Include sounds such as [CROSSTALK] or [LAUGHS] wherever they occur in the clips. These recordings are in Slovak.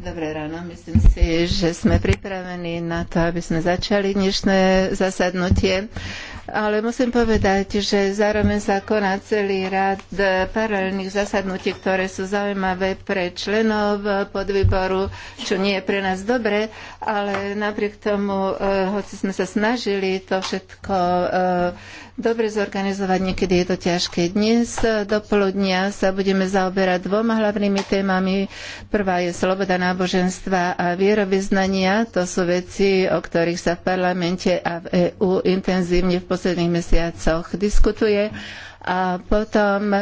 Dobré ráno, myslím si, že sme pripravení na to, aby sme začali dnešné zasadnutie. Ale musím povedať, že zároveň sa koná celý rad paralelných zasadnutí, ktoré sú zaujímavé pre členov podvýboru, čo nie je pre nás dobre, ale napriek tomu, eh, hoci sme sa snažili to všetko eh, dobre zorganizovať, niekedy je to ťažké. Dnes do poludnia sa budeme zaoberať dvoma hlavnými témami. Prvá je sloboda náboženstva a vierovyznania. To sú veci, o ktorých sa v parlamente a v EÚ intenzívne v posledných mesiacoch diskutuje. A potom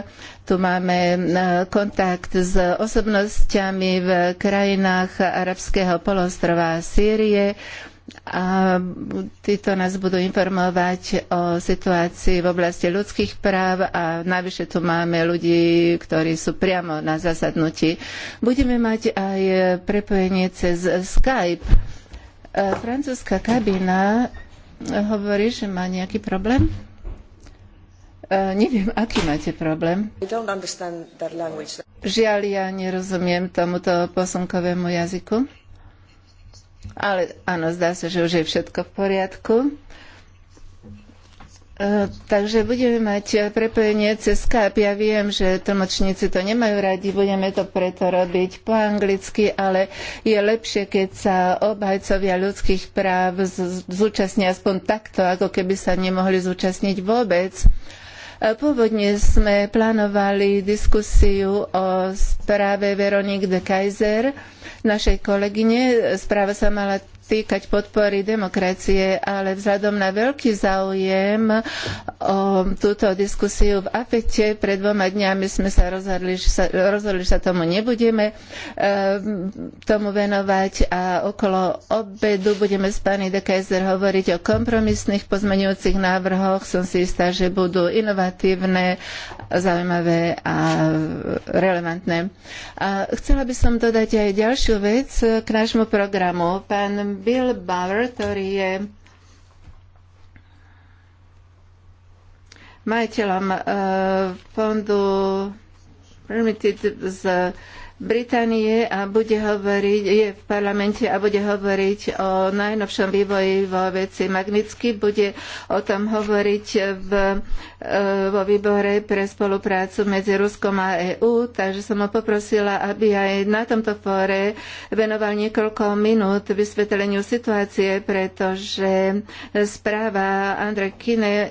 tu máme e, kontakt s osobnostiami v krajinách arabského polostrova Sýrie a títo nás budú informovať o situácii v oblasti ľudských práv a navyše tu máme ľudí, ktorí sú priamo na zasadnutí. Budeme mať aj prepojenie cez Skype. E, francúzska kabína hovorí, že má nejaký problém? E, neviem, aký máte problém. Žiaľ, ja nerozumiem tomuto posunkovému jazyku. Ale áno, zdá sa, že už je všetko v poriadku. E, takže budeme mať prepojenie cez Skype. Ja viem, že tlmočníci to nemajú radi, budeme to preto robiť po anglicky, ale je lepšie, keď sa obhajcovia ľudských práv zúčastnia aspoň takto, ako keby sa nemohli zúčastniť vôbec. Pôvodne sme plánovali diskusiu o správe Veronique de Kaiser, našej kolegyne. Správa sa mala týkať podpory demokracie, ale vzhľadom na veľký záujem o um, túto diskusiu v APETE pred dvoma dňami sme sa rozhodli, že sa, rozhodli, že sa tomu nebudeme e, tomu venovať a okolo obedu budeme s pani Kaiser hovoriť o kompromisných pozmeňujúcich návrhoch. Som si istá, že budú inovatívne, zaujímavé a relevantné. A chcela by som dodať aj ďalšiu vec k nášmu programu. Pán Bill Bauer, ktorý je majiteľom uh, fondu Permitted z uh, Británie a bude hovoriť, je v parlamente a bude hovoriť o najnovšom vývoji vo veci Magnitsky, bude o tom hovoriť v, e, vo výbore pre spoluprácu medzi Ruskom a EÚ, takže som ho poprosila, aby aj na tomto fóre venoval niekoľko minút vysvetleniu situácie, pretože správa Andrej Kine e,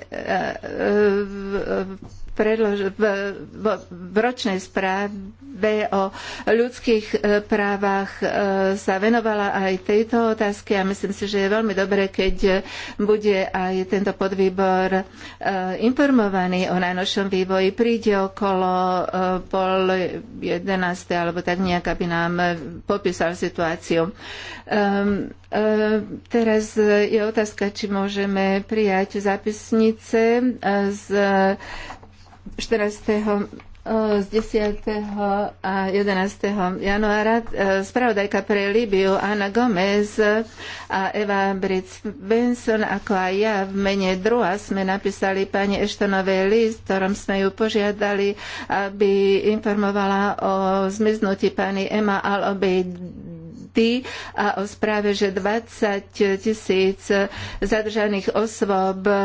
e, predlož- v, v, v ročnej správe o ľudských e, právach e, sa venovala aj tejto otázke a myslím si, že je veľmi dobré, keď bude aj tento podvýbor e, informovaný o najnovšom vývoji. Príde okolo pol jedenáste alebo tak nejak, aby nám popísal situáciu. Ehm, teraz je otázka, či môžeme prijať zápisnice z 14 e, z 10. a 11. januára e, spravodajka pre Líbiu Anna Gomez a Eva Bric Benson, ako aj ja v mene druha sme napísali pani Eštonové list, ktorom sme ju požiadali, aby informovala o zmiznutí pani Emma Al-Obeid Haiti a o správe, že 20 tisíc zadržaných osôb e,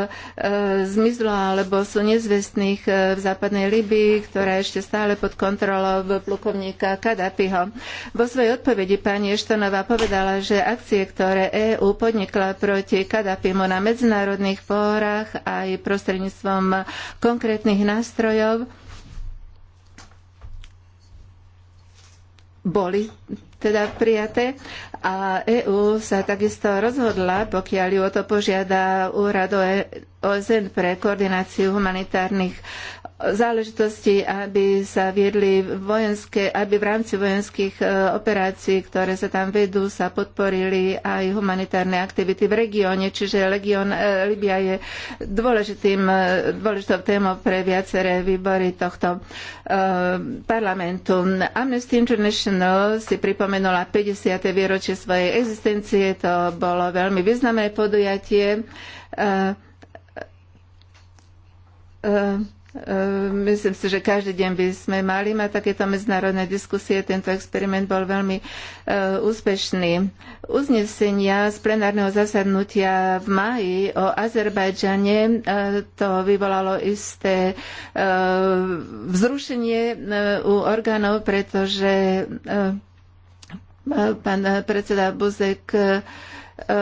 zmizlo alebo sú nezvestných e, v západnej Libii, ktorá je ešte stále pod kontrolou plukovníka Kadapiho. Vo svojej odpovedi pani Eštonová povedala, že akcie, ktoré EÚ podnikla proti Kadapimu na medzinárodných fórach aj prostredníctvom konkrétnych nástrojov, boli teda prijaté a EÚ sa takisto rozhodla, pokiaľ ju o to požiada úrad OSN e- pre koordináciu humanitárnych záležitosti, aby sa viedli vojenské, aby v rámci vojenských e, operácií, ktoré sa tam vedú, sa podporili aj humanitárne aktivity v regióne, čiže Region e, Libia je dôležitým, e, dôležitou témou pre viaceré výbory tohto parlamentu. Amnesty International si pripomenula 50. výročie svojej existencie, to bolo veľmi významné podujatie. Uh, uh, Ehm, myslím si, že každý deň by sme mali mať takéto medzinárodné diskusie. Tento experiment bol veľmi eh, úspešný. Uznesenia z plenárneho zasadnutia v maji o Azerbajdžane eh, to vyvolalo isté eh, vzrušenie u orgánov, pretože pán predseda Buzek E,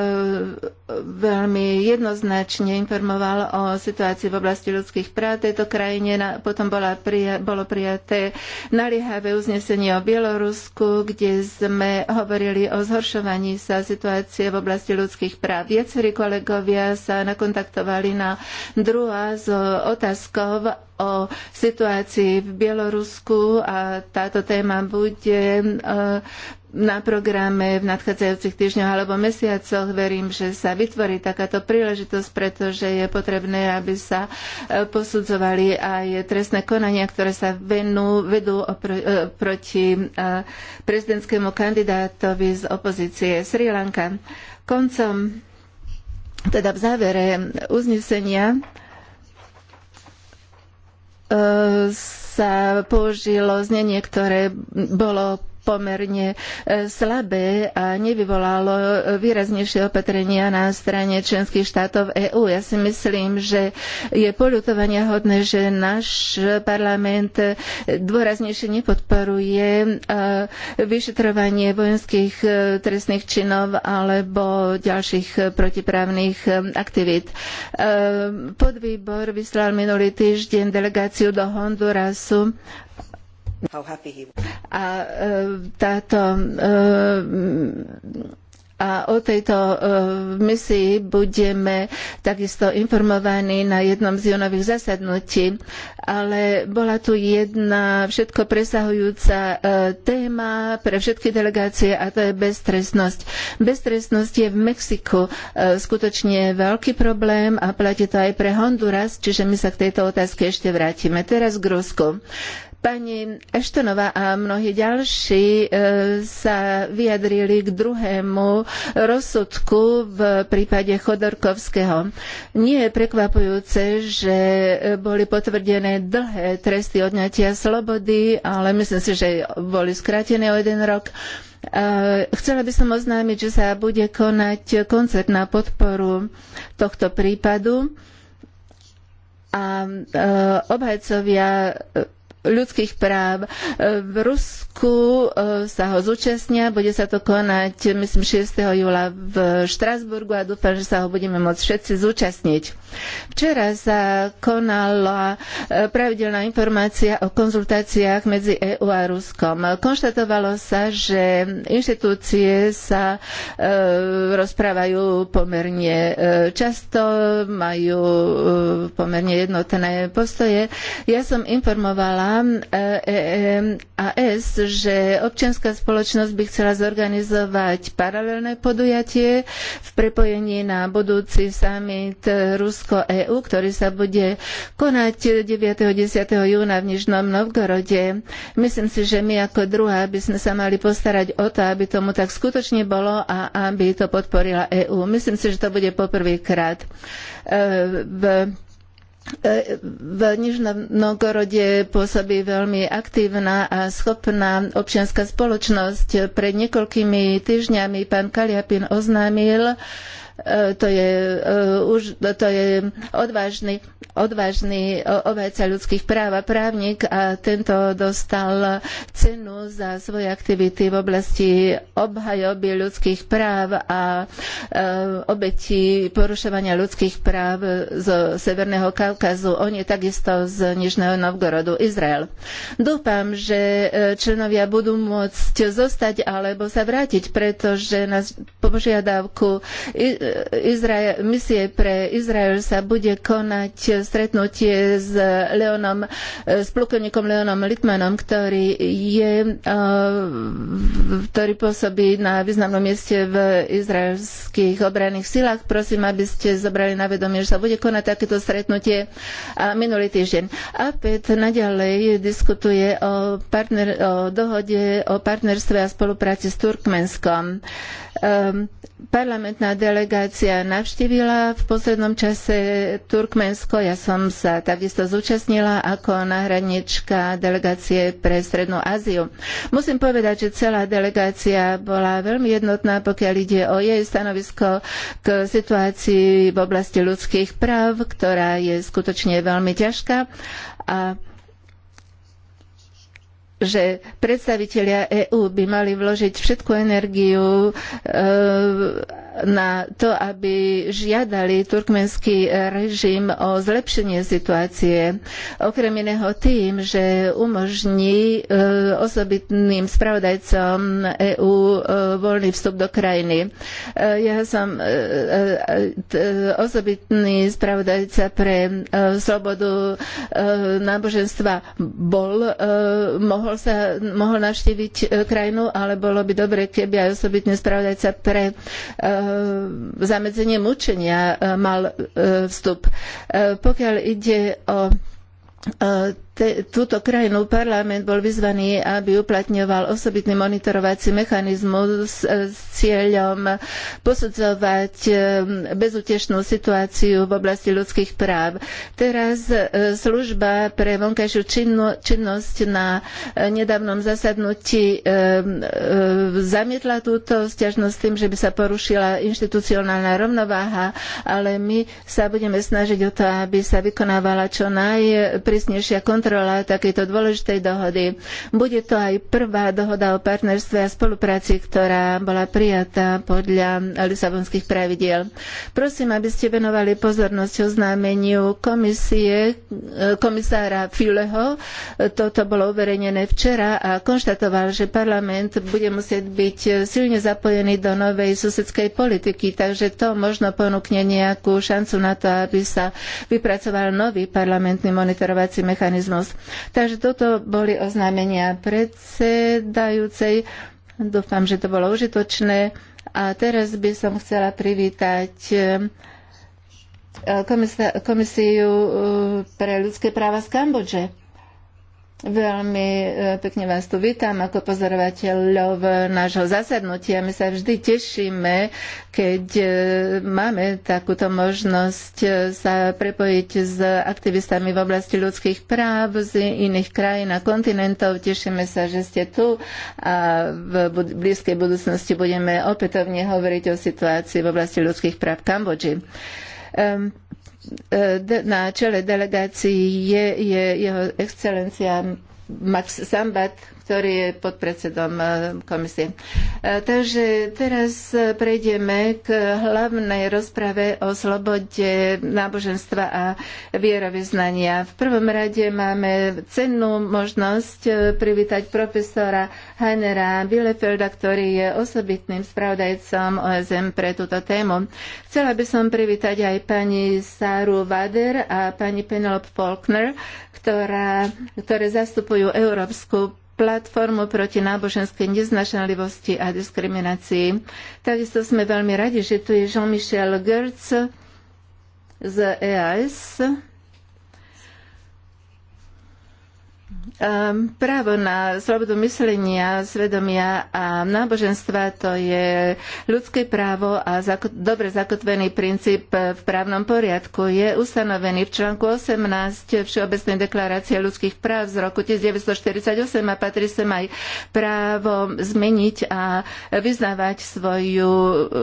veľmi jednoznačne informoval o situácii v oblasti ľudských práv tejto krajine. Potom bola prija- bolo prijaté naliehavé uznesenie o Bielorusku, kde sme hovorili o zhoršovaní sa situácie v oblasti ľudských práv. Viacerí kolegovia sa nakontaktovali na druhá s otázkou o situácii v Bielorusku a táto téma bude e, na programe v nadchádzajúcich týždňoch alebo mesiacoch. Verím, že sa vytvorí takáto príležitosť, pretože je potrebné, aby sa e, posudzovali aj trestné konania, ktoré sa venú, vedú opr- e, proti e, prezidentskému kandidátovi z opozície Sri Lanka. Koncom, teda v závere uznesenia, sa použilo znenie, ktoré bolo pomerne e, slabé a nevyvolalo výraznejšie opatrenia na strane členských štátov EÚ. Ja si myslím, že je poľutovania hodné, že náš parlament dôraznejšie nepodporuje e, vyšetrovanie vojenských e, trestných činov alebo ďalších protiprávnych aktivít. Podvýbor vyslal minulý týždeň delegáciu do Hondurasu a e, táto e, a o tejto e, misii budeme takisto informovaní na jednom z júnových zasadnutí. Ale bola tu jedna všetko presahujúca téma pre všetky delegácie a to je beztrestnosť. Beztrestnosť je v Mexiku skutočne veľký problém a platí to aj pre Honduras, čiže my sa k tejto otázke ešte vrátime. Teraz k Rusku. Pani Eštonová a mnohí ďalší e, sa vyjadrili k druhému rozsudku v prípade Chodorkovského. Nie je prekvapujúce, že boli potvrdené dlhé tresty odňatia slobody, ale myslím si, že boli skrátené o jeden rok. E, chcela by som oznámiť, že sa bude konať koncert na podporu tohto prípadu a e, obhajcovia ľudských práv. V Rusku e, sa ho zúčastnia, bude sa to konať, myslím, 6. júla v Štrasburgu a dúfam, že sa ho budeme môcť všetci zúčastniť. Včera sa konala e, pravidelná informácia o konzultáciách medzi EÚ a Ruskom. Konštatovalo sa, že inštitúcie sa e, rozprávajú pomerne často, majú pomerne jednotné postoje. Ja som informovala E, e, EMAS, že občianská spoločnosť by chcela zorganizovať paralelné podujatie v prepojení na budúci summit Rusko-EU, ktorý sa bude konať 9. 10. júna v Nižnom Novgorode. Myslím si, že my ako druhá by sme sa mali postarať o to, aby tomu tak skutočne bolo a aby to podporila EÚ. Myslím si, že to bude poprvýkrát. E, v E, v Nižnom Novgorode pôsobí veľmi aktívna a schopná občianska spoločnosť. Pred niekoľkými týždňami pán Kaliapin oznámil, E, to je, e, už, to je odvážny, odvážny obhajca ľudských práv a právnik a tento dostal cenu za svoje aktivity v oblasti obhajoby ľudských práv a e, obetí porušovania ľudských práv zo Severného Kaukazu. On je takisto z Nižného Novgorodu, Izrael. Dúfam, že členovia budú môcť zostať alebo sa vrátiť, pretože na požiadavku Izrael, misie pre Izrael sa bude konať stretnutie s Leonom, s plukovníkom Leonom Litmanom, ktorý je, eh, ktorý pôsobí na významnom mieste v izraelských obranných silách. Prosím, aby ste zobrali na vedomie, že sa bude konať takéto stretnutie a eh, minulý týždeň. APET naďalej diskutuje o, partner, o dohode o partnerstve a spolupráci s Turkmenskom. Eh, parlamentná delegácia delegácia navštívila v poslednom čase Turkmensko. Ja som sa takisto zúčastnila ako náhradnička delegácie pre Strednú Áziu. Musím povedať, že celá delegácia bola veľmi jednotná, pokiaľ ide o jej stanovisko k situácii v oblasti ľudských práv, ktorá je skutočne veľmi ťažká. A že predstavitelia EÚ by mali vložiť všetku energiu e, na to, aby žiadali turkmenský režim o zlepšenie situácie. Okrem iného tým, že umožní e, osobitným spravodajcom EÚ e, voľný vstup do krajiny. E, ja som osobitný spravodajca pre slobodu náboženstva bol, mohol, sa, mohol navštíviť krajinu, ale bolo by dobre, keby aj osobitný spravodajca pre E, zamedzenie mučenia e, mal e, vstup. Pokiaľ ide o te, túto krajinu parlament bol vyzvaný, aby uplatňoval osobitný monitorovací mechanizmus s, s cieľom posudzovať e, bezutešnú situáciu v oblasti ľudských práv. Teraz e, služba pre vonkajšiu činno, činnosť na e, nedávnom zasadnutí zamietla túto sťažnosť tým, že by sa porušila inštitucionálna rovnováha, ale my sa budeme snažiť o to, aby sa vykonávala čo najprísnejšia kontrola kontrola takéto dôležitej dohody. Bude to aj prvá dohoda o partnerstve a spolupráci, ktorá bola prijatá podľa lisabonských pravidiel. Prosím, aby ste venovali pozornosť oznámeniu komisie, e, komisára Fileho. Toto bolo uverejnené včera a konštatoval, že parlament bude musieť byť silne zapojený do novej susedskej politiky, takže to možno ponúkne nejakú šancu na to, aby sa vypracoval nový parlamentný monitorovací mechanizmus budúcnosť. Takže toto boli oznámenia predsedajúcej. Dúfam, že to bolo užitočné. A teraz by som chcela privítať eh, komisiu eh, pre ľudské práva z Kambodže. Veľmi e, pekne vás tu vítam ako pozorovateľov e, nášho zasadnutia. My sa vždy tešíme, keď e, máme takúto možnosť sa prepojiť s aktivistami v oblasti ľudských práv z iných krajín a kontinentov. Tešíme sa, že ste tu a v blízkej budúcnosti budeme opätovne hovoriť o situácii v oblasti ľudských práv v Kambodži na čele delegácií je, je jeho excelencia Max Sambat, ktorý je podpredsedom eh, komisie. Eh, takže teraz eh, prejdeme k hlavnej rozprave o slobode náboženstva a vierovýznania. V prvom rade máme cennú možnosť privítať profesora Heinera Bielefelda, ktorý je osobitným spravodajcom OSM pre túto tému. Chcela by som privítať aj pani Sáru Vader a pani Penelope Faulkner, ktorá, ktoré zastupujú Európsku platformu proti náboženskej neznašanlivosti a diskriminácii. Takisto sme veľmi radi, že tu je Jean-Michel Gertz z EAS, Ehm, právo na slobodu myslenia, svedomia a náboženstva to je ľudské právo a zako- dobre zakotvený princíp v právnom poriadku. Je ustanovený v článku 18 Všeobecnej deklarácie ľudských práv z roku 1948 a patrí sem aj právo zmeniť a vyznávať svoju,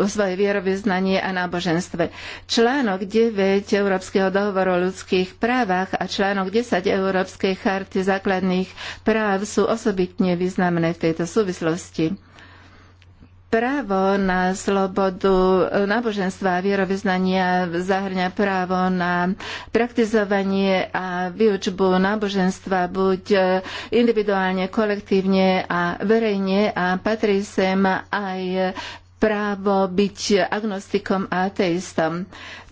svoje vierovýznanie a náboženstve. Článok 9 Európskeho dohovoru o ľudských právach a článok 10 Európskej charty základných základných práv sú osobitne významné v tejto súvislosti. Právo na slobodu náboženstva a vierovýznania zahrňa právo na praktizovanie a výučbu náboženstva buď individuálne, kolektívne a verejne a patrí sem aj právo byť agnostikom a ateistom.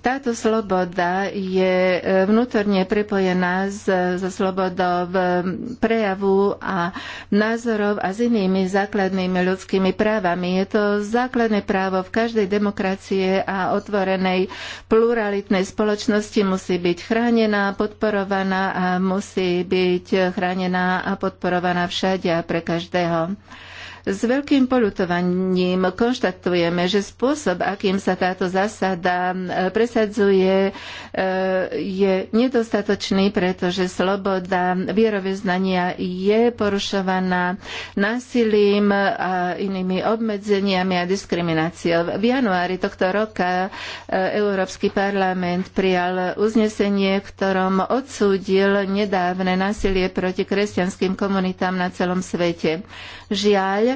Táto sloboda je e, vnútorne pripojená so slobodou prejavu a názorov a s inými základnými ľudskými právami. Je to základné právo v každej demokracie a otvorenej pluralitnej spoločnosti musí byť chránená, podporovaná a musí byť chránená a podporovaná všade a pre každého. S veľkým polutovaním konštatujeme, že spôsob, akým sa táto zásada e, presadzuje, e, je nedostatočný, pretože sloboda vierovýznania je porušovaná násilím a inými obmedzeniami a diskrimináciou. V januári tohto roka e, Európsky parlament prijal uznesenie, ktorom odsúdil nedávne násilie proti kresťanským komunitám na celom svete. Žiaľ,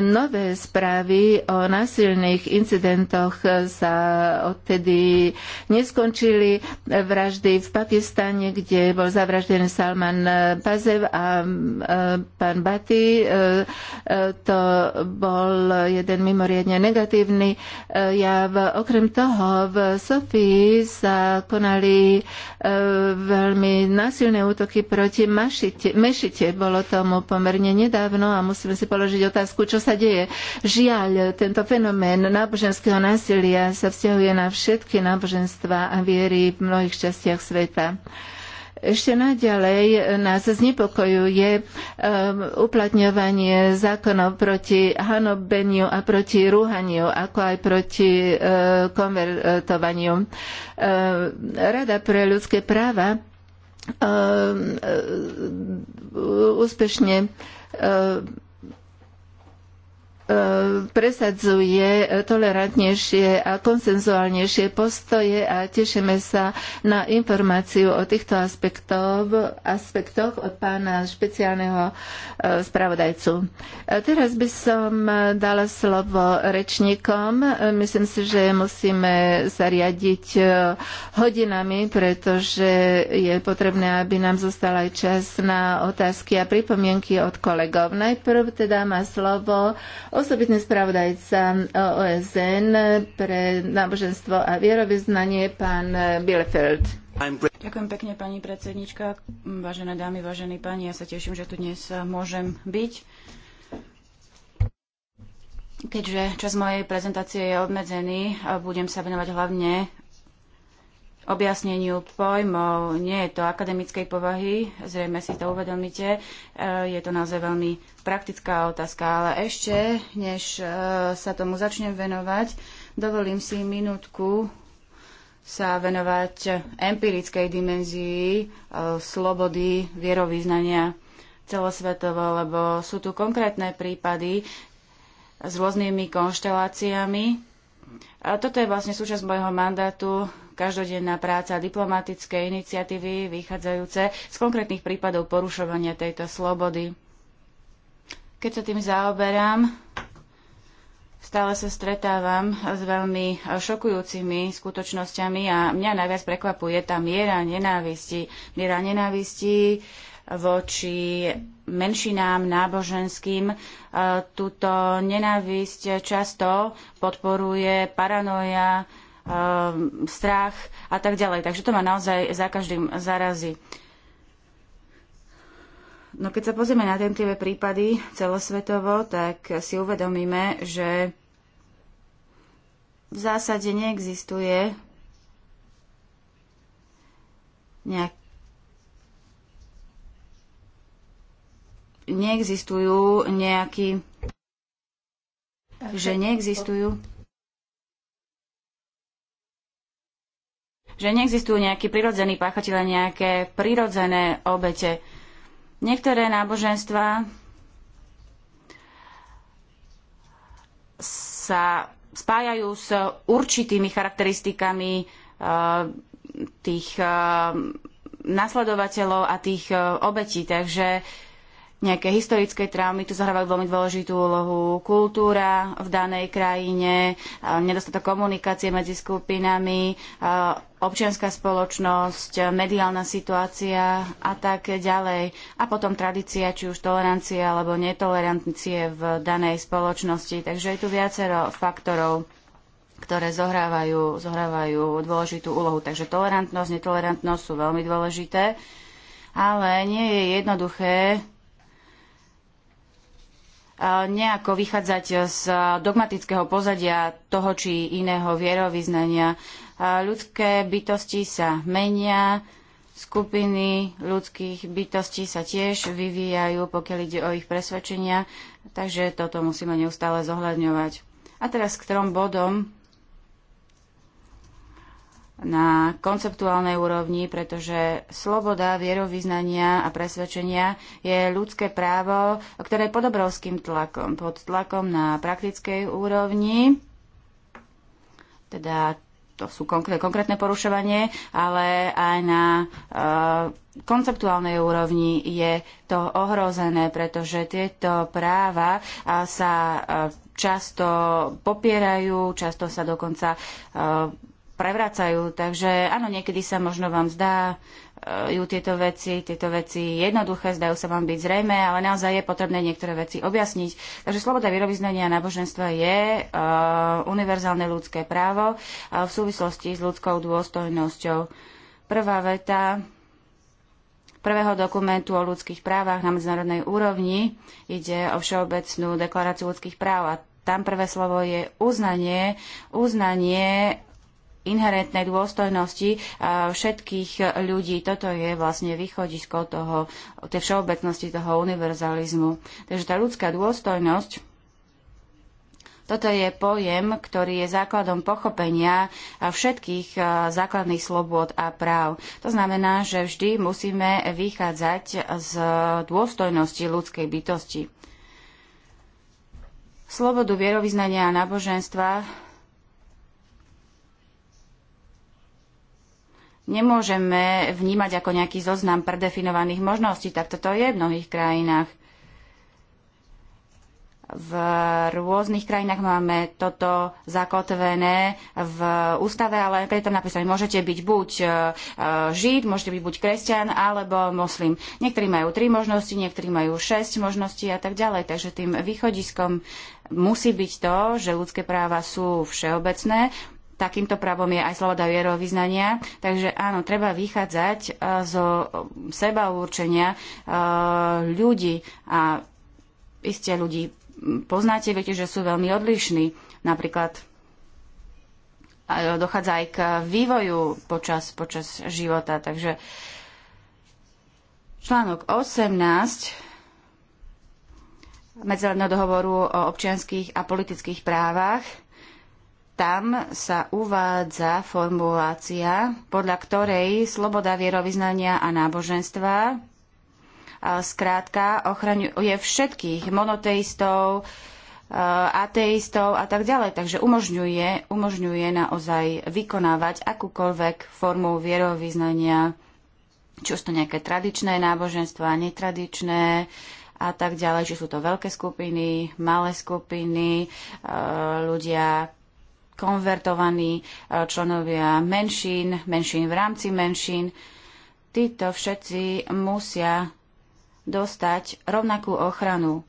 Nové správy o násilných incidentoch sa odtedy neskončili. Vraždy v Pakistane, kde bol zavraždený Salman Pazev a e, pán Bati, e, e, to bol jeden mimoriadne negatívny jav. Okrem toho v Sofii sa konali veľmi násilné útoky proti mešite. Bolo tomu pomerne nedávno a musíme si položiť otázku, otázku, čo sa deje. Žiaľ, tento fenomén náboženského násilia sa vzťahuje na všetky náboženstva a viery v mnohých častiach sveta. Ešte naďalej nás znepokojuje um, uplatňovanie zákonov proti hanobeniu a proti rúhaniu, ako aj proti uh, konvertovaniu. Uh, Rada pre ľudské práva um, uh, úspešne uh, E, presadzuje tolerantnejšie a konsenzuálnejšie postoje a tešíme sa na informáciu o týchto aspektov, aspektoch od pána špeciálneho e, spravodajcu. E, teraz by som dala slovo rečníkom. Myslím si, že musíme sa riadiť hodinami, pretože je potrebné, aby nám zostal aj čas na otázky a pripomienky od kolegov. Najprv teda má slovo Osobitný spravodajca OSN pre náboženstvo a vierovýznanie, pán Bielefeld. Ďakujem pekne, pani predsednička. Vážené dámy, vážení páni, ja sa teším, že tu dnes môžem byť. Keďže čas mojej prezentácie je obmedzený, budem sa venovať hlavne objasneniu pojmov. Nie je to akademickej povahy, zrejme si to uvedomíte. E, je to naozaj veľmi praktická otázka, ale ešte, než e, sa tomu začnem venovať, dovolím si minútku sa venovať empirickej dimenzii e, slobody vierovýznania celosvetovo, lebo sú tu konkrétne prípady s rôznymi konšteláciami. A toto je vlastne súčasť môjho mandátu každodenná práca diplomatické iniciatívy vychádzajúce z konkrétnych prípadov porušovania tejto slobody. Keď sa tým zaoberám, stále sa stretávam s veľmi šokujúcimi skutočnosťami a mňa najviac prekvapuje tá miera nenávisti. Miera nenávisti voči menšinám náboženským. E, Tuto nenávisť často podporuje paranoja, Um, strach a tak ďalej. Takže to ma naozaj za každým zarazí. No keď sa pozrieme na tie prípady celosvetovo, tak si uvedomíme, že v zásade neexistuje nejak neexistujú nejaký že neexistujú že neexistujú nejakí prirodzení páchatelia, nejaké prirodzené obete. Niektoré náboženstva sa spájajú s určitými charakteristikami eh, tých eh, nasledovateľov a tých eh, obetí. Takže nejaké historické traumy tu zahrávajú veľmi dôležitú úlohu. Kultúra v danej krajine, nedostatok komunikácie medzi skupinami, občianská spoločnosť, mediálna situácia a tak ďalej. A potom tradícia, či už tolerancia alebo netolerancie v danej spoločnosti. Takže je tu viacero faktorov, ktoré zohrávajú, zohrávajú dôležitú úlohu. Takže tolerantnosť, netolerantnosť sú veľmi dôležité, ale nie je jednoduché eh, nejako vychádzať z dogmatického pozadia toho či iného vierovýznania ľudské bytosti sa menia, skupiny ľudských bytostí sa tiež vyvíjajú, pokiaľ ide o ich presvedčenia, takže toto musíme neustále zohľadňovať. A teraz k trom bodom na konceptuálnej úrovni, pretože sloboda vierovýznania a presvedčenia je ľudské právo, ktoré je pod obrovským tlakom, pod tlakom na praktickej úrovni, teda to sú konkrétne, konkrétne porušovanie, ale aj na uh, konceptuálnej úrovni je to ohrozené, pretože tieto práva sa e, často popierajú, často sa dokonca uh, prevracajú. Takže áno, niekedy sa možno vám zdá, Eh, ju tieto veci, tieto veci jednoduché, zdajú sa vám byť zrejme, ale naozaj je potrebné niektoré veci objasniť. Takže sloboda vyrovýznania a náboženstva je uh, univerzálne ľudské právo uh, v súvislosti s ľudskou dôstojnosťou. Prvá veta prvého dokumentu o ľudských právach na medzinárodnej úrovni ide o Všeobecnú deklaráciu ľudských práv a tam prvé slovo je uznanie, uznanie inherentnej dôstojnosti e, všetkých ľudí. Toto je vlastne východisko toho, tej všeobecnosti, toho univerzalizmu. Takže tá ľudská dôstojnosť toto je pojem, ktorý je základom pochopenia všetkých e, základných slobôd a práv. To znamená, že vždy musíme vychádzať z dôstojnosti ľudskej bytosti. Slobodu vierovýznania a náboženstva nemôžeme vnímať ako nejaký zoznam predefinovaných možností. Tak toto je v mnohých krajinách. V rôznych krajinách máme toto zakotvené v ústave, ale je tam napísané, môžete byť buď e, e, žid, môžete byť buď kresťan alebo moslim. Niektorí majú tri možnosti, niektorí majú šesť možností a tak ďalej. Takže tým východiskom musí byť to, že ľudské práva sú všeobecné, takýmto právom je aj sloboda vierovýznania. Takže áno, treba vychádzať e, zo e, seba určenia e, ľudí a iste ľudí poznáte, viete, že sú veľmi odlišní. Napríklad dochádza aj k vývoju počas, počas života. Takže článok 18 Medzinárodného dohovoru o občianských a politických právach tam sa uvádza formulácia, podľa ktorej sloboda vierovýznania a náboženstva skrátka ochraňuje všetkých monoteistov, e, ateistov a tak ďalej. Takže umožňuje, umožňuje naozaj vykonávať akúkoľvek formu vierovýznania, či sú to nejaké tradičné náboženstva, netradičné, a tak ďalej, že sú to veľké skupiny, malé skupiny, e, ľudia, konvertovaní e, členovia menšín, menšín v rámci menšín. Títo všetci musia dostať rovnakú ochranu.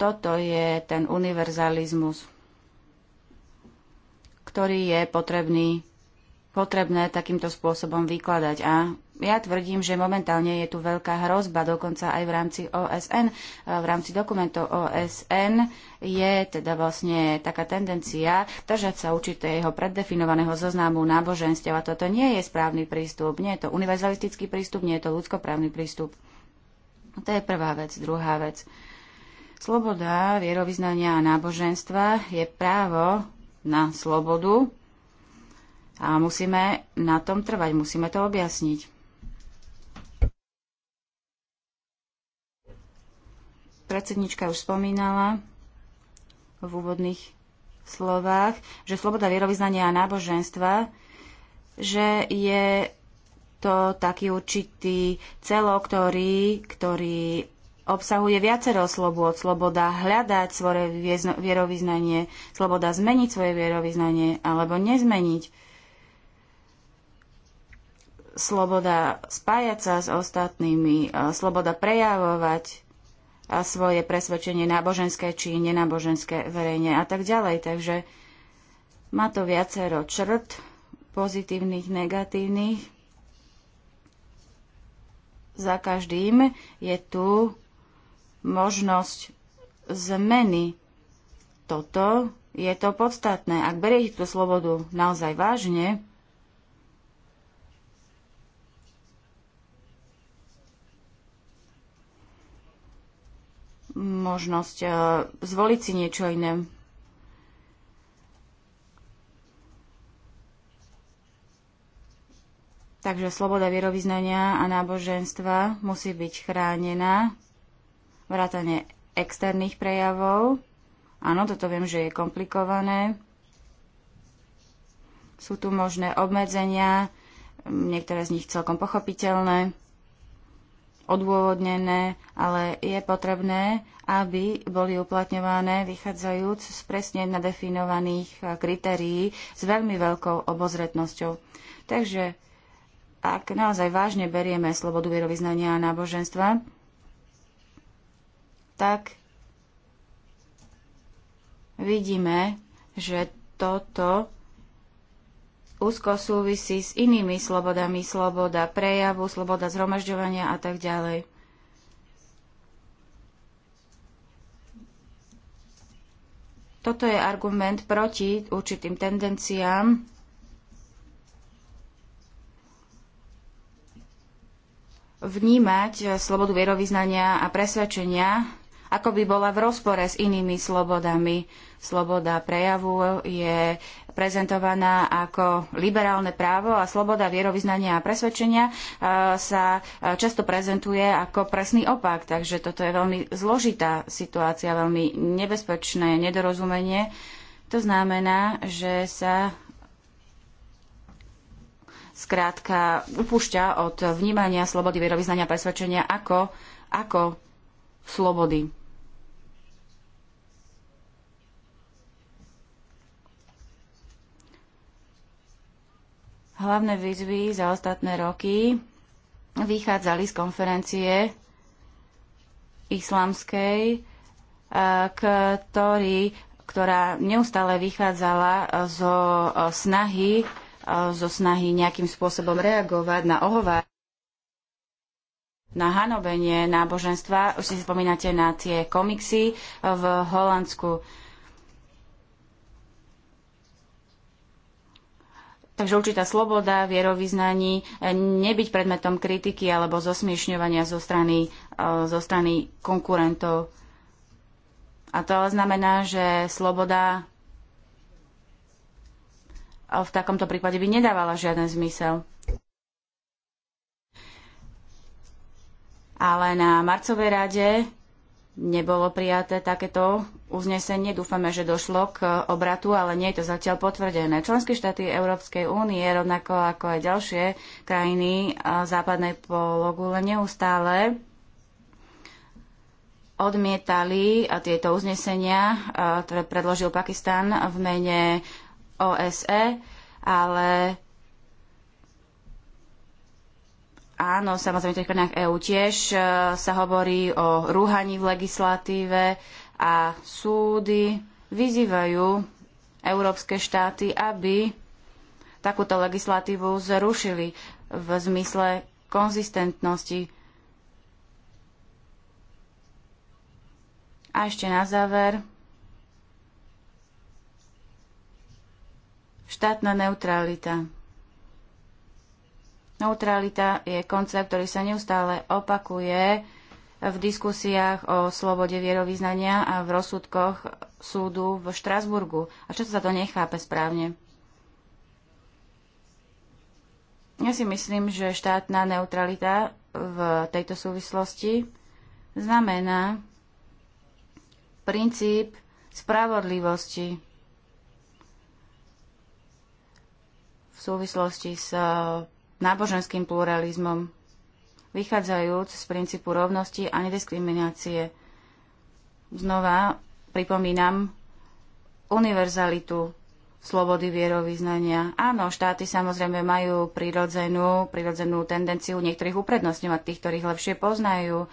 Toto je ten univerzalizmus, ktorý je potrebný, potrebné takýmto spôsobom vykladať. A ja tvrdím, že momentálne je tu veľká hrozba, dokonca aj v rámci OSN. V rámci dokumentov OSN je teda vlastne taká tendencia držať sa určitého preddefinovaného zoznamu náboženstiev a toto nie je správny prístup, nie je to univerzalistický prístup, nie je to ľudskoprávny prístup. To je prvá vec. Druhá vec. Sloboda vierovýznania a náboženstva je právo na slobodu a musíme na tom trvať, musíme to objasniť. Predsednička už spomínala v úvodných slovách, že sloboda vierovýznania a náboženstva, že je to taký určitý celo, ktorý, ktorý obsahuje viacero slobôd. Sloboda hľadať svoje vierovýznanie, sloboda zmeniť svoje vierovýznanie alebo nezmeniť. Sloboda spájať sa s ostatnými, sloboda prejavovať a svoje presvedčenie náboženské či nenáboženské verejne a tak ďalej. Takže má to viacero črt, pozitívnych, negatívnych. Za každým je tu možnosť zmeny. Toto je to podstatné. Ak beriete tú slobodu naozaj vážne, možnosť e, zvoliť si niečo iné. Takže sloboda vierovýznania a náboženstva musí byť chránená, vrátanie externých prejavov. Áno, toto viem, že je komplikované. Sú tu možné obmedzenia, niektoré z nich celkom pochopiteľné odôvodnené, ale je potrebné, aby boli uplatňované vychádzajúc z presne nadefinovaných eh, kritérií s veľmi veľkou obozretnosťou. Takže ak naozaj vážne berieme slobodu vierovýznania a náboženstva, tak vidíme, že toto úzko súvisí s inými slobodami, sloboda prejavu, sloboda zhromažďovania a tak ďalej. Toto je argument proti určitým tendenciám vnímať slobodu vierovýznania a presvedčenia ako by bola v rozpore s inými slobodami. Sloboda prejavu je prezentovaná ako liberálne právo a sloboda vierovýznania a presvedčenia e, sa e, často prezentuje ako presný opak. Takže toto je veľmi zložitá situácia, veľmi nebezpečné nedorozumenie. To znamená, že sa skrátka upúšťa od vnímania slobody vierovýznania a presvedčenia ako, ako slobody. Hlavné výzvy za ostatné roky vychádzali z konferencie islamskej, eh, ktorý, ktorá neustále vychádzala zo eh, snahy, eh, zo snahy nejakým spôsobom reagovať na ohováranie na hanobenie náboženstva. Už si spomínate na tie komiksy v Holandsku. Takže určitá sloboda vierovýznaní, nebyť predmetom kritiky alebo zosmiešňovania zo strany, e, zo strany konkurentov. A to ale znamená, že sloboda e, v takomto prípade by nedávala žiaden zmysel. ale na marcovej rade nebolo prijaté takéto uznesenie. Dúfame, že došlo k obratu, ale nie je to zatiaľ potvrdené. Členské štáty Európskej únie, rovnako ako aj ďalšie krajiny e, západnej pologule, neustále odmietali e, tieto uznesenia, e, ktoré predložil Pakistan v mene OSE, ale Áno, samozrejme v tých krajinách EÚ tiež e, sa hovorí o rúhaní v legislatíve a súdy vyzývajú európske štáty, aby takúto legislatívu zrušili v zmysle konzistentnosti. A ešte na záver. Štátna neutralita. Neutralita je koncept, ktorý sa neustále opakuje v diskusiách o slobode vierovýznania a v rozsudkoch súdu v Štrasburgu. A čo sa to nechápe správne? Ja si myslím, že štátna neutralita v tejto súvislosti znamená princíp spravodlivosti v súvislosti s náboženským pluralizmom, vychádzajúc z princípu rovnosti a nediskriminácie. Znova pripomínam univerzalitu slobody vierovýznania. Áno, štáty samozrejme majú prirodzenú, prirodzenú tendenciu niektorých uprednostňovať, tých, ktorých lepšie poznajú,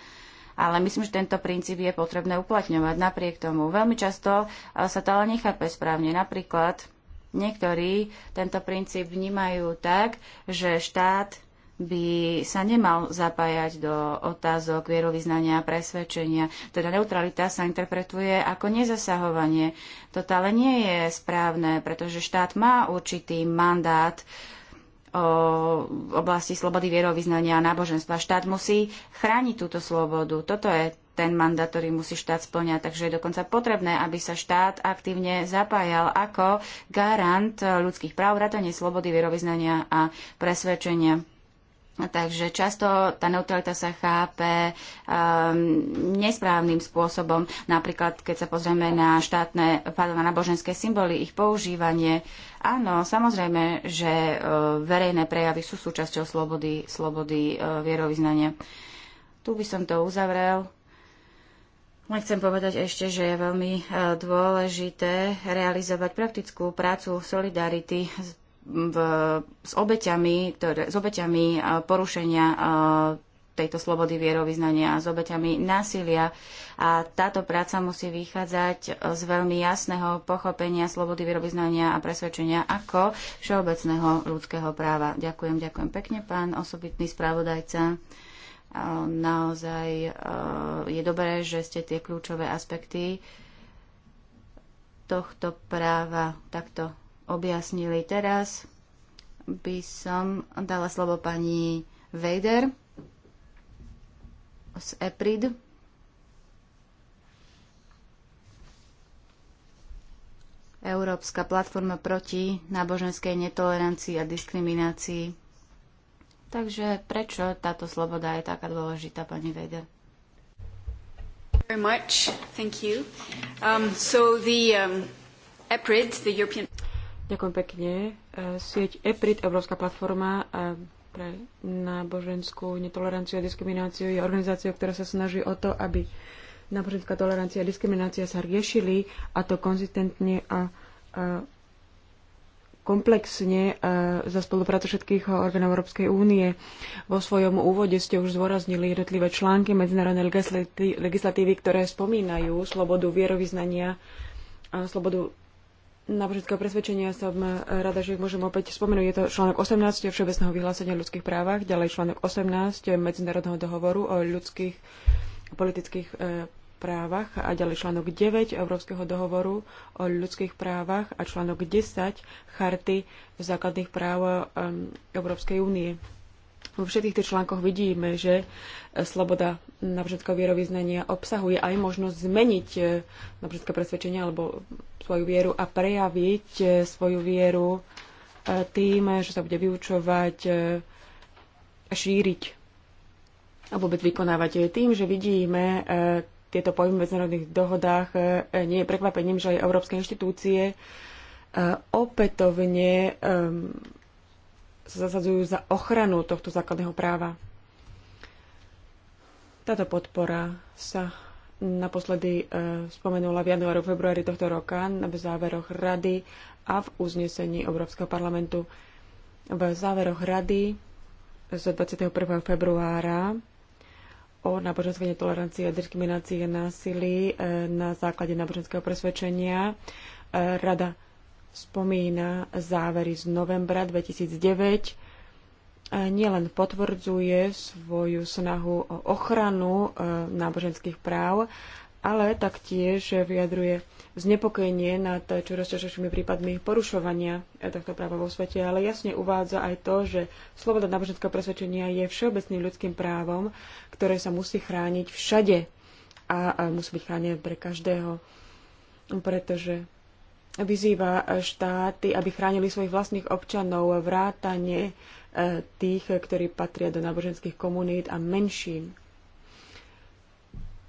ale myslím, že tento princíp je potrebné uplatňovať napriek tomu. Veľmi často eh, sa to ale nechápe správne. Napríklad Niektorí tento princíp vnímajú tak, že štát by sa nemal zapájať do otázok vierovýznania a presvedčenia. Teda neutralita sa interpretuje ako nezasahovanie. Toto ale nie je správne, pretože štát má určitý mandát o oblasti slobody vierovýznania a náboženstva. Štát musí chrániť túto slobodu. Toto je ten mandát, ktorý musí štát splňať. Takže je dokonca potrebné, aby sa štát aktívne zapájal ako garant ľudských práv, vrátanie slobody, vierovýznania a presvedčenia. Takže často tá neutralita sa chápe um, nesprávnym spôsobom. Napríklad, keď sa pozrieme na štátne, pardon, na náboženské symboly, ich používanie. Áno, samozrejme, že uh, verejné prejavy sú súčasťou slobody, slobody uh, vierovýznania. Tu by som to uzavrel. Chcem povedať ešte, že je veľmi e, dôležité realizovať praktickú prácu solidarity s, v, s, obeťami, ktoré, s obeťami e, porušenia e, tejto slobody vierovýznania a s obeťami násilia. A táto práca musí vychádzať z veľmi jasného pochopenia slobody vierovýznania a presvedčenia ako všeobecného ľudského práva. Ďakujem, ďakujem pekne, pán osobitný správodajca. Naozaj e, je dobré, že ste tie kľúčové aspekty tohto práva takto objasnili. Teraz by som dala slovo pani Vejder z EPRID. Európska platforma proti náboženskej netolerancii a diskriminácii. Takže prečo táto sloboda je taká dôležitá, pani Vejda? Very much. Thank you. Um, so the um, EPRID, the European... Ďakujem pekne. E, sieť EPRID, Európska platforma e, pre náboženskú netoleranciu a diskrimináciu, je organizáciou, ktorá sa snaží o to, aby náboženská tolerancia a diskriminácia sa riešili a to konzistentne a, a e, komplexne e, za spoluprácu všetkých orgánov Európskej únie. Vo svojom úvode ste už zdôraznili jednotlivé články medzinárodnej legislatívy, ktoré spomínajú slobodu vierovýznania, a slobodu náboženského presvedčenia. Som e, rada, že ich môžem opäť spomenúť. Je to článok 18 Všeobecného vyhlásenia o ľudských právach, ďalej článok 18 Medzinárodného dohovoru o ľudských a politických e, právach a ďalej článok 9 Európskeho dohovoru o ľudských právach a článok 10 Charty základných práv um, Európskej únie. Vo všetkých tých článkoch vidíme, že e, sloboda napríklad vierovýznania obsahuje aj možnosť zmeniť e, napríklad presvedčenie alebo svoju vieru a prejaviť e, svoju vieru tým, že sa bude vyučovať a šíriť a vôbec vykonávať. Tým, že vidíme tieto pojmy v medzinárodných dohodách, e, nie je prekvapením, že aj európske inštitúcie e, opätovne sa zasadzujú za ochranu tohto základného práva. Táto podpora sa naposledy e, spomenula v januáru, februári tohto roka v záveroch rady a v uznesení Európskeho parlamentu. V záveroch rady z 21. februára o náboženskej netolerancii a diskriminácii a násilí e, na základe náboženského presvedčenia. E, Rada spomína závery z novembra 2009 e, nielen potvrdzuje svoju snahu o ochranu náboženských práv, ale taktiež vyjadruje znepokojenie nad čoraz častejšími prípadmi porušovania eh, tohto práva vo svete, ale jasne uvádza aj to, že sloboda náboženského presvedčenia je všeobecným ľudským právom, ktoré sa musí chrániť všade a musí byť chránené pre každého, pretože vyzýva štáty, aby chránili svojich vlastných občanov vrátane eh, tých, ktorí patria do náboženských komunít a menším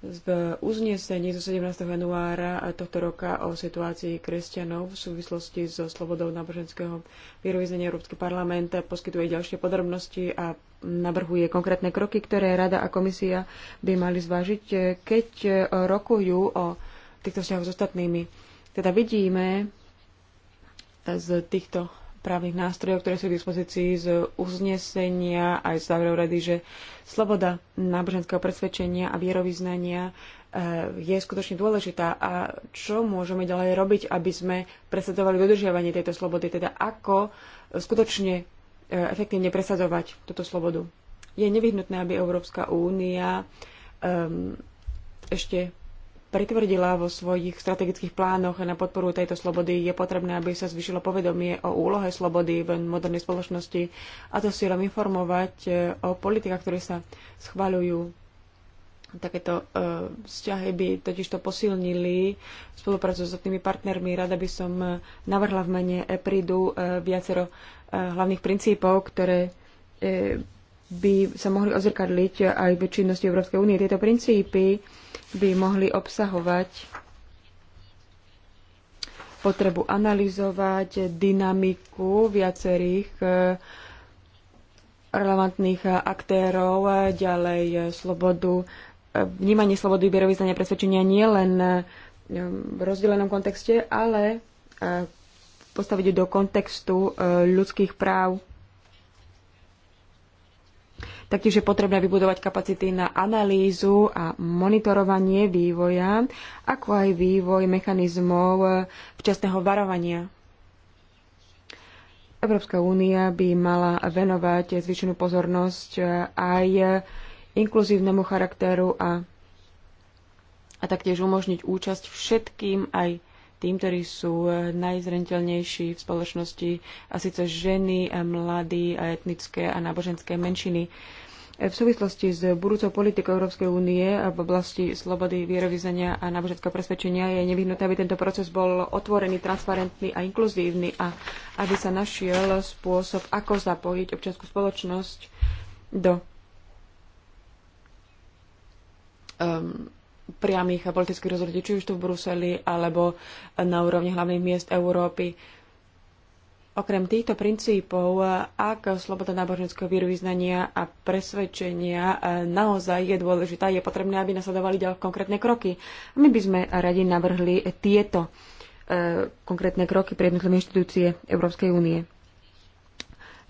v uznesení zo 17. januára tohto roka o situácii kresťanov v súvislosti so slobodou náboženského vierovýznania Európsky parlament poskytuje ďalšie podrobnosti a navrhuje konkrétne kroky, ktoré Rada a Komisia by mali zvážiť, keď rokujú o týchto vzťahoch s ostatnými. Teda vidíme z týchto právnych nástrojov, ktoré sú k dispozícii z uznesenia aj z záverov rady, že sloboda náboženského presvedčenia a vierovýznania e, je skutočne dôležitá a čo môžeme ďalej robiť, aby sme presadzovali dodržiavanie tejto slobody, teda ako skutočne e, efektívne presadzovať túto slobodu. Je nevyhnutné, aby Európska únia um, ešte pritvrdila vo svojich strategických plánoch na podporu tejto slobody, je potrebné, aby sa zvyšilo povedomie o úlohe slobody v modernej spoločnosti a to si informovať e, o politikách, ktoré sa schvaľujú. Takéto e, vzťahy by totiž to posilnili spoluprácu s ostatnými partnermi. Rada by som e, navrhla v mene EPRIDu viacero hlavných princípov, ktoré by sa mohli ozrkadliť aj v činnosti Európskej únie. Tieto princípy by mohli obsahovať potrebu analyzovať dynamiku viacerých eh, relevantných eh, aktérov, eh, ďalej slobodu, vnímanie slobody vyznania presvedčenia nie len v rozdelenom kontexte, ale postaviť do kontextu ľudských práv Taktiež je potrebné vybudovať kapacity na analýzu a monitorovanie vývoja, ako aj vývoj mechanizmov včasného varovania. Európska únia by mala venovať zvyšenú pozornosť aj inkluzívnemu charakteru a, a taktiež umožniť účasť všetkým aj tým, ktorí sú eh, najzrenteľnejší v spoločnosti, a síce ženy, eh, mladí, a etnické a náboženské menšiny. Eh, v súvislosti s budúcou politikou Európskej únie v oblasti slobody vierovýznania a náboženského presvedčenia je nevyhnutné, aby tento proces bol otvorený, transparentný a inkluzívny a aby sa našiel spôsob, ako zapojiť občianskú spoločnosť do um, priamých politických rozhodnutí, či už tu v Bruseli alebo na úrovni hlavných miest Európy. Okrem týchto princípov, ak sloboda náboženského vyrovýznania a presvedčenia eh, naozaj je dôležitá, je potrebné, aby nasledovali ďalšie konkrétne kroky. My by sme radi navrhli tieto eh, konkrétne kroky pre jednotlivé inštitúcie Európskej únie.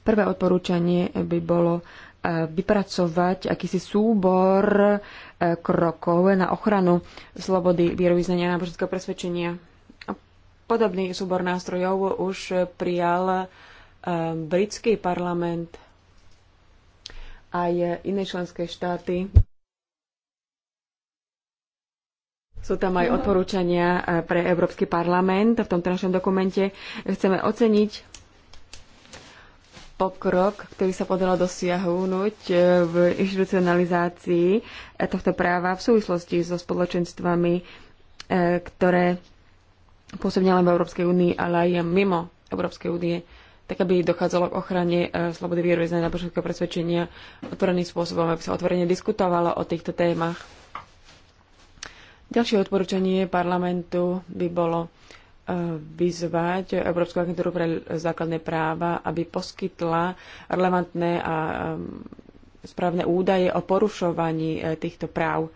Prvé odporúčanie by bolo eh, vypracovať akýsi súbor krokov na ochranu slobody vierovýznania a náboženského presvedčenia. Podobný súbor nástrojov už prijal eh, britský parlament aj iné členské štáty. Sú tam aj odporúčania eh, pre Európsky parlament v tomto našom dokumente. Chceme oceniť pokrok, ktorý sa podalo dosiahnuť e, v inštitucionalizácii e, tohto práva v súvislosti so spoločenstvami, e, ktoré pôsobia len v Európskej únii, ale aj mimo Európskej únie, tak aby dochádzalo k ochrane slobody vierovýznania náboženského presvedčenia otvoreným spôsobom, aby sa otvorene diskutovalo o týchto témach. Ďalšie odporúčanie parlamentu by bolo vyzvať Európsku agentúru pre základné práva, aby poskytla relevantné a um, správne údaje o porušovaní e, týchto práv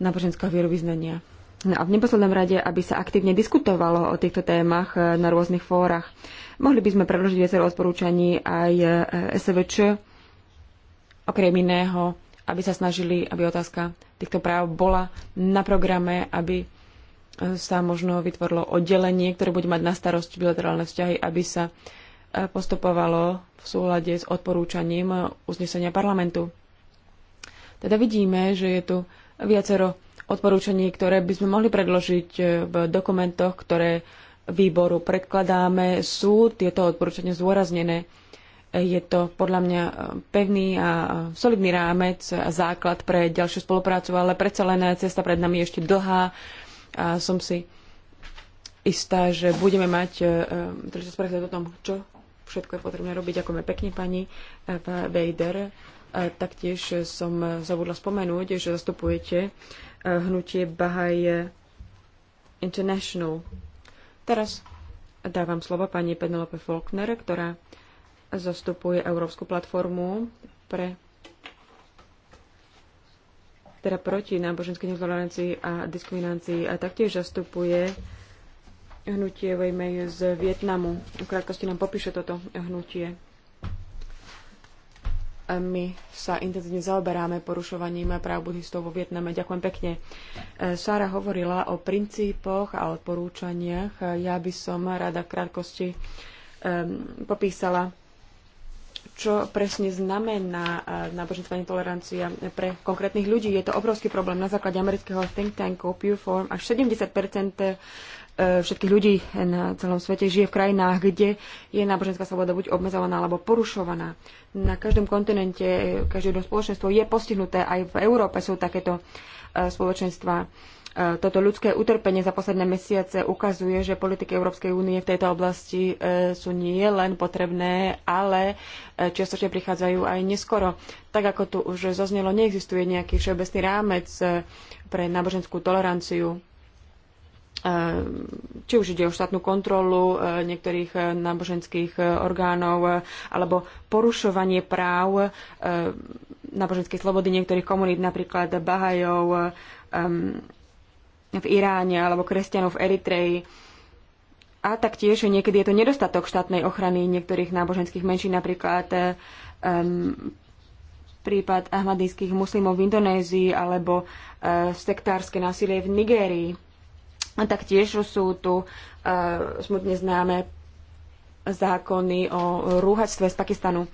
náboženského vierovýznania. No a v neposlednom rade, aby sa aktívne diskutovalo o týchto témach e, na rôznych fórach. Mohli by sme predložiť viacero odporúčaní aj e, SVČ, okrem iného, aby sa snažili, aby otázka týchto práv bola na programe, aby sa možno vytvorilo oddelenie, ktoré bude mať na starosti bilaterálne vzťahy, aby sa e, postupovalo v súlade s odporúčaním e, uznesenia parlamentu. Teda vidíme, že je tu viacero odporúčaní, ktoré by sme mohli predložiť e, v dokumentoch, ktoré výboru predkladáme. Sú tieto odporúčania zdôraznené. Je to podľa mňa pevný a solidný rámec a základ pre ďalšiu spoluprácu, ale predsa len cesta pred nami je ešte dlhá a som si istá, že budeme mať e, e, trošku teda správne o tom, čo všetko je potrebné robiť. je pekne pani e, Vejder. Taktiež som zabudla spomenúť, že zastupujete hnutie Bahaj International. Teraz dávam slovo pani Penelope Faulkner, ktorá zastupuje Európsku platformu pre teda proti náboženskej netolerancii a diskriminácii a taktiež zastupuje hnutie Vejmej z Vietnamu. V krátkosti nám popíše toto hnutie. A my sa intenzívne zaoberáme porušovaním práv buddhistov vo Vietname. Ďakujem pekne. E, Sára hovorila o princípoch a odporúčaniach. Ja by som rada v krátkosti e, popísala čo presne znamená e, náboženská netolerancia pre konkrétnych ľudí. Je to obrovský problém. Na základe amerického think tanku Pew Form až 70 e, všetkých ľudí na celom svete žije v krajinách, kde je náboženská sloboda buď obmedzovaná alebo porušovaná. Na každom kontinente, e, každé jedno spoločenstvo je postihnuté. Aj v Európe sú takéto spoločenstva. Toto ľudské utrpenie za posledné mesiace ukazuje, že politiky Európskej únie v tejto oblasti e, sú nie len potrebné, ale e, čiastočne prichádzajú aj neskoro. Tak ako tu už zaznelo, neexistuje nejaký všeobecný rámec e, pre náboženskú toleranciu či už ide o štátnu kontrolu niektorých náboženských orgánov alebo porušovanie práv náboženskej slobody niektorých komunít, napríklad Bahajov, v Iráne alebo kresťanov v Eritreji. A taktiež niekedy je to nedostatok štátnej ochrany niektorých náboženských menší, napríklad um, prípad ahmadijských muslimov v Indonézii alebo uh, sektárske násilie v Nigérii. A taktiež sú tu uh, smutne známe zákony o rúhačstve z Pakistanu.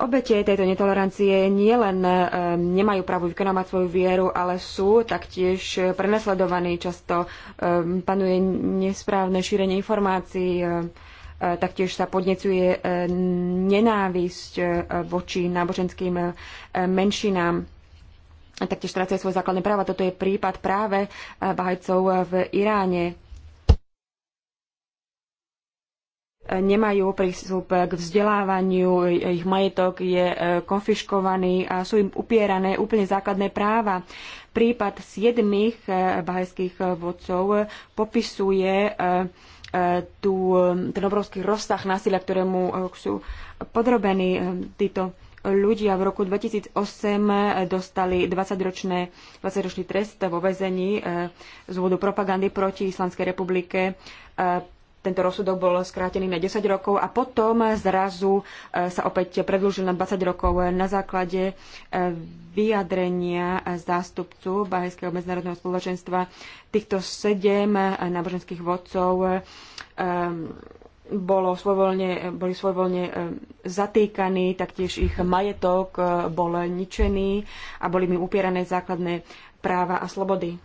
Obete tejto netolerancie nielen e, nemajú právo vykonávať svoju vieru, ale sú taktiež prenasledovaní. Často e, panuje nesprávne šírenie informácií, e, taktiež sa podnecuje nenávisť voči náboženským menšinám taktiež strácajú svoje základné práva. Toto je prípad práve bahajcov v Iráne. nemajú prístup k vzdelávaniu, ich majetok je e, konfiškovaný a sú im upierané úplne základné práva. Prípad siedmých e, bahajských vodcov popisuje e, tú, ten obrovský rozsah násilia, ktorému sú podrobení títo ľudia. V roku 2008 dostali 20-ročné, 20-ročný trest vo väzení z dôvodu propagandy proti Islandskej republike tento rozsudok bol skrátený na 10 rokov a potom zrazu e, sa opäť predlžil na 20 rokov na základe e, vyjadrenia zástupcu Bahajského medzinárodného spoločenstva. Týchto sedem e, náboženských vodcov bolo svojvoľne, boli svojvoľne zatýkaní, taktiež ich majetok bol ničený a boli mi upierané základné práva a slobody.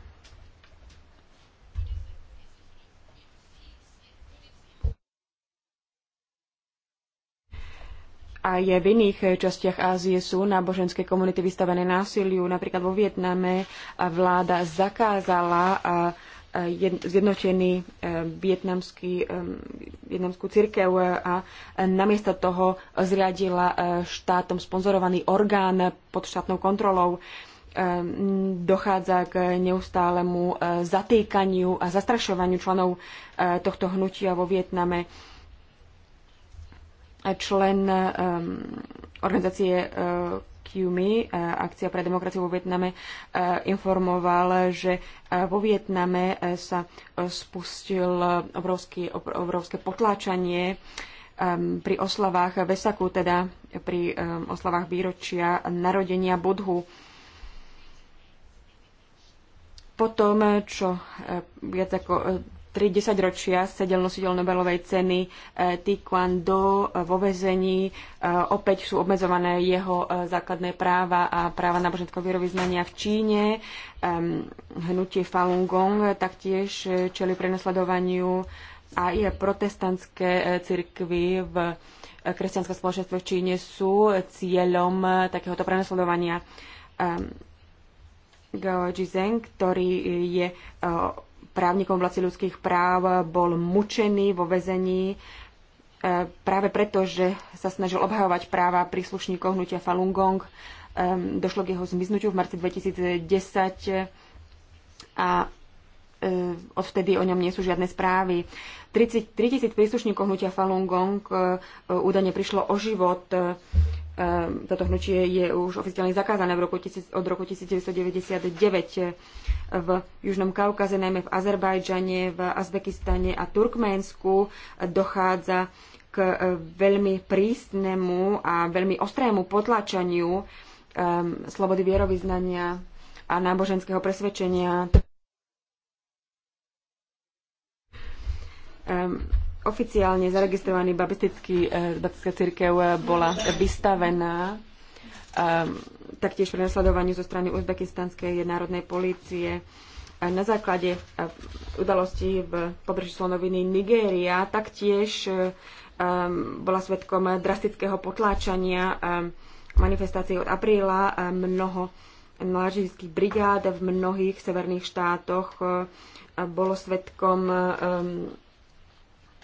aj v iných častiach Ázie sú náboženské komunity vystavené násiliu. Napríklad vo Vietname vláda zakázala zjednotený e, vietnamský, e, vietnamskú církev a namiesto toho zriadila e, štátom sponzorovaný orgán pod štátnou kontrolou dochádza k neustálemu zatýkaniu a zastrašovaniu členov tohto hnutia vo Vietname člen ehm, organizácie eh, QMI, eh, Akcia pre demokraciu vo Vietname, eh, informoval, že vo Vietname sa spustil obrovský, obrovské potláčanie ehm, pri oslavách Vesaku, teda pri ehm, oslavách výročia narodenia Budhu. Potom, tom, čo viac ako tri desaťročia sedel nositeľ Nobelovej ceny e, Do e, vo vezení. E, opäť sú obmedzované jeho základné práva a práva náboženského vierovýznania v Číne. Ehm, hnutie Falun Gong taktiež čeli prenasledovaniu a je protestantské cirkvy v kresťanské spoločenstve v Číne sú cieľom takéhoto prenasledovania. Ehm, Gao Jizeng, ktorý je právnikom v oblasti ľudských práv, bol mučený vo väzení e, práve preto, že sa snažil obhajovať práva príslušníkov hnutia Falun Gong. Ehm, došlo k jeho zmiznutiu v marci 2010 a e, odvtedy o ňom nie sú žiadne správy. 30, 3000 príslušníkov hnutia Falun Gong e, údajne prišlo o život Ehm, toto hnutie je už oficiálne zakázané v roku od roku 1999 eh, v Južnom Kaukaze, najmä v Azerbajdžane, v Azbekistane a Turkménsku dochádza k eh, veľmi prísnemu a veľmi ostrému potlačaniu um, slobody vierovýznania a náboženského presvedčenia. Um, oficiálne zaregistrovaný babistický eh, babistická církev eh, bola vystavená ehm, taktiež prenasledovaniu zo strany uzbekistanskej národnej polície. Eh, na základe udalostí v pobreží Slonoviny Nigéria taktiež ehm, bola svetkom drastického potláčania ehm, manifestácií od apríla mnoho mlážijských brigád v mnohých severných štátoch bolo svetkom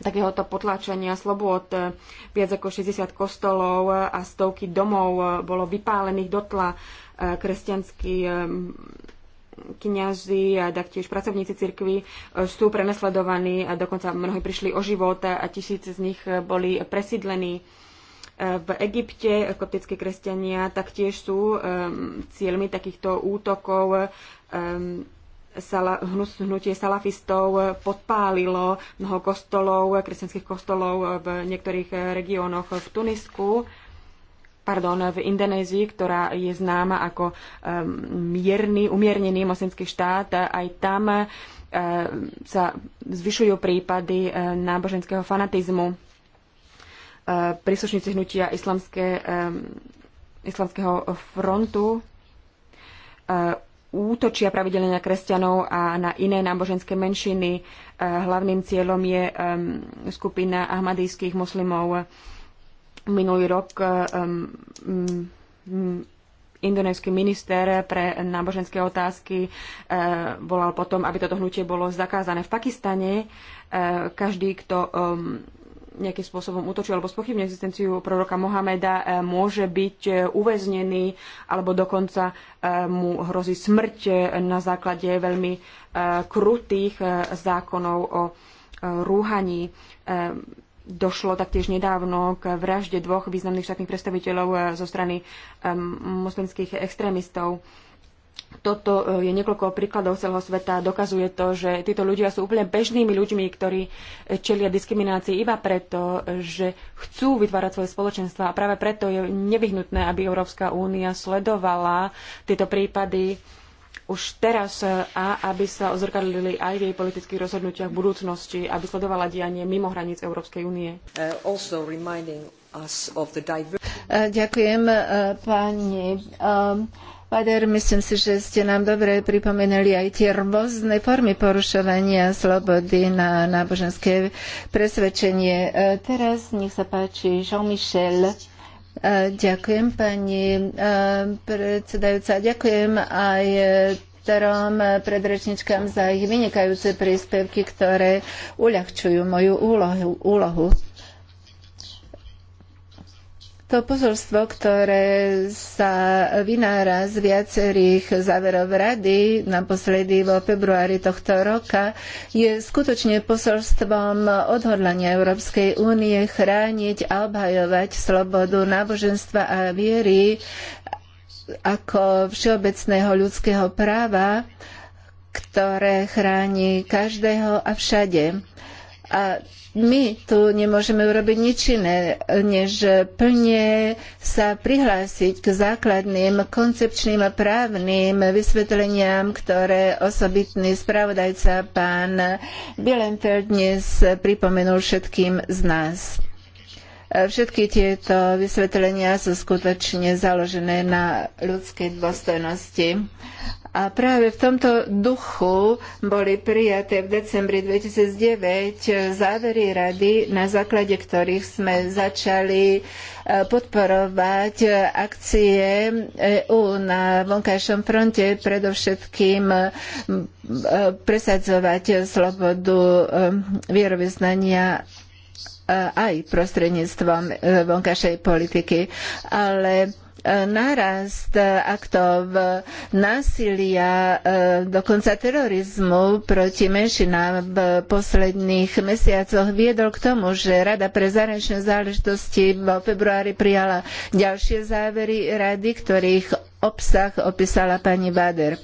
takéhoto potláčania slobod. E, viac ako 60 kostolov a stovky domov e, bolo vypálených dotla e, kresťanskí kniazy a taktiež pracovníci cirkvy sú prenasledovaní a dokonca mnohí prišli o život a tisíce z nich boli presídlení. V Egypte koptické kresťania taktiež sú um, cieľmi takýchto útokov. Um, hnutie salafistov podpálilo mnoho kostolov, kresťanských kostolov v niektorých regiónoch v Tunisku, pardon, v Indonézii, ktorá je známa ako mierny, umiernený moslimský štát. Aj tam sa zvyšujú prípady náboženského fanatizmu. Príslušníci hnutia islamské, islamského frontu útočia pravidelne na kresťanov a na iné náboženské menšiny. Eh, hlavným cieľom je skupina ahmadijských muslimov. Minulý rok eh, indonéský minister pre náboženské otázky eh, volal potom, aby toto hnutie bolo zakázané v Pakistane. Každý, kto nejakým spôsobom útočí alebo spochybne existenciu proroka Mohameda, eh, môže byť eh, uväznený alebo dokonca eh, mu hrozí smrť na základe veľmi krutých zákonov o rúhaní. Došlo taktiež nedávno k vražde dvoch významných štátnych predstaviteľov zo strany moslimských extrémistov toto e, je niekoľko príkladov celého sveta. Dokazuje to, že títo ľudia sú úplne bežnými ľuďmi, ktorí e, čelia diskriminácii iba preto, že chcú vytvárať svoje spoločenstva. A práve preto je nevyhnutné, aby Európska únia sledovala tieto prípady už teraz e, a aby sa ozrkadlili aj v jej politických rozhodnutiach v budúcnosti, aby sledovala dianie mimo hraníc Európskej únie. Uh, uh, ďakujem, uh, pani. Um, Pader, myslím si, že ste nám dobre pripomenuli aj tie rôzne formy porušovania slobody na náboženské presvedčenie. E, teraz nech sa páči Jean-Michel. E, ďakujem pani e, predsedajúca. Ďakujem aj ktorom predrečničkám za ich vynikajúce príspevky, ktoré uľahčujú moju úlohu. úlohu to pozorstvo, ktoré sa vynára z viacerých záverov rady, naposledy vo februári tohto roka, je skutočne posolstvom odhodlania Európskej únie chrániť a obhajovať slobodu náboženstva a viery ako všeobecného ľudského práva, ktoré chráni každého a všade. A my tu nemôžeme urobiť nič iné, než plne sa prihlásiť k základným koncepčným a právnym vysvetleniam, ktoré osobitný spravodajca pán Bielenfeld dnes pripomenul všetkým z nás. Všetky tieto vysvetlenia sú skutočne založené na ľudskej dôstojnosti. A práve v tomto duchu boli prijaté v decembri 2009 závery rady, na základe ktorých sme začali e, podporovať e, akcie EU na vonkajšom fronte, predovšetkým e, presadzovať slobodu vierovýznania aj prostredníctvom vonkajšej politiky. Ale nárast aktov násilia, e, dokonca terorizmu proti menšinám v posledných mesiacoch viedol k tomu, že Rada pre zahraničné záležitosti vo februári prijala ďalšie závery rady, ktorých obsah opísala pani Bader.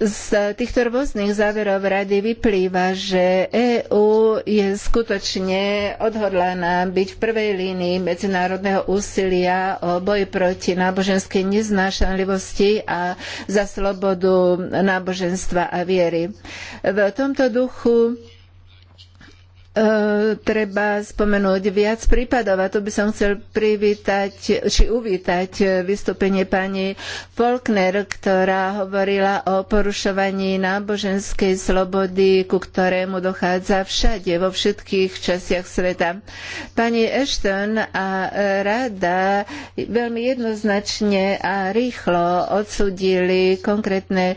Z týchto rôznych záverov rady vyplýva, že EÚ je skutočne odhodlaná byť v prvej línii medzinárodného úsilia o boji proti náboženskej neznášanlivosti a za slobodu náboženstva a viery. V tomto duchu E, treba spomenúť viac prípadov a tu by som chcel privítať, či uvítať vystúpenie pani Faulkner, ktorá hovorila o porušovaní náboženskej slobody, ku ktorému dochádza všade, vo všetkých častiach sveta. Pani Ashton a rada veľmi jednoznačne a rýchlo odsúdili konkrétne e,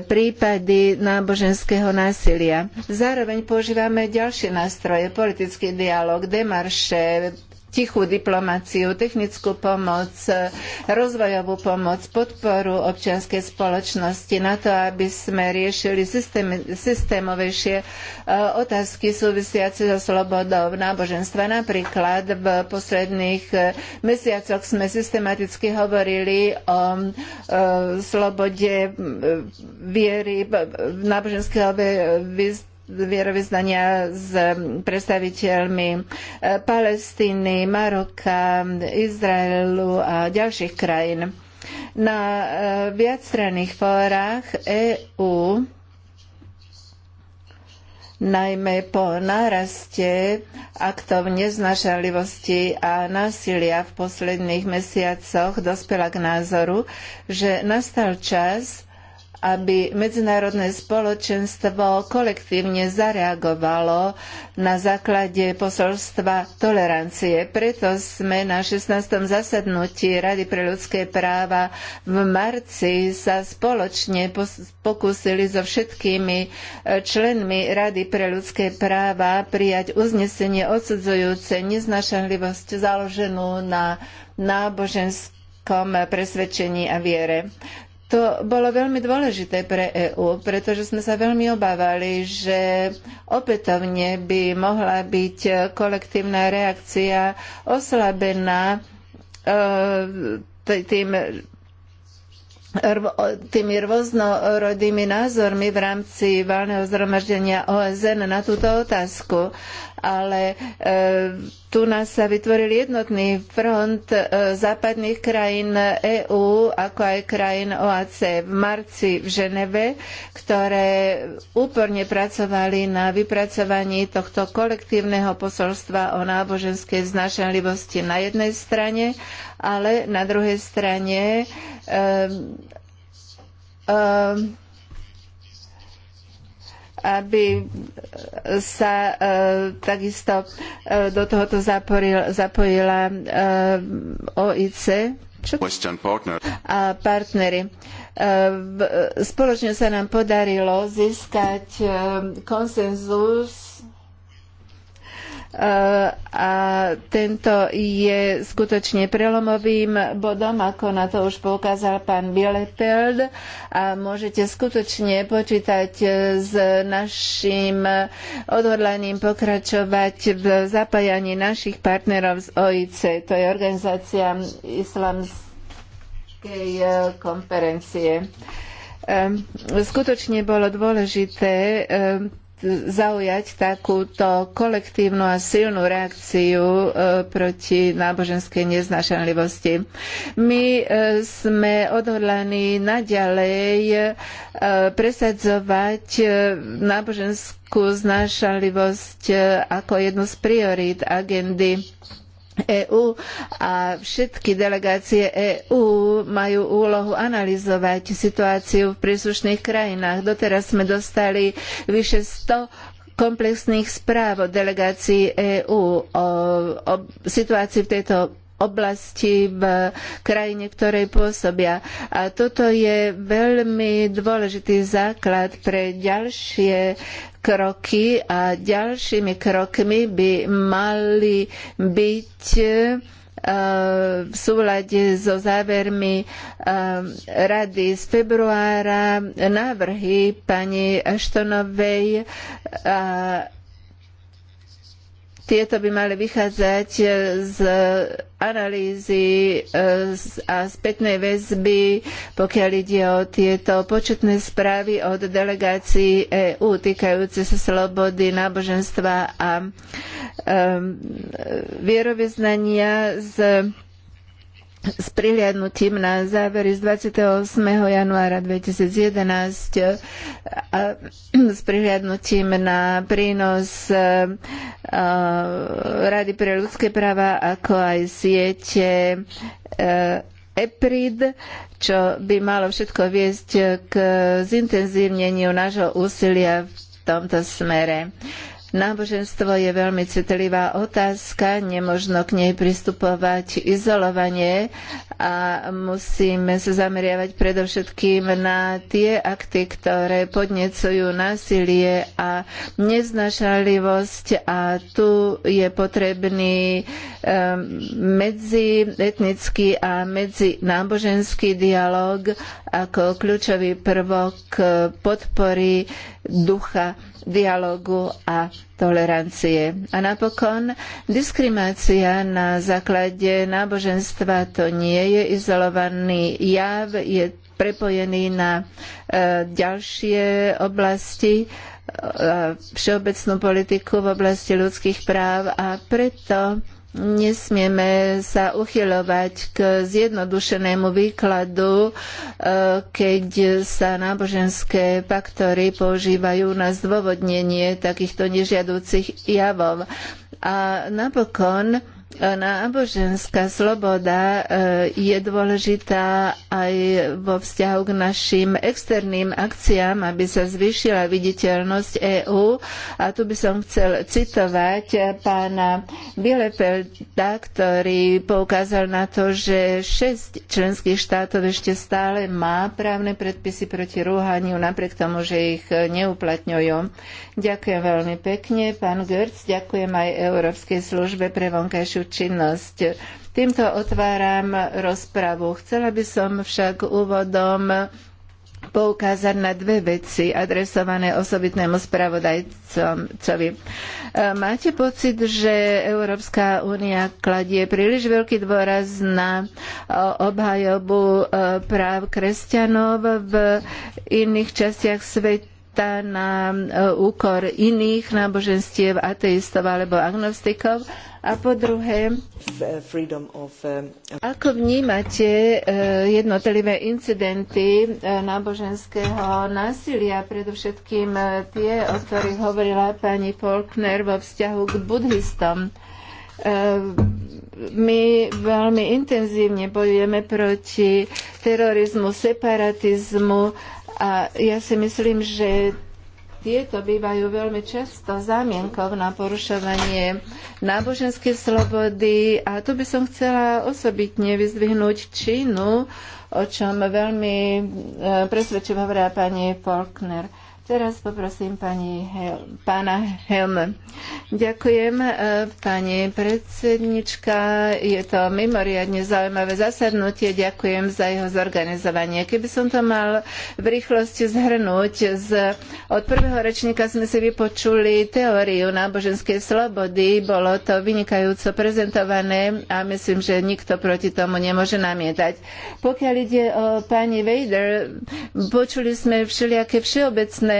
prípady náboženského násilia. Zároveň používame ďalšie nástroje nástroje, politický dialog, demarše, tichú diplomáciu, technickú pomoc, rozvojovú pomoc, podporu občianskej spoločnosti na to, aby sme riešili systém, systémovejšie e, otázky súvisiace so slobodou náboženstva. Napríklad v posledných e, mesiacoch sme systematicky hovorili o e, slobode viery, náboženského vyznania vierovýznania s predstaviteľmi e, Palestíny, Maroka, Izraelu a ďalších krajín. Na e, viacstranných fórach EÚ najmä po náraste aktov neznašalivosti a násilia v posledných mesiacoch dospela k názoru, že nastal čas aby medzinárodné spoločenstvo kolektívne zareagovalo na základe posolstva tolerancie. Preto sme na 16. zasadnutí Rady pre ľudské práva v marci sa spoločne pokúsili so všetkými e, členmi Rady pre ľudské práva prijať uznesenie odsudzujúce neznášanlivosť založenú na náboženskom presvedčení a viere. To bolo veľmi dôležité pre EÚ, pretože sme sa veľmi obávali, že opätovne by mohla byť kolektívna reakcia oslabená e, tým tými rôznorodými názormi v rámci valného zhromaždenia OSN na túto otázku. Ale e, tu nás sa vytvoril jednotný front e, západných krajín EÚ, ako aj krajín OAC v marci v Ženeve, ktoré úporne pracovali na vypracovaní tohto kolektívneho posolstva o náboženskej znašanlivosti na jednej strane, ale na druhej strane Ehm, ehm, aby sa e, takisto e, do tohoto zapojila e, OIC a partnery. Spoločne sa nám podarilo získať konsenzus a tento je skutočne prelomovým bodom, ako na to už poukázal pán Bielefeld a môžete skutočne počítať e, s našim odhodlaním pokračovať v zapájaní našich partnerov z OIC, to je Organizácia islamskej e, konferencie. E, skutočne bolo dôležité zaujať takúto kolektívnu a silnú reakciu e, proti náboženskej neznášanlivosti. My e, sme odhodlaní naďalej e, presadzovať náboženskú znášanlivosť ako jednu z priorít agendy EÚ a všetky delegácie EÚ majú úlohu analyzovať situáciu v príslušných krajinách. Doteraz sme dostali vyše 100 komplexných správ od delegácií EÚ o, o situácii v tejto oblasti v krajine, v ktorej pôsobia. A toto je veľmi dôležitý základ pre ďalšie kroky a ďalšími krokmi by mali byť e, v súlade so závermi e, rady z februára návrhy pani Ashtonovej tieto by mali vychádzať e, z analýzy e, a spätnej väzby, pokiaľ ide o tieto početné správy od delegácií EÚ týkajúce sa slobody, náboženstva a um, e, vierovyznania z s prihliadnutím na závery z 28. januára 2011 a s prihliadnutím na prínos e, e, Rady pre ľudské práva, ako aj siete e, EPRID, čo by malo všetko viesť k zintenzívneniu nášho úsilia v tomto smere. Náboženstvo je veľmi citlivá otázka, nemožno k nej pristupovať izolovanie a musíme sa zameriavať predovšetkým na tie akty, ktoré podnecujú násilie a neznašanlivosť a tu je potrebný ehm, medzietnický a medzináboženský dialog ako kľúčový prvok podpory ducha dialogu a tolerancie. A napokon diskriminácia na základe náboženstva to nie je izolovaný jav, je prepojený na e, ďalšie oblasti, e, všeobecnú politiku v oblasti ľudských práv a preto nesmieme sa uchyľovať k zjednodušenému výkladu, e, keď sa náboženské faktory používajú na zdôvodnenie takýchto nežiaducich javov. A napokon Náboženská sloboda eh, je dôležitá aj vo vzťahu k našim externým akciám, aby sa zvýšila viditeľnosť EÚ. A tu by som chcel citovať eh, pána Bielefelda, ktorý poukázal na to, že šesť členských štátov ešte stále má právne predpisy proti rúhaniu, napriek tomu, že ich eh, neuplatňujú. Ďakujem veľmi pekne, pán Gerc, ďakujem aj Európskej službe pre vonkajšiu vonkajšiu činnosť. Týmto otváram rozpravu. Chcela by som však úvodom poukázať na dve veci adresované osobitnému spravodajcovi. E, máte pocit, že Európska únia kladie príliš veľký dôraz na e, obhajobu e, práv kresťanov v iných častiach sveta na úkor iných náboženstiev, ateistov alebo agnostikov a po druhé, eh, ako vnímate eh, jednotlivé incidenty eh, náboženského násilia, predovšetkým tie, o ktorých hovorila pani Faulkner vo vzťahu k buddhistom? my veľmi intenzívne bojujeme proti terorizmu, separatizmu a ja si myslím, že tieto bývajú veľmi často zámienkou na porušovanie náboženskej slobody a tu by som chcela osobitne vyzdvihnúť Čínu, o čom veľmi e, presvedčivo hovorila pani Faulkner. Teraz poprosím pani Hel- pána Helme. Ďakujem, e, pani predsednička. Je to mimoriadne zaujímavé zasadnutie. Ďakujem za jeho zorganizovanie. Keby som to mal v rýchlosti zhrnúť, z, od prvého rečníka sme si vypočuli teóriu náboženskej slobody. Bolo to vynikajúco prezentované a myslím, že nikto proti tomu nemôže namietať. Pokiaľ ide o pani Vader, počuli sme všelijaké všeobecné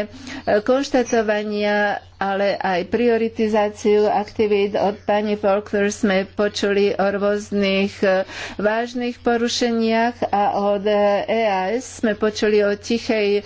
konštatovania ale aj prioritizáciu aktivít od pani Folker sme počuli o rôznych e, vážnych porušeniach a od EAS e sme počuli o tichej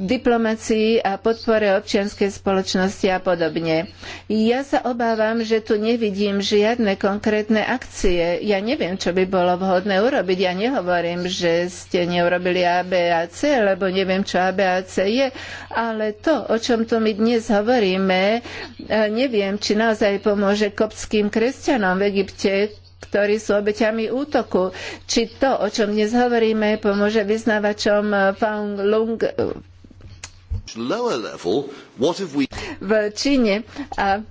diplomácii a podpore občianskej spoločnosti a podobne. Ja sa obávam, že tu nevidím žiadne konkrétne akcie. Ja neviem, čo by bolo vhodné urobiť. Ja nehovorím, že ste neurobili ABAC, lebo neviem, čo ABAC je, ale to, o čom tu my dnes hovoríme, najmä e, neviem, či naozaj pomôže koptským kresťanom v Egypte, ktorí sú obeťami útoku. Či to, o čom dnes hovoríme, pomôže vyznávačom Fang Lung v Číne. A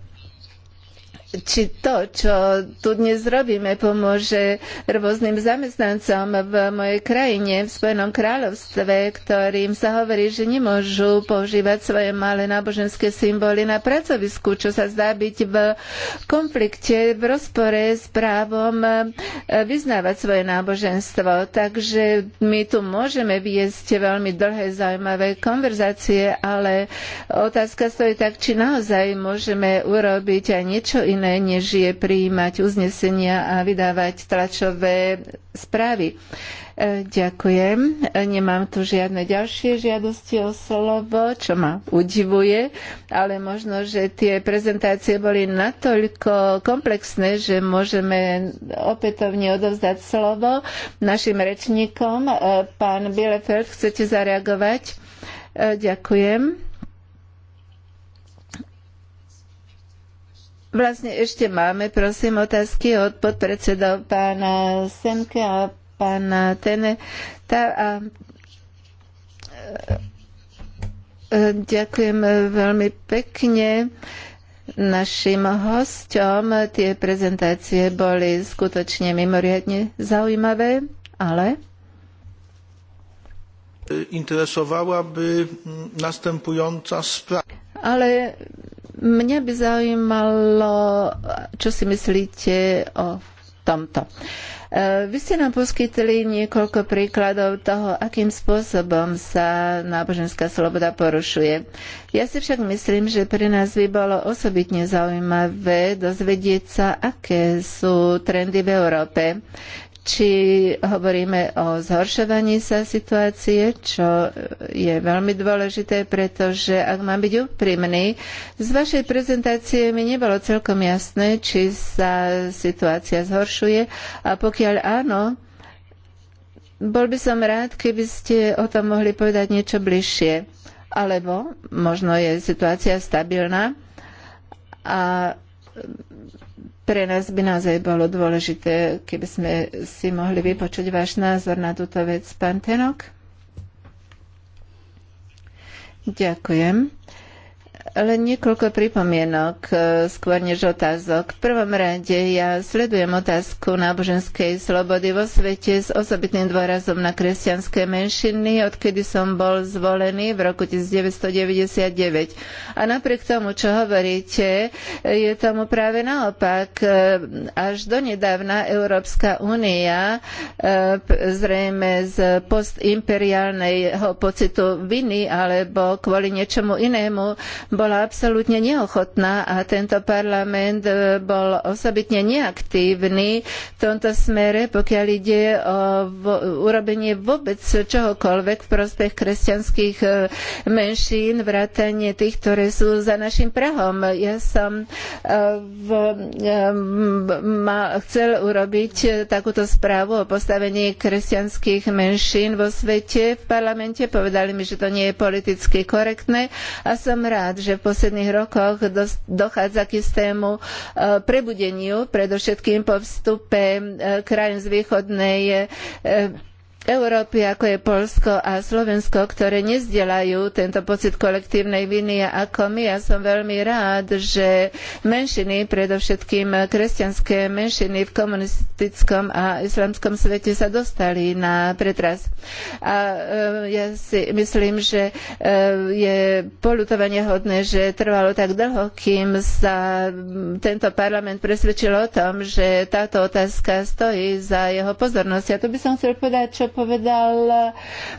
či to, čo tu dnes robíme, pomôže rôznym zamestnancom v mojej krajine, v Spojenom kráľovstve, ktorým sa hovorí, že nemôžu používať svoje malé náboženské symboly na pracovisku, čo sa zdá byť v konflikte, v rozpore s právom e, vyznávať svoje náboženstvo. Takže my tu môžeme viesť veľmi dlhé zaujímavé konverzácie, ale otázka stojí tak, či naozaj môžeme urobiť aj niečo iné, iné, než je prijímať uznesenia a vydávať tlačové správy. E, ďakujem. E, nemám tu žiadne ďalšie žiadosti o slovo, čo ma udivuje, ale možno, že tie prezentácie boli natoľko komplexné, že môžeme opätovne odovzdať slovo našim rečníkom. E, pán Bielefeld, chcete zareagovať? Ďakujem. Vlastne ešte máme, prosím, otázky od podpredsedov pána Senke a pána Tene. Tá, a, e, e, ďakujem veľmi pekne našim hostom. Tie prezentácie boli skutočne mimoriadne zaujímavé, ale... Interesovala by następująca sprawa. Ale mňa by zaujímalo, čo si myslíte o tomto. E, vy ste nám poskytli niekoľko príkladov toho, akým spôsobom sa náboženská sloboda porušuje. Ja si však myslím, že pre nás by bolo osobitne zaujímavé dozvedieť sa, aké sú trendy v Európe či hovoríme o zhoršovaní sa situácie, čo je veľmi dôležité, pretože ak mám byť úprimný, z vašej prezentácie mi nebolo celkom jasné, či sa situácia zhoršuje a pokiaľ áno, bol by som rád, keby ste o tom mohli povedať niečo bližšie. Alebo možno je situácia stabilná a pre nás by naozaj bolo dôležité, keby sme si mohli vypočuť váš názor na túto vec, pán Tenok. Ďakujem. Len niekoľko pripomienok, e, skôr než otázok. V prvom rade ja sledujem otázku náboženskej slobody vo svete s osobitným dôrazom na kresťanské menšiny, odkedy som bol zvolený v roku 1999. A napriek tomu, čo hovoríte, je tomu práve naopak. E, až donedávna Európska únia e, zrejme z postimperiálneho pocitu viny alebo kvôli niečomu inému bola bola absolútne neochotná a tento parlament e, bol osobitne neaktívny v tomto smere, pokiaľ ide o urobenie vôbec čohokoľvek v prospech kresťanských e, menšín, vrátanie tých, ktoré sú za našim prahom. Ja som e, v, ma, chcel urobiť takúto správu o postavení kresťanských menšín vo svete v parlamente. Povedali mi, že to nie je politicky korektné a som rád, že v posledných rokoch dochádza k istému e, prebudeniu, predovšetkým po vstupe e, krajín z východnej e, Európy, ako je Polsko a Slovensko, ktoré nezdielajú tento pocit kolektívnej viny ako my. Ja som veľmi rád, že menšiny, predovšetkým kresťanské menšiny v komunistickom a islamskom svete sa dostali na pretras. A e, ja si myslím, že e, je polutovanie hodné, že trvalo tak dlho, kým sa tento parlament presvedčil o tom, že táto otázka stojí za jeho pozornosť. A tu by som chcel povedať, čo povedal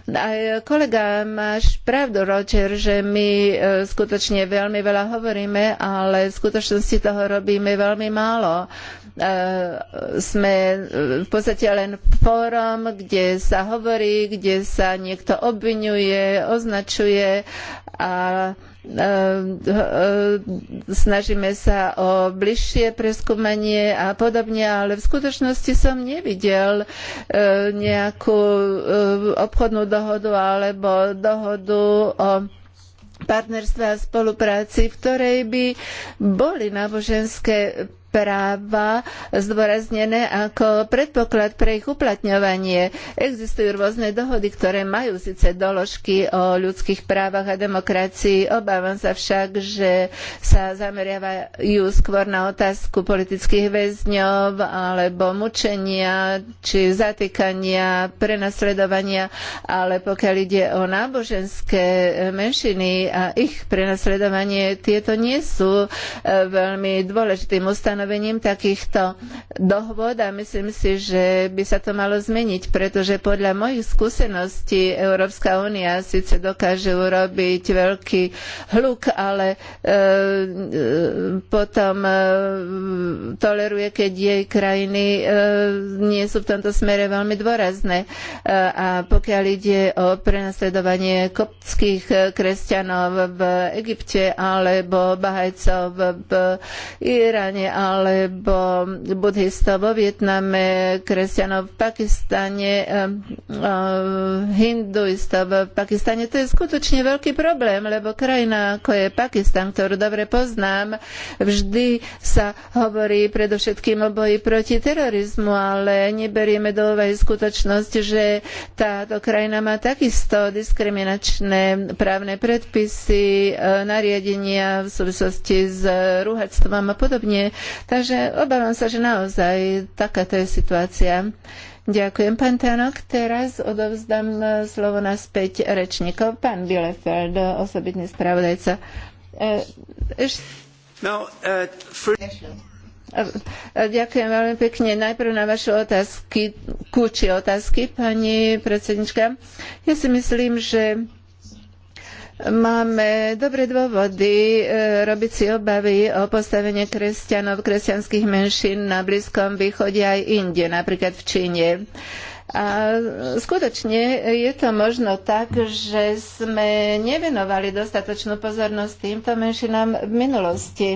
aj kolega, máš pravdu, Roger, že my e, skutočne veľmi veľa hovoríme, ale v skutočnosti toho robíme veľmi málo. E, sme e, v podstate len fórum, kde sa hovorí, kde sa niekto obvinuje, označuje a Eh, eh, snažíme sa o bližšie preskúmanie a podobne, ale v skutočnosti som nevidel eh, nejakú obchodnú dohodu alebo dohodu o partnerstve a spolupráci, v ktorej by boli náboženské práva zdôraznené ako predpoklad pre ich uplatňovanie. Existujú rôzne dohody, ktoré majú síce doložky o ľudských právach a demokracii. Obávam sa však, že sa zameriavajú skôr na otázku politických väzňov alebo mučenia či zatýkania, prenasledovania, ale pokiaľ ide o náboženské menšiny a ich prenasledovanie, tieto nie sú e, veľmi dôležitým ustanovením ustanovením takýchto dohôd a myslím si, že by sa to malo zmeniť, pretože podľa mojich skúseností Európska únia síce dokáže urobiť veľký hluk, ale e, e potom e, toleruje, keď jej krajiny e, nie sú v tomto smere veľmi dôrazné. E, a pokiaľ ide o prenasledovanie koptských kresťanov v Egypte alebo Bahajcov v Iráne, alebo buddhistov vo Vietname, kresťanov v Pakistane, hinduistov v Pakistane. To je skutočne veľký problém, lebo krajina ako je Pakistan, ktorú dobre poznám, vždy sa hovorí predovšetkým o boji proti terorizmu, ale neberieme do úvahy skutočnosť, že táto krajina má takisto diskriminačné právne predpisy, e, nariadenia v súvislosti s rúhačstvom a podobne. Takže obávam sa, že naozaj takáto je situácia. Ďakujem, pán Tanok. Teraz odovzdám slovo naspäť rečníkov. Pán Bielefeld, osobitný spravodajca. E, Ešte... No, uh, e, for... E, ďakujem veľmi pekne. Najprv na vaše otázky, kúči otázky, pani predsednička. Ja si myslím, že Máme dobré dôvody e, robiť si obavy o postavenie kresťanov, kresťanských menšín na Blízkom východe aj inde, napríklad v Číne. A skutočne je to možno tak, že sme nevenovali dostatočnú pozornosť týmto menšinám v minulosti.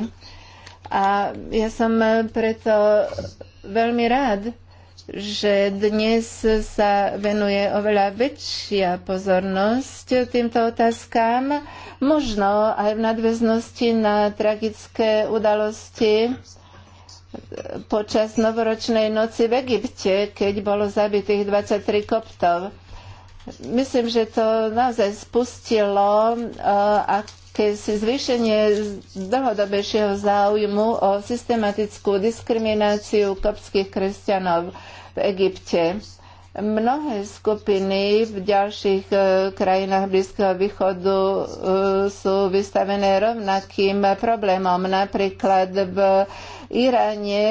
A ja som preto veľmi rád, že dnes sa venuje oveľa väčšia pozornosť týmto otázkám, možno aj v nadväznosti na tragické udalosti počas novoročnej noci v Egypte, keď bolo zabitých 23 koptov. Myslím, že to naozaj spustilo eh, akési zvýšenie dlhodobejšieho záujmu o systematickú diskrimináciu kopských kresťanov v Egypte. Mnohé skupiny v ďalších eh, krajinách Blízkeho východu eh, sú vystavené rovnakým problémom. Napríklad v Iráne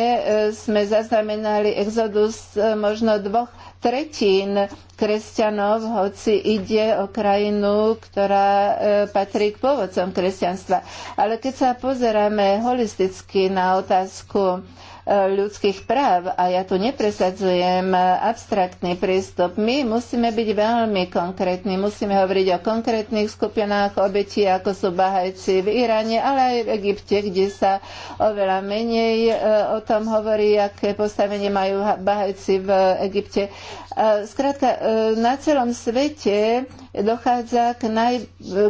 sme zaznamenali exodus možno dvoch tretín kresťanov, hoci ide o krajinu, ktorá e, patrí k pôvodcom kresťanstva. Ale keď sa pozeráme holisticky na otázku ľudských práv a ja tu nepresadzujem abstraktný prístup. My musíme byť veľmi konkrétni, musíme hovoriť o konkrétnych skupinách obetí, ako sú Bahajci v Iráne, ale aj v Egypte, kde sa oveľa menej e, o tom hovorí, aké postavenie majú Bahajci v Egypte E, skrátka, e, na celom svete dochádza k, naj,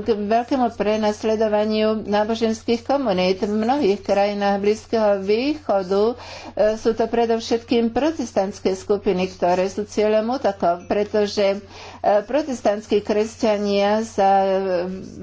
k veľkému prenasledovaniu náboženských komunít. V mnohých krajinách Blízkeho východu e, sú to predovšetkým protestantské skupiny, ktoré sú cieľom útokov, pretože Protestantskí kresťania sa e,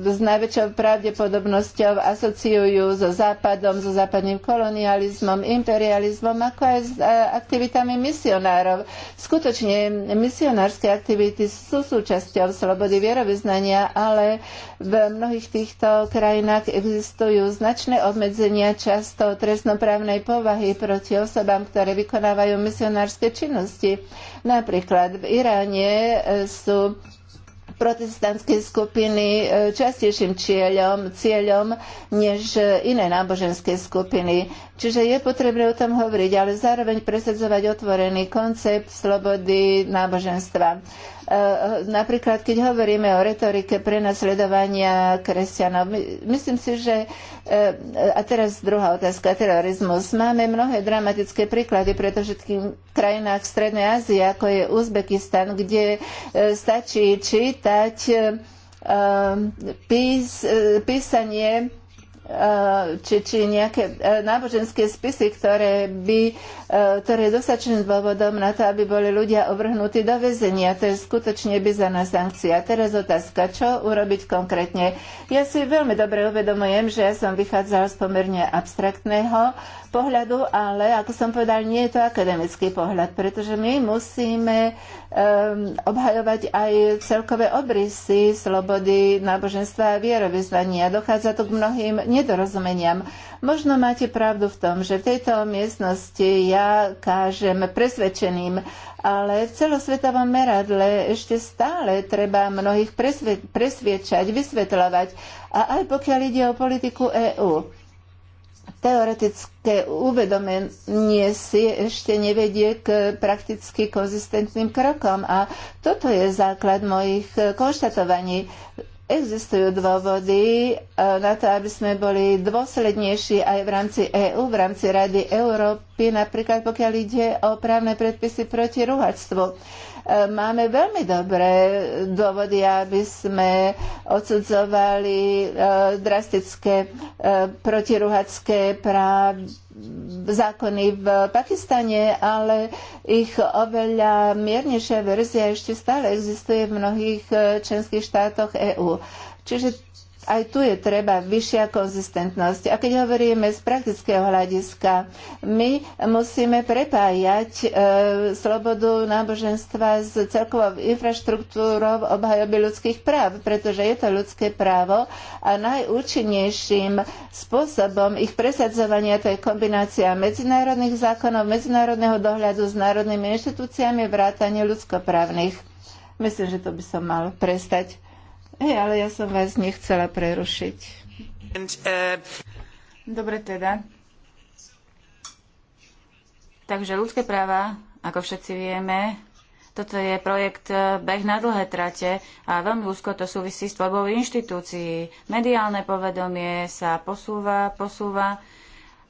s najväčšou pravdepodobnosťou asociujú so západom, so západným kolonializmom, imperializmom, ako aj s e, aktivitami misionárov. Skutočne misionárske aktivity sú súčasťou slobody vierovyznania, ale v mnohých týchto krajinách existujú značné obmedzenia často trestnoprávnej povahy proti osobám, ktoré vykonávajú misionárske činnosti. Napríklad v Iráne e, sú sú protestantské skupiny e, častejším cieľom, cieľom než e, iné náboženské skupiny. Čiže je potrebné o tom hovoriť, ale zároveň presadzovať otvorený koncept slobody náboženstva. Eh, napríklad, keď hovoríme o retorike prenasledovania kresťanov, myslím si, že eh, a teraz druhá otázka, terorizmus. Máme mnohé dramatické príklady, pretože v krajinách Strednej Ázie, ako je Uzbekistan, kde eh, stačí čítať pís, písanie Eh, či, či nejaké eh, náboženské spisy, ktoré, by, eh, ktoré je dosačným dôvodom na to, aby boli ľudia ovrhnutí do väzenia. To je skutočne bizarná sankcia. Teraz otázka, čo urobiť konkrétne. Ja si veľmi dobre uvedomujem, že ja som vychádzala z pomerne abstraktného pohľadu, ale ako som povedal, nie je to akademický pohľad, pretože my musíme um, obhajovať aj celkové obrysy slobody náboženstva a vierovyznania. Dochádza to k mnohým nedorozumeniam. Možno máte pravdu v tom, že v tejto miestnosti ja kážem presvedčeným, ale v celosvetovom meradle ešte stále treba mnohých presviečať, vysvetľovať. A aj pokiaľ ide o politiku EÚ teoretické uvedomenie si ešte nevedie k prakticky konzistentným krokom. A toto je základ mojich e, konštatovaní. Existujú dôvody e, na to, aby sme boli dôslednejší aj v rámci EÚ, v rámci Rady Európy, napríklad pokiaľ ide o právne predpisy proti rúhačstvu. Máme veľmi dobré dôvody, aby sme odsudzovali e, drastické e, protiruhacké práv zákony v Pakistane, ale ich oveľa miernejšia verzia ešte stále existuje v mnohých e, členských štátoch EÚ. Čiže aj tu je treba vyššia konzistentnosť. A keď hovoríme z praktického hľadiska, my musíme prepájať e, slobodu náboženstva s celkovou infraštruktúrou obhajoby ľudských práv, pretože je to ľudské právo a najúčinnejším spôsobom ich presadzovania to je kombinácia medzinárodných zákonov, medzinárodného dohľadu s národnými inštitúciami vrátanie ľudskoprávnych. Myslím, že to by som mal prestať. Hej, ale ja som vás nechcela prerušiť. And, uh... Dobre teda. Takže ľudské práva, ako všetci vieme, toto je projekt eh, Beh na dlhé trate a veľmi úzko to súvisí s tvorbou inštitúcií. Mediálne povedomie sa posúva, posúva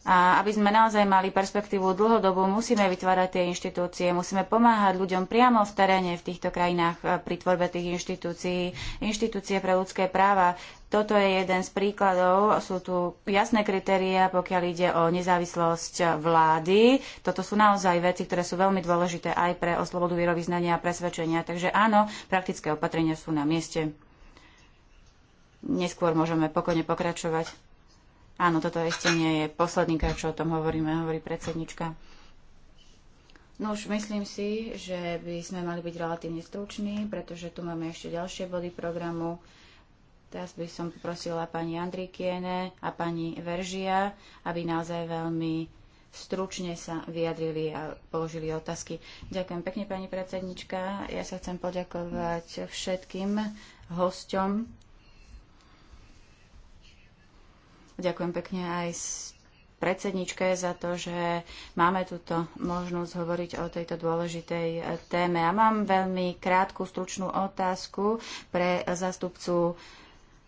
a aby sme naozaj mali perspektívu dlhodobu, musíme vytvárať tie inštitúcie, musíme pomáhať ľuďom priamo v teréne v týchto krajinách e, pri tvorbe tých inštitúcií, inštitúcie pre ľudské práva. Toto je jeden z príkladov. Sú tu jasné kritéria, pokiaľ ide o nezávislosť vlády. Toto sú naozaj veci, ktoré sú veľmi dôležité aj pre oslobodu vierovýznania a presvedčenia. Takže áno, praktické opatrenia sú na mieste. Neskôr môžeme pokojne pokračovať. Áno, toto ešte nie je posledný krát, čo o tom hovoríme, hovorí predsednička. No už myslím si, že by sme mali byť relatívne struční, pretože tu máme ešte ďalšie body programu. Teraz by som poprosila pani Andrikiene a pani Veržia, aby naozaj veľmi stručne sa vyjadrili a položili otázky. Ďakujem pekne, pani predsednička. Ja sa chcem poďakovať všetkým hosťom Ďakujem pekne aj predsedničke za to, že máme túto možnosť hovoriť o tejto dôležitej e, téme. A mám veľmi krátku, stručnú otázku pre zastupcu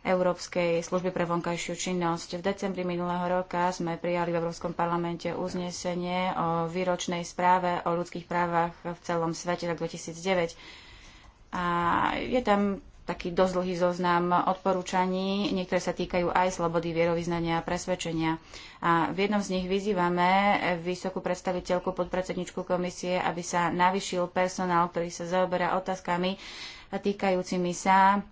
Európskej služby pre vonkajšiu činnosť. V decembri minulého roka sme prijali v Európskom parlamente uznesenie o výročnej správe o ľudských právach v celom svete tak 2009. A je tam taký dosť dlhý zoznam odporúčaní. Niektoré sa týkajú aj slobody vierovýznania a presvedčenia. A v jednom z nich vyzývame vysokú predstaviteľku podpredsedničku komisie, aby sa navyšil personál, ktorý sa zaoberá otázkami týkajúcimi sa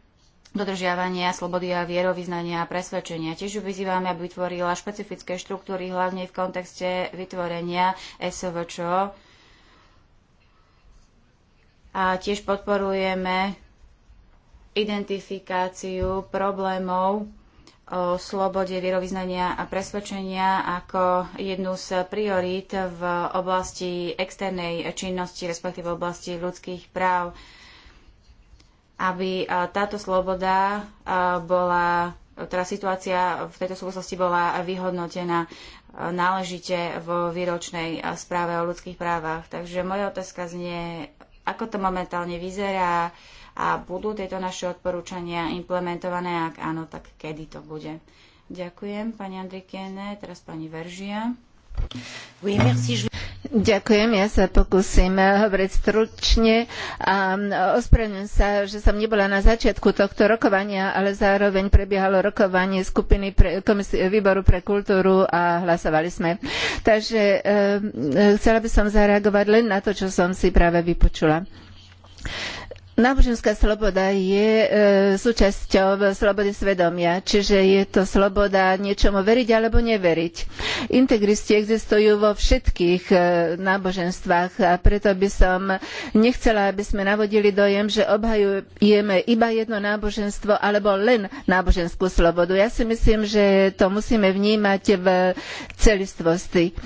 dodržiavania slobody a vierovýznania a presvedčenia. Tiež ju vyzývame, aby vytvorila špecifické štruktúry, hlavne v kontexte vytvorenia SVČO. A tiež podporujeme identifikáciu problémov o slobode vierovýznania a presvedčenia ako jednu z priorít v oblasti externej činnosti, respektíve v oblasti ľudských práv, aby e, táto sloboda e, bola, teda situácia v tejto súvislosti bola vyhodnotená e, náležite vo výročnej správe o ľudských právach. Takže moja otázka znie, ako to momentálne vyzerá, a budú tieto naše odporúčania implementované? Ak áno, tak kedy to bude? Ďakujem, pani Andrikiene, teraz pani Veržia. Oui, merci. Ďakujem, ja sa pokúsim hovoriť stručne a ospravedlňujem sa, že som nebola na začiatku tohto rokovania, ale zároveň prebiehalo rokovanie skupiny pre, komisie, výboru pre kultúru a hlasovali sme. Takže e, chcela by som zareagovať len na to, čo som si práve vypočula. Náboženská sloboda je e, súčasťou slobody svedomia, čiže je to sloboda niečomu veriť alebo neveriť. Integristi existujú vo všetkých e, náboženstvách a preto by som nechcela, aby sme navodili dojem, že obhajujeme iba jedno náboženstvo alebo len náboženskú slobodu. Ja si myslím, že to musíme vnímať v celistvosti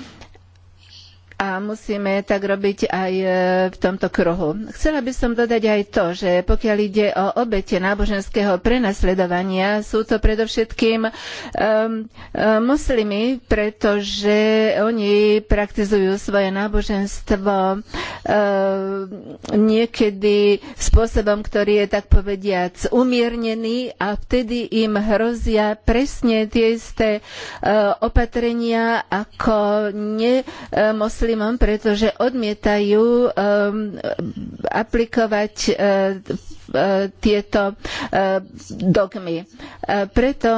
a musíme tak robiť aj e, v tomto kruhu. Chcela by som dodať aj to, že pokiaľ ide o obete náboženského prenasledovania, sú to predovšetkým um, pretože oni praktizujú svoje náboženstvo um, niekedy spôsobom, ktorý je tak povediac umiernený a vtedy im hrozia presne tie isté uh, opatrenia ako nemoslimi moslimom, pretože odmietajú um, aplikovať uh, uh, tieto uh, dogmy. Preto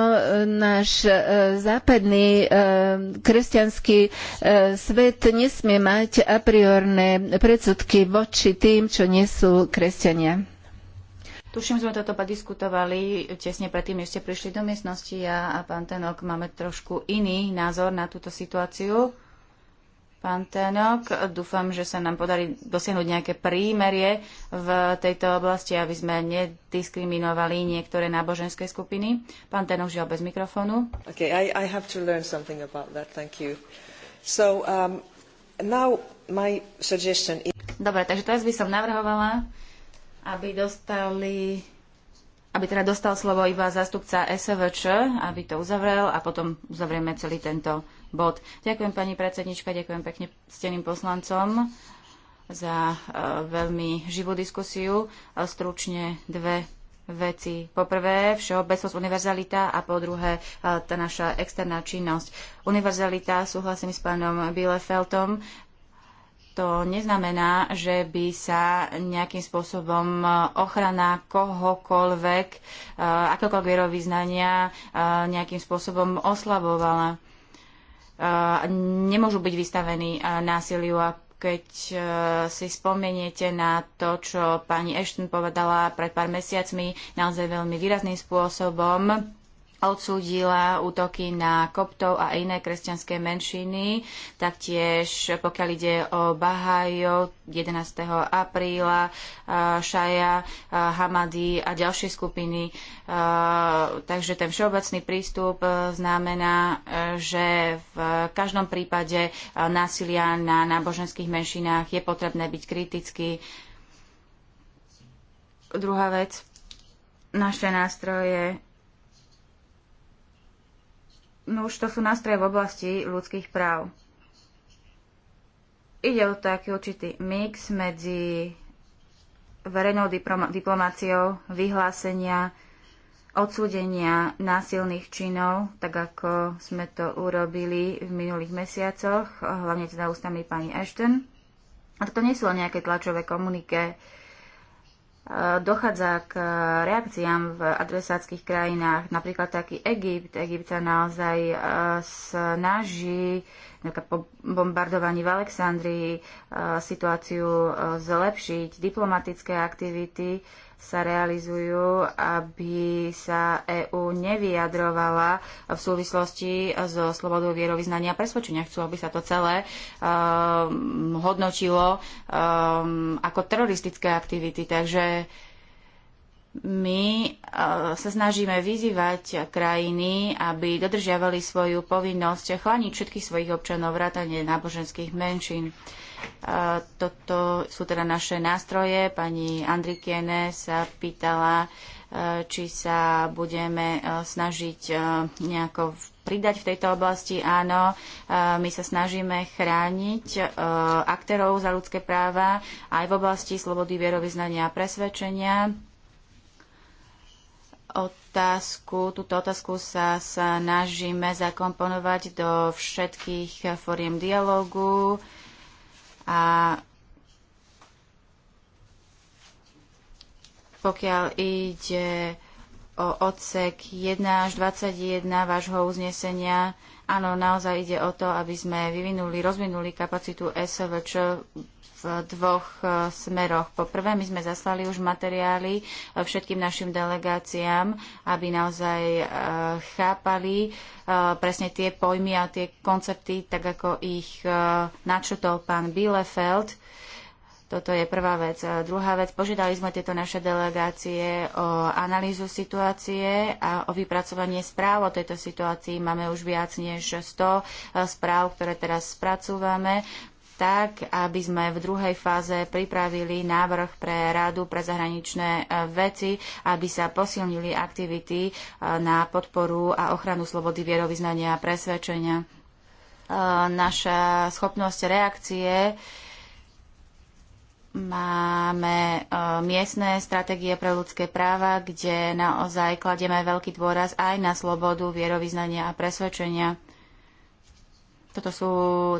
náš západný kresťanský svet nesmie mať a priorné predsudky voči tým, čo nie sú kresťania. Tuším, sme toto padiskutovali tesne predtým, než ste prišli do miestnosti a, a pán Tenok, máme trošku iný názor na túto situáciu pán Tenok. Dúfam, že sa nám podarí dosiahnuť nejaké prímerie v tejto oblasti, aby sme nediskriminovali niektoré náboženské skupiny. Pán Tenok, žiaľ bez mikrofónu. Okay, I, I have to learn something about that. Thank you. So, um, now my suggestion is... Dobre, takže teraz by som navrhovala, aby dostali aby teda dostal slovo iba zástupca SVČ, aby to uzavrel a potom uzavrieme celý tento bod. Ďakujem pani predsednička, ďakujem pekne steným poslancom za e, veľmi živú diskusiu. E, stručne dve veci. Po prvé, všeobecnosť univerzalita a po druhé, e, tá naša externá činnosť. Univerzalita, súhlasím s pánom Bielefeltom, to neznamená, že by sa nejakým spôsobom ochrana kohokoľvek, akokoľvek vierovýznania nejakým spôsobom oslabovala nemôžu byť vystavení násiliu a keď e, si spomeniete na to, čo pani Ashton povedala pred pár mesiacmi naozaj veľmi výrazným spôsobom, odsúdila útoky na koptov a iné kresťanské menšiny. Taktiež, pokiaľ ide o Bahajo 11. apríla, Šaja, Hamadi a ďalšie skupiny. Takže ten všeobecný prístup znamená, že v každom prípade násilia na náboženských menšinách je potrebné byť kritický. Druhá vec, naše nástroje no už to sú nástroje v oblasti ľudských práv. Ide o taký určitý mix medzi verejnou diplomáciou, vyhlásenia, odsúdenia násilných činov, tak ako sme to urobili v minulých mesiacoch, hlavne teda ústami pani Ashton. A toto nie sú len nejaké tlačové komunike. Eh, dochádza k eh, reakciám v adresátskych krajinách. Napríklad taký Egypt. Egypt sa naozaj eh, snaží po bombardovaní v Alexandrii situáciu zlepšiť, diplomatické aktivity sa realizujú, aby sa EÚ nevyjadrovala v súvislosti so slobodou vierovýznania a presvedčenia. Chcú, aby sa to celé um, hodnotilo um, ako teroristické aktivity. Takže my e, sa snažíme vyzývať krajiny, aby dodržiavali svoju povinnosť chlániť všetkých svojich občanov vrátane náboženských menšín. E, toto sú teda naše nástroje. Pani Andrikiene sa pýtala, e, či sa budeme snažiť nejako pridať v tejto oblasti. Áno, my sa snažíme chrániť aktérov za ľudské práva aj v oblasti slobody vierovýznania a presvedčenia otázku, túto otázku sa snažíme zakomponovať do všetkých fóriem dialogu a pokiaľ ide o odsek 1 až 21 vášho uznesenia, Áno, naozaj ide o to, aby sme vyvinuli, rozvinuli kapacitu SVČ v dvoch e, smeroch. Po prvé, my sme zaslali už materiály e, všetkým našim delegáciám, aby naozaj e, chápali presne tie pojmy a tie koncepty, tak ako ich načrtol pán Bielefeld toto je prvá vec. Druhá vec, požiadali sme tieto naše delegácie o analýzu situácie a o vypracovanie správ o tejto situácii. Máme už viac než 100 e, správ, ktoré teraz spracúvame tak, aby sme v druhej fáze pripravili návrh pre rádu pre zahraničné e, veci, aby sa posilnili aktivity e, na podporu a ochranu slobody vierovýznania a presvedčenia. Naša schopnosť reakcie Máme e, miestne stratégie pre ľudské práva, kde naozaj kladieme veľký dôraz aj na slobodu vierovýznania a presvedčenia. Toto sú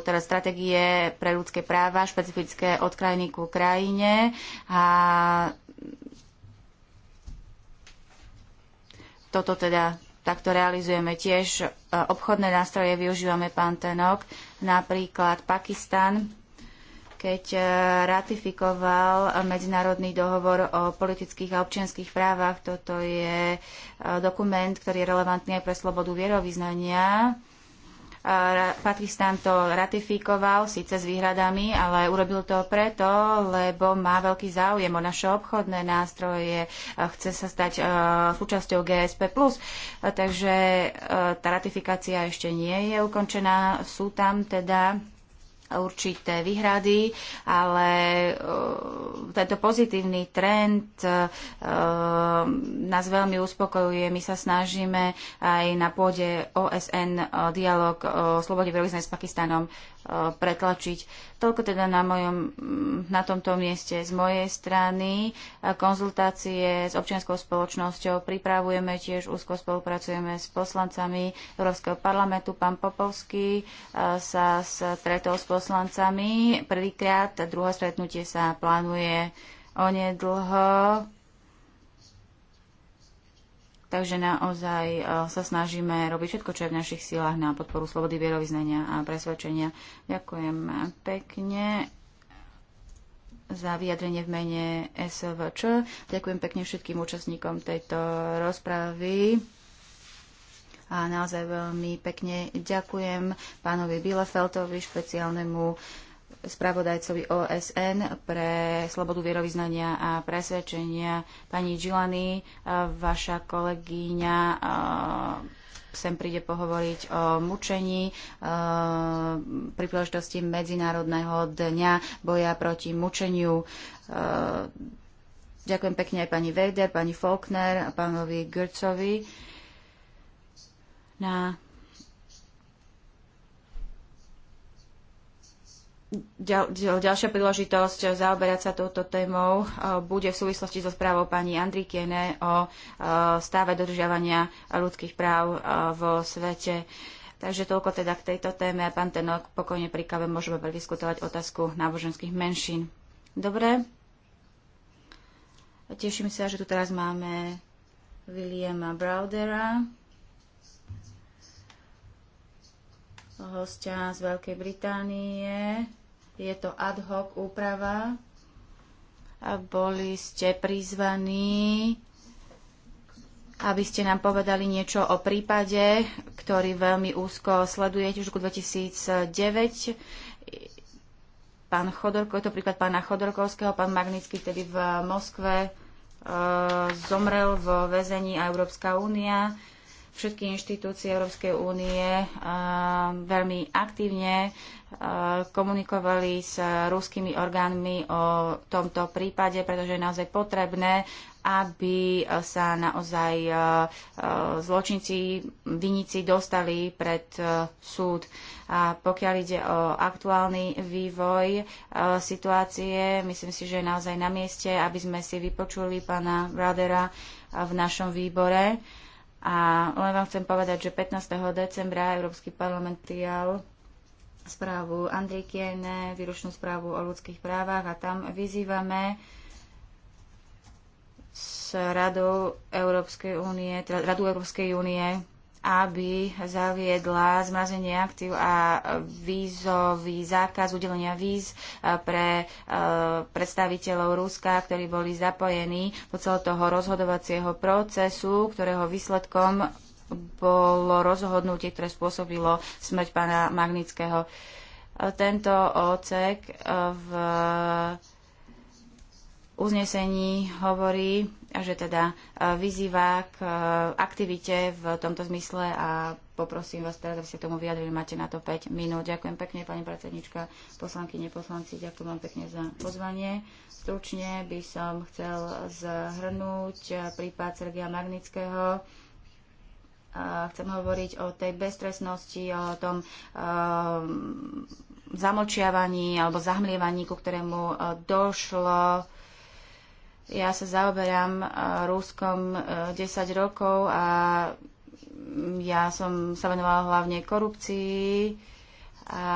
teda stratégie pre ľudské práva, špecifické od krajiny ku krajine a toto teda takto realizujeme tiež. E, obchodné nástroje využívame pán Tenok, napríklad Pakistan keď e, ratifikoval Medzinárodný dohovor o politických a občianských právach. Toto je e, dokument, ktorý je relevantný aj pre slobodu vierovýznania. E, Pakistan to ratifikoval, síce s výhradami, ale urobil to preto, lebo má veľký záujem o naše obchodné nástroje, chce sa stať súčasťou GSP+. Takže tá ratifikácia ešte nie je ukončená. Sú tam teda určité výhrady, ale uh, tento pozitívny trend uh, nás veľmi uspokojuje. My sa snažíme aj na pôde OSN uh, e, dialog o slobode v s Pakistanom E, pretlačiť. Toľko teda na, mojom, mm, na tomto mieste z mojej strany. E, konzultácie s občianskou spoločnosťou pripravujeme tiež, úzko spolupracujeme s poslancami Európskeho parlamentu. Pán Popovský e, sa stretol s poslancami prvýkrát, druhé stretnutie sa plánuje onedlho Takže naozaj e, sa snažíme robiť všetko, čo je v našich silách na podporu slobody vierovýznania a presvedčenia. Ďakujem pekne za vyjadrenie v mene SVČ. Ďakujem pekne všetkým účastníkom tejto rozpravy. A naozaj veľmi pekne ďakujem pánovi Bielefeltovi, špeciálnemu spravodajcovi OSN pre slobodu vierovýznania a presvedčenia. Pani Gilani, vaša kolegyňa sem príde pohovoriť o mučení pri príležitosti Medzinárodného dňa boja proti mučeniu. Ďakujem pekne aj pani Vejder, pani Faulkner a pánovi Grcovi na Ďal, ďalšia príležitosť zaoberať sa touto témou eh, bude v súvislosti so správou pani Andrikiene o eh, stave dodržiavania ľudských práv eh, vo svete. Takže toľko teda k tejto téme a pán Tenok pokojne pri kave môžeme prediskutovať otázku náboženských menšín. Dobre? Teším sa, že tu teraz máme Williama Browdera hostia z Veľkej Británie. Je to ad hoc úprava. A boli ste prizvaní, aby ste nám povedali niečo o prípade, ktorý veľmi úzko sledujete už roku 2009. Pán Chodorko, je to prípad pána Chodorkovského, pán Magnický vtedy v Moskve e, zomrel v väzení a Európska únia všetky inštitúcie Európskej únie veľmi aktívne komunikovali s ruskými orgánmi o tomto prípade, pretože je naozaj potrebné, aby sa naozaj zločinci, vinici dostali pred súd. A pokiaľ ide o aktuálny vývoj situácie, myslím si, že je naozaj na mieste, aby sme si vypočuli pána Bradera v našom výbore. A len vám chcem povedať, že 15. decembra Európsky parlament prijal správu Andrej Kiene, výročnú správu o ľudských právach a tam vyzývame s Radou Európskej únie, teda Radu Európskej únie aby zaviedla zmrazenie aktív a vízový zákaz udelenia víz eh, pre eh, predstaviteľov Ruska, ktorí boli zapojení do celého toho rozhodovacieho procesu, ktorého výsledkom bolo rozhodnutie, ktoré spôsobilo smrť pána Magnického. Eh, tento ocek v uznesení hovorí, že teda e, vyzýva k e, aktivite v tomto zmysle a poprosím vás teraz, aby ste tomu vyjadrili. Máte na to 5 minút. Ďakujem pekne, pani predsednička, poslanky, neposlanci. Ďakujem vám pekne za pozvanie. Stručne by som chcel zhrnúť prípad Sergia Magnického. E, chcem hovoriť o tej beztresnosti, o tom zamlčiavaní alebo zahmlievaní, ku ktorému došlo ja sa zaoberám eh, Ruskom 10 eh, rokov a ja som sa venovala hlavne korupcii a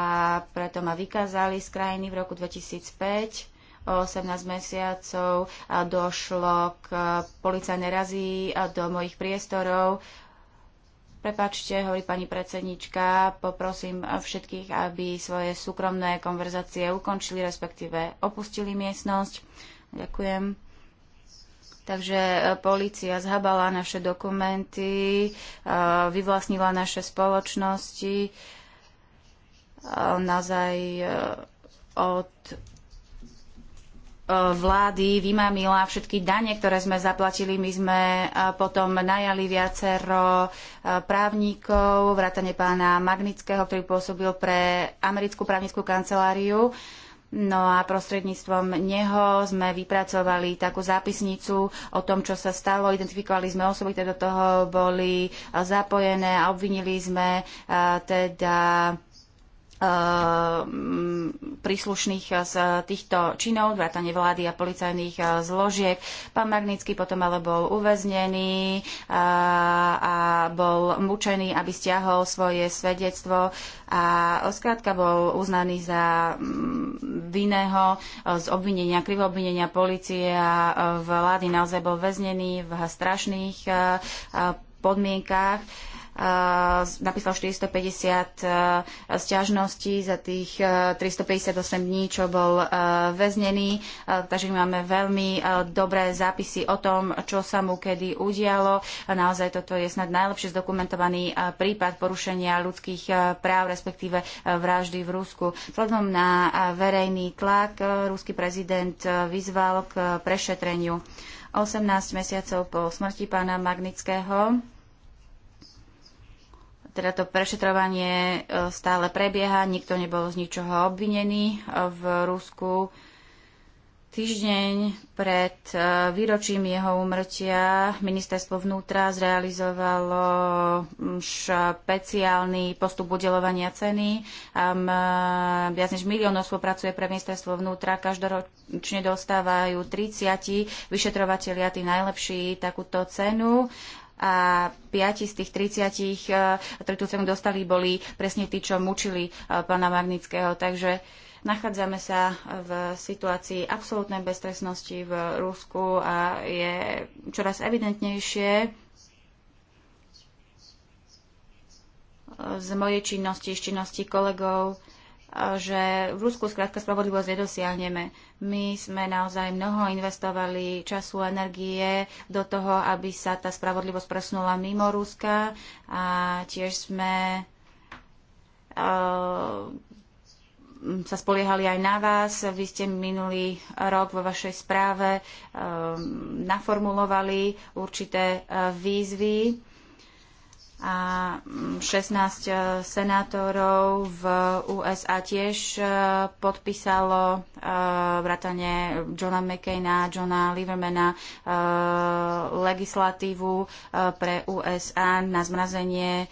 preto ma vykázali z krajiny v roku 2005 o 18 mesiacov a eh, došlo k policajnej a do mojich priestorov. Prepačte, hovorí pani predsednička, poprosím všetkých, aby svoje súkromné konverzácie ukončili, respektíve opustili miestnosť. Ďakujem. Takže e, policia zhabala naše dokumenty, e, vyvlastnila naše spoločnosti. E, Nazaj od vlády vymamila všetky dane, ktoré sme zaplatili. My sme potom najali viacero právnikov, vrátane pána Magnického, ktorý pôsobil pre americkú právnickú kanceláriu. No a prostredníctvom neho sme vypracovali takú zápisnicu o tom, čo sa stalo. Identifikovali sme osoby, ktoré do toho boli zapojené a obvinili sme eh, teda Eh, príslušných eh, z týchto činov, vrátane vlády a policajných eh, zložiek. Pán Magnický potom ale bol uväznený a, bol mučený, aby stiahol svoje svedectvo a skrátka bol uznaný za mm, vinného z obvinenia, krivo obvinenia policie a vlády naozaj bol väznený v strašných podmienkách napísal 450 e, stiažností za tých 358 e, dní, čo bol e, väznený. Takže my máme veľmi dobré zápisy o tom, čo sa mu kedy udialo. Naozaj toto je snad najlepšie zdokumentovaný prípad porušenia ľudských práv, respektíve vraždy v Rusku. Vzhľadom na verejný tlak ruský prezident vyzval k prešetreniu. 18 mesiacov po smrti pána Magnického teda to prešetrovanie e, stále prebieha, nikto nebol z ničoho obvinený e, v Rusku. Týždeň pred e, výročím jeho umrtia ministerstvo vnútra zrealizovalo špeciálny postup udelovania ceny. Viac než milión osôb pracuje pre ministerstvo vnútra. Každoročne dostávajú 30 vyšetrovateľia, tí najlepší, takúto cenu a piati z tých 30, e, ktorí tú cenu dostali, boli presne tí, čo mučili e, pána Marnického. Takže nachádzame sa v situácii absolútnej beztresnosti v Rusku a je čoraz evidentnejšie e, z mojej činnosti, z činnosti kolegov, že v Rusku skrátka spravodlivosť nedosiahneme. My sme naozaj mnoho investovali času, energie do toho, aby sa tá spravodlivosť presunula mimo Ruska a tiež sme uh, sa spoliehali aj na vás. Vy ste minulý rok vo vašej správe eh, naformulovali určité uh, výzvy a 16 mm, e, senátorov v USA tiež e, podpísalo e, vrátane Johna McCaina, Johna Livermana legislatívu pre USA na zmrazenie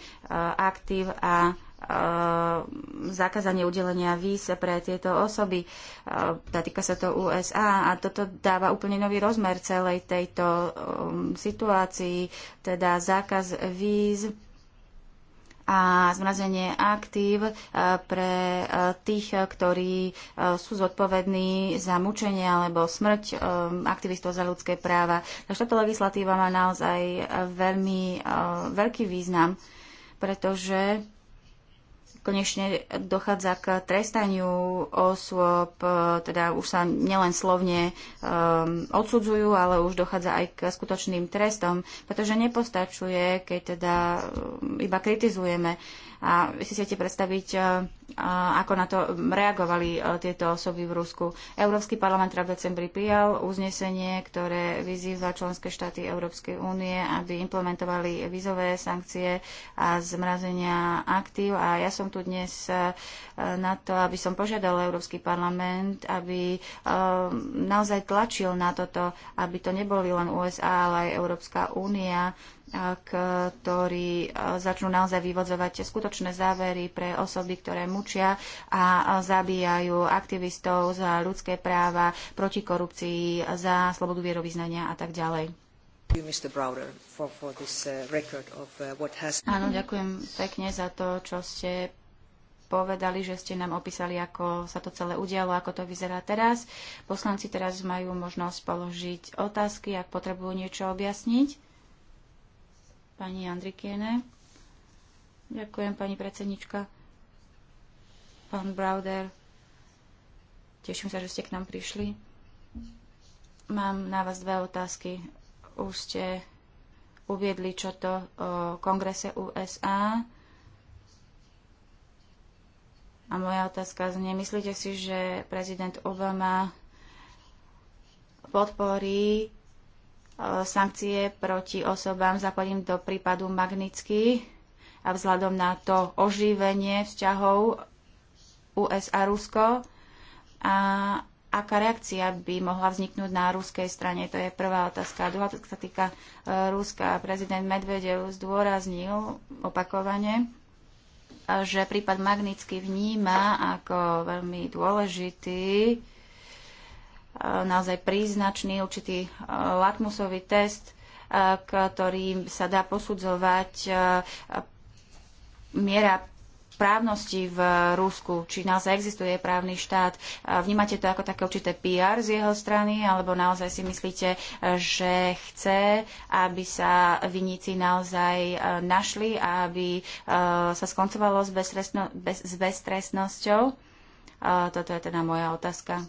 aktív a Eh, zakázanie udelenia víz pre tieto osoby. Eh, týka sa to USA a toto dáva úplne nový rozmer celej tejto eh, situácii, teda zákaz víz a zmrazenie aktív pre tých, ktorí sú zodpovední za mučenie alebo smrť aktivistov za ľudské práva. Takže táto legislatíva má naozaj veľmi veľký význam, pretože konečne dochádza k trestaniu osôb, e, teda už sa nielen slovne um, odsudzujú, ale už dochádza aj k skutočným trestom, pretože nepostačuje, keď teda e, iba kritizujeme uh, a vy si siete predstaviť, e, e, ako na to reagovali e, tieto osoby v Rusku. Európsky parlament teda v decembri prijal uznesenie, ktoré vyzýva členské štáty Európskej únie, aby implementovali vízové sankcie a zmrazenia aktív. A ja som tu dnes na to, aby som požiadal Európsky parlament, aby naozaj tlačil na toto, aby to neboli len USA, ale aj Európska únia, ktorí začnú naozaj vyvodzovať skutočné závery pre osoby, ktoré mučia a zabíjajú aktivistov za ľudské práva, proti korupcii, za slobodu vierovýznania a tak ďalej. Uh, uh, Áno, ďakujem pekne za to, čo ste povedali, že ste nám opísali, ako sa to celé udialo, ako to vyzerá teraz. Poslanci teraz majú možnosť položiť otázky, ak potrebujú niečo objasniť pani Andrikiene. Ďakujem, pani predsednička. Pán Browder, teším sa, že ste k nám prišli. Mám na vás dve otázky. Už ste uviedli, čo to o kongrese USA. A moja otázka znie, myslíte si, že prezident Obama podporí E, sankcie proti osobám zapadím do prípadu Magnitsky a vzhľadom na to oživenie vzťahov USA-Rusko a aká reakcia by mohla vzniknúť na ruskej strane? To je prvá otázka. druhá otázka sa týka e, Ruska. Prezident Medvedev zdôraznil opakovane, e, že prípad Magnitsky vníma ako veľmi dôležitý Eh, naozaj príznačný určitý eh, latmusový test, eh, ktorým sa dá posudzovať miera právnosti v Rusku, či naozaj existuje právny štát. Vnímate to ako také určité PR z jeho strany, alebo naozaj si myslíte, že chce, aby sa viníci naozaj našli a aby sa skoncovalo s, bez, s beztrestnosťou? Toto je teda moja otázka.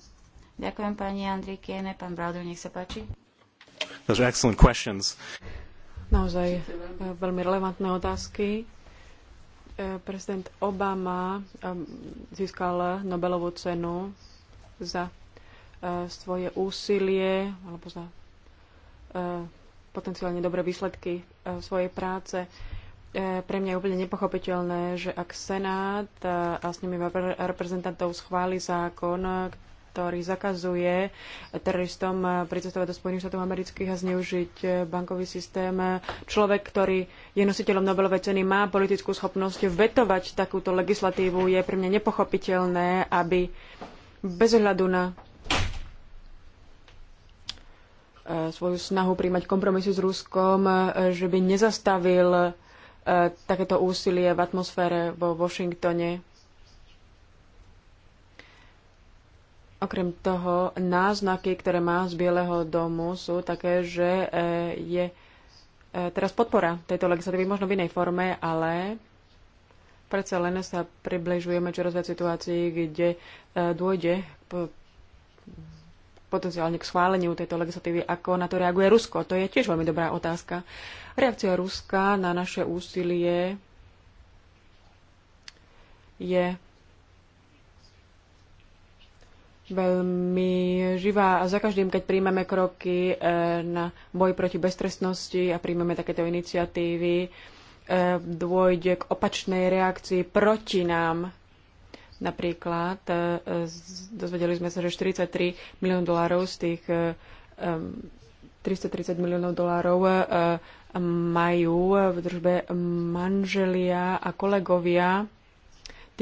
Ďakujem pani Andrikiene. Pán Browder, nech sa páči. Those are excellent questions. Naozaj eh, veľmi relevantné otázky. Eh, prezident Obama eh, získal Nobelovú cenu za svoje úsilie alebo za potenciálne dobré výsledky svojej práce pre mňa je úplne nepochopiteľné, že ak Senát a s nimi reprezentantov schváli zákon, ktorý zakazuje teroristom pricestovať do Spojených štátov amerických a zneužiť bankový systém. Človek, ktorý je nositeľom Nobelovej ceny, má politickú schopnosť vetovať takúto legislatívu. Je pre mňa nepochopiteľné, aby bez ohľadu na e, svoju snahu príjmať kompromisy s Ruskom, e, že by nezastavil e, takéto úsilie v atmosfére vo Washingtone Okrem toho, náznaky, ktoré má z Bieleho domu, sú také, že e, je e, teraz podpora tejto legislatívy, možno v inej forme, ale predsa len sa približujeme čoraz viac situácií, kde e, dôjde potenciálne k schváleniu tejto legislatívy, ako na to reaguje Rusko. To je tiež veľmi dobrá otázka. Reakcia Ruska na naše úsilie je veľmi živá a za každým, keď príjmeme kroky eh, na boj proti beztrestnosti a príjmeme takéto iniciatívy, eh, dôjde k opačnej reakcii proti nám. Napríklad eh, dozvedeli sme sa, že 43 miliónov dolárov z tých 330 miliónov dolárov majú v držbe manželia a kolegovia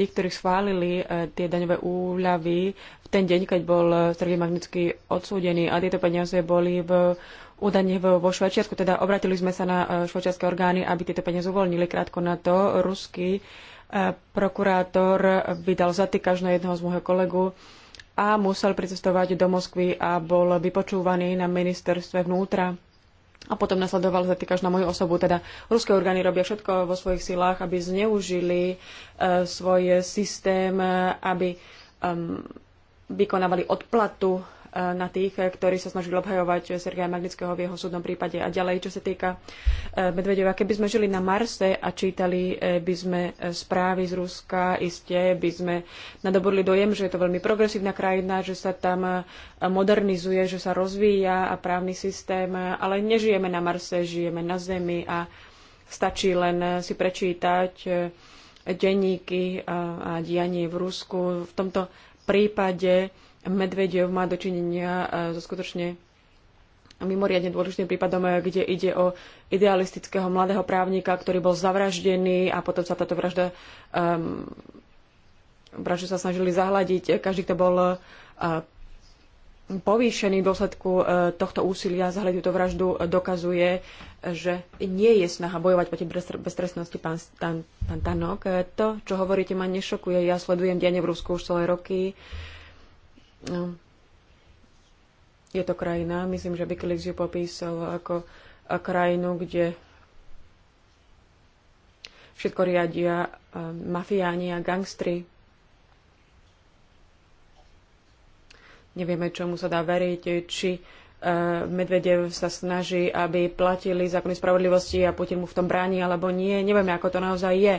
tí, ktorí schválili e, tie daňové úľavy v ten deň, keď bol e, Sergej Magnický odsúdený a tieto peniaze boli v údajne vo Švajčiarsku. Teda obratili sme sa na e, švajčiarske orgány, aby tieto peniaze uvoľnili. Krátko na to ruský prokurátor vydal zatýkač na jedného z môjho kolegu a musel pricestovať do Moskvy a bol vypočúvaný na ministerstve vnútra a potom nasledoval zatýkač na moju osobu. Teda ruské orgány robia všetko vo svojich silách, aby zneužili uh, svoj systém, e, aby um, vykonávali odplatu Eh, na tých, eh, ktorí sa snažili obhajovať Sergeja Magnického v jeho súdnom prípade. A ďalej, čo sa týka eh, Medvedeva, keby sme žili na Marse a čítali by sme správy z Ruska, iste by sme nadobudli dojem, že je to veľmi progresívna krajina, že sa tam modernizuje, že sa rozvíja a právny systém, ale nežijeme na Marse, žijeme na Zemi a stačí len si prečítať denníky a dianie v Rusku. V tomto prípade Medvedev má dočinenia e, so skutočne mimoriadne dôležitým prípadom, e, kde ide o idealistického mladého právnika, ktorý bol zavraždený a potom sa táto vražda um, vraždu sa snažili zahľadiť. Každý, kto bol uh, povýšený v dôsledku uh, tohto úsilia zahľadiť túto vraždu, dokazuje, že nie je snaha bojovať proti beztrestnosti pán, pán, pán Tanok. To, čo hovoríte, ma nešokuje. Ja sledujem dianie v Rusku už celé roky. Uh, No. Je to krajina, myslím, že Wikileaks ju popísal ako krajinu, kde všetko riadia mafiáni a gangstri. Nevieme, čomu sa dá veriť, či e, Medvedev sa snaží, aby platili zákony spravodlivosti a Putin mu v tom bráni, alebo nie. Nevieme, ako to naozaj je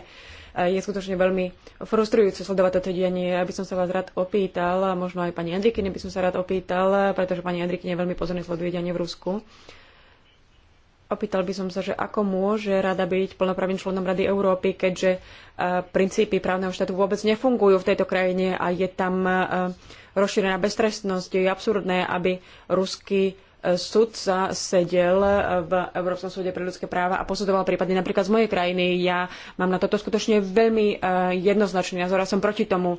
je skutočne veľmi frustrujúce sledovať toto dianie. Aby som sa vás rád opýtal, a možno aj pani Andrikine by som sa rád opýtal, pretože pani Andrikine veľmi pozorne sleduje dianie v Rusku. Opýtal by som sa, že ako môže rada byť plnopravným členom Rady Európy, keďže e, princípy právneho štátu vôbec nefungujú v tejto krajine a je tam e, rozšírená beztrestnosť. Je absurdné, aby ruský sudca sedel v Európskom súde pre ľudské práva a posudzoval prípady napríklad z mojej krajiny. Ja mám na toto skutočne veľmi e, jednoznačný názor a som proti tomu. E,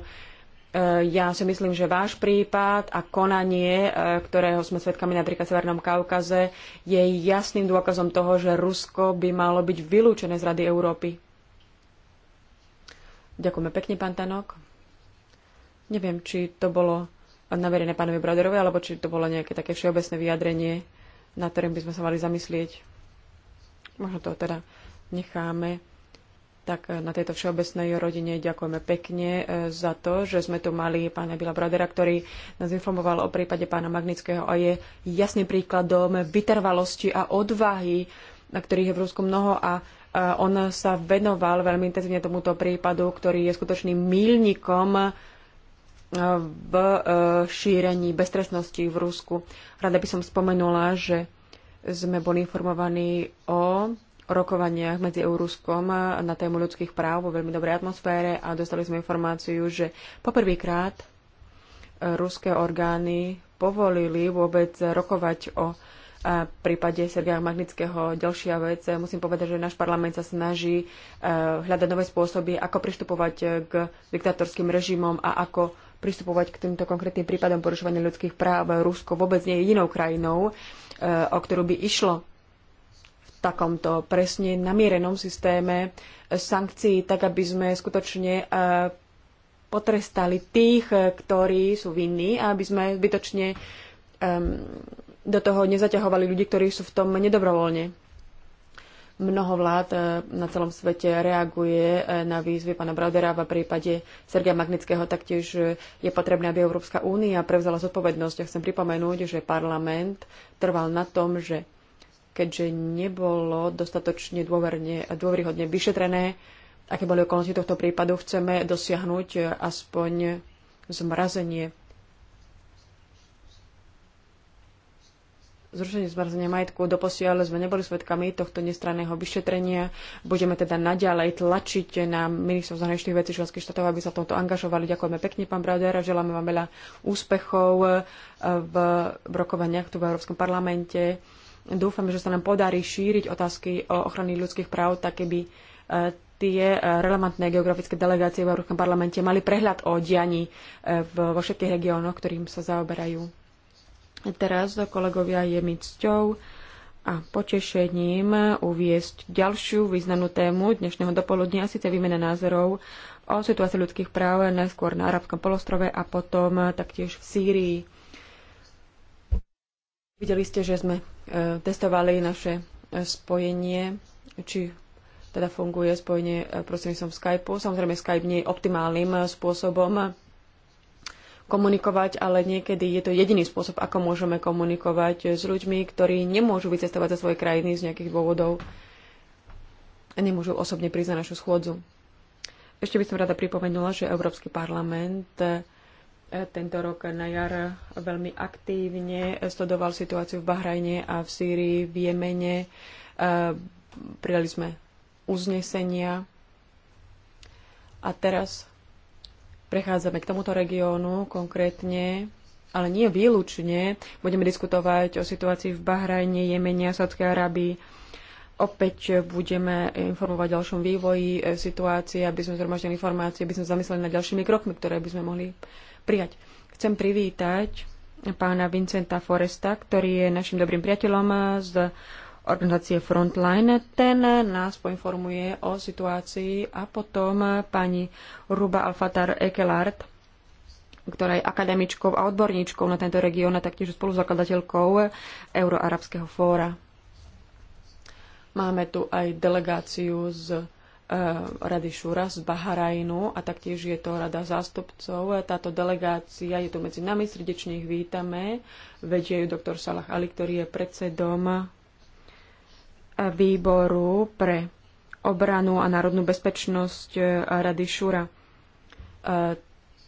ja si myslím, že váš prípad a konanie, e, ktorého sme svedkami napríklad v Severnom Kaukaze, je jasným dôkazom toho, že Rusko by malo byť vylúčené z Rady Európy. Ďakujeme pekne, pán Tanok. Neviem, či to bolo naverené pánovi Braderovi, alebo či to bolo nejaké také všeobecné vyjadrenie, na ktorým by sme sa mali zamyslieť. Možno to teda necháme. Tak eh, na tejto všeobecnej rodine ďakujeme pekne eh, za to, že sme tu mali pána Bila Bradera, ktorý nás informoval o prípade pána Magnického a je jasným príkladom vytrvalosti a odvahy, na ktorých je v Rusku mnoho a eh, on sa venoval veľmi intenzívne tomuto prípadu, ktorý je skutočným milníkom v e, šírení beztrestnosti v Rusku. Rada by som spomenula, že sme boli informovaní o rokovaniach medzi Euruskom na tému ľudských práv vo veľmi dobrej atmosfére a dostali sme informáciu, že poprvýkrát e, ruské orgány povolili vôbec rokovať o e, prípade Sergeja Magnického. Ďalšia vec, musím povedať, že náš parlament sa snaží hľadať nové spôsoby, ako pristupovať k diktatorským režimom a ako pristupovať k týmto konkrétnym prípadom porušovania ľudských práv. Rusko vôbec nie je jedinou krajinou, e, o ktorú by išlo v takomto presne namierenom systéme sankcií, tak aby sme skutočne e, potrestali tých, e, ktorí sú vinní a aby sme zbytočne do toho nezaťahovali ľudí, ktorí sú v tom nedobrovoľne. Mnoho vlád e, na celom svete reaguje e, na výzvy pána Brodera v prípade Sergia Magnického. Taktiež e, je potrebné, aby Európska únia prevzala zodpovednosť. Ja chcem pripomenúť, že parlament trval na tom, že keďže nebolo dostatočne dôverne, dôveryhodne vyšetrené, aké boli okolnosti tohto prípadu, chceme dosiahnuť aspoň zmrazenie zrušenie zmrazenia majetku. Doposiaľ sme neboli svedkami tohto nestranného vyšetrenia. Budeme teda naďalej tlačiť na ministrov zahraničných vecí členských štátov, aby sa toto tomto angažovali. Ďakujeme pekne, pán Braudera. a želáme vám veľa úspechov e, v, v rokovaniach tu v Európskom parlamente. Dúfame, že sa nám podarí šíriť otázky o ochrany ľudských práv, tak keby e, tie e, relevantné geografické delegácie v Európskom parlamente mali prehľad o dianí vo všetkých regiónoch, ktorým sa zaoberajú. Teraz, kolegovia, je mi cťou a potešením uviesť ďalšiu významnú tému dnešného dopoludnia, síce výmena názorov o situácii ľudských práv najskôr na Arabskom polostrove a potom taktiež v Sýrii. Videli ste, že sme e, testovali naše e, spojenie, či teda funguje spojenie e, prosím som Skypeu. Samozrejme, Skype nie je optimálnym spôsobom komunikovať, ale niekedy je to jediný spôsob, ako môžeme komunikovať s ľuďmi, ktorí nemôžu vycestovať za svoje krajiny z nejakých dôvodov a nemôžu osobne prísť na našu schôdzu. Ešte by som rada pripomenula, že Európsky parlament eh, tento rok na jar veľmi aktívne sledoval situáciu v Bahrajne a v Sýrii, v Jemene. Eh, pridali sme uznesenia a teraz prechádzame k tomuto regiónu konkrétne, ale nie výlučne. Budeme diskutovať o situácii v Bahrajne, Jemene a Sádskej Arabii. Opäť budeme informovať o ďalšom vývoji e, situácie, aby sme zhromaždili informácie, aby sme zamysleli nad ďalšími krokmi, ktoré by sme mohli prijať. Chcem privítať pána Vincenta Foresta, ktorý je našim dobrým priateľom z organizácie Frontline. Ten nás poinformuje o situácii a potom pani Ruba Alfatar Ekelard, ktorá je akademičkou a odborníčkou na tento región a taktiež spoluzakladateľkou Euroarabského fóra. Máme tu aj delegáciu z eh, Rady Šúra z Baharajnu a taktiež je to Rada zástupcov. Táto delegácia je tu medzi nami, srdečne ich vítame. Vedie ju doktor Salah Ali, ktorý je predsedom výboru pre obranu a národnú bezpečnosť e, Rady Šura. E,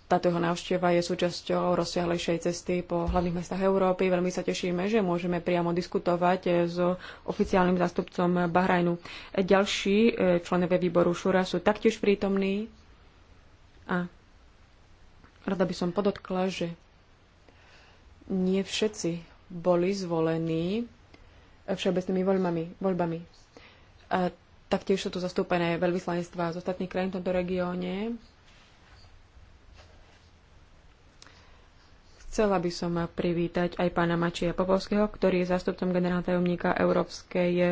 táto jeho návšteva je súčasťou rozsiahlejšej cesty po hlavných mestách Európy. Veľmi sa tešíme, že môžeme priamo diskutovať e, s oficiálnym zástupcom Bahrajnu. Ďalší členové výboru Šura sú taktiež prítomní. A rada by som podotkla, že nie všetci boli zvolení všeobecnými voľbami. voľbami. A taktiež sú tu zastúpené veľvyslanectvá z ostatných krajín v tomto regióne. Chcela by som privítať aj pána Mačia Popovského, ktorý je zástupcom generálneho tajomníka Európskej e,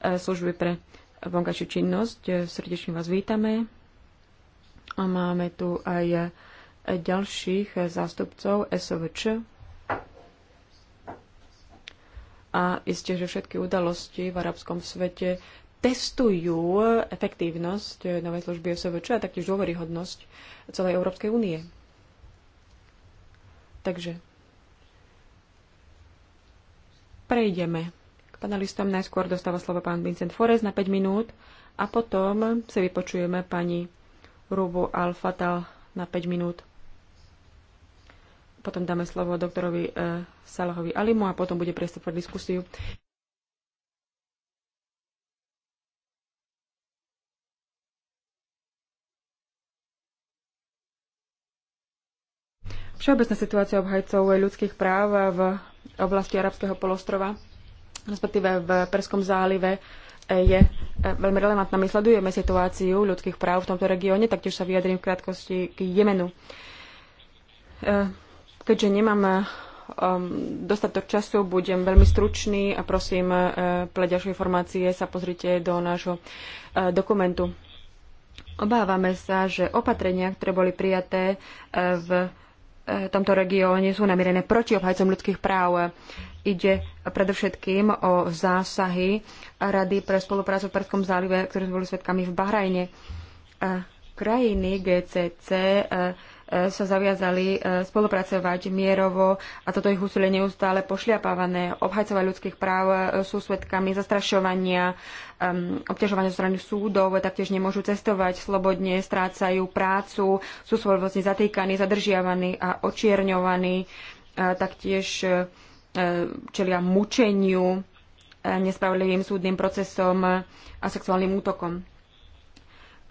služby pre vonkačiu činnosť. E, srdečne vás vítame. A máme tu aj e, ďalších zástupcov SOVČ, a isté, že všetky udalosti v arabskom svete testujú efektívnosť novej služby SVČ a taktiež dôveryhodnosť celej Európskej únie. Takže prejdeme k panelistom. Najskôr dostáva slovo pán Vincent Forest na 5 minút a potom si vypočujeme pani Rubu Alfatal na 5 minút. Potom dáme slovo doktorovi e, Salahovi Alimu a potom bude priestor pre diskusiu. Všeobecná situácia obhajcov ľudských práv v oblasti Arabského polostrova, respektíve v Perskom zálive, je e, veľmi relevantná. My sledujeme situáciu ľudských práv v tomto regióne, taktiež sa vyjadrím v krátkosti k Jemenu. E, Keďže nemám eh, um, dostatok času, budem veľmi stručný a prosím, eh, pre ďalšie informácie sa pozrite do nášho eh, dokumentu. Obávame sa, že opatrenia, ktoré boli prijaté v tomto regióne, sú namierené proti obhajcom ľudských práv. Ide predovšetkým o zásahy Rady pre spoluprácu v Perskom zálive, ktoré sme boli svetkami v Bahrajne. Krajiny GCC E, sa zaviazali e, spolupracovať mierovo a toto ich úsilie neustále pošliapávané. Obhajcovia ľudských práv e, sú svetkami zastrašovania, obťažovania zo strany súdov, taktiež nemôžu cestovať slobodne, strácajú prácu, sú svojvozne zatýkaní, zadržiavaní a očierňovaní, taktiež čelia mučeniu, nespravodlivým súdnym procesom a sexuálnym útokom.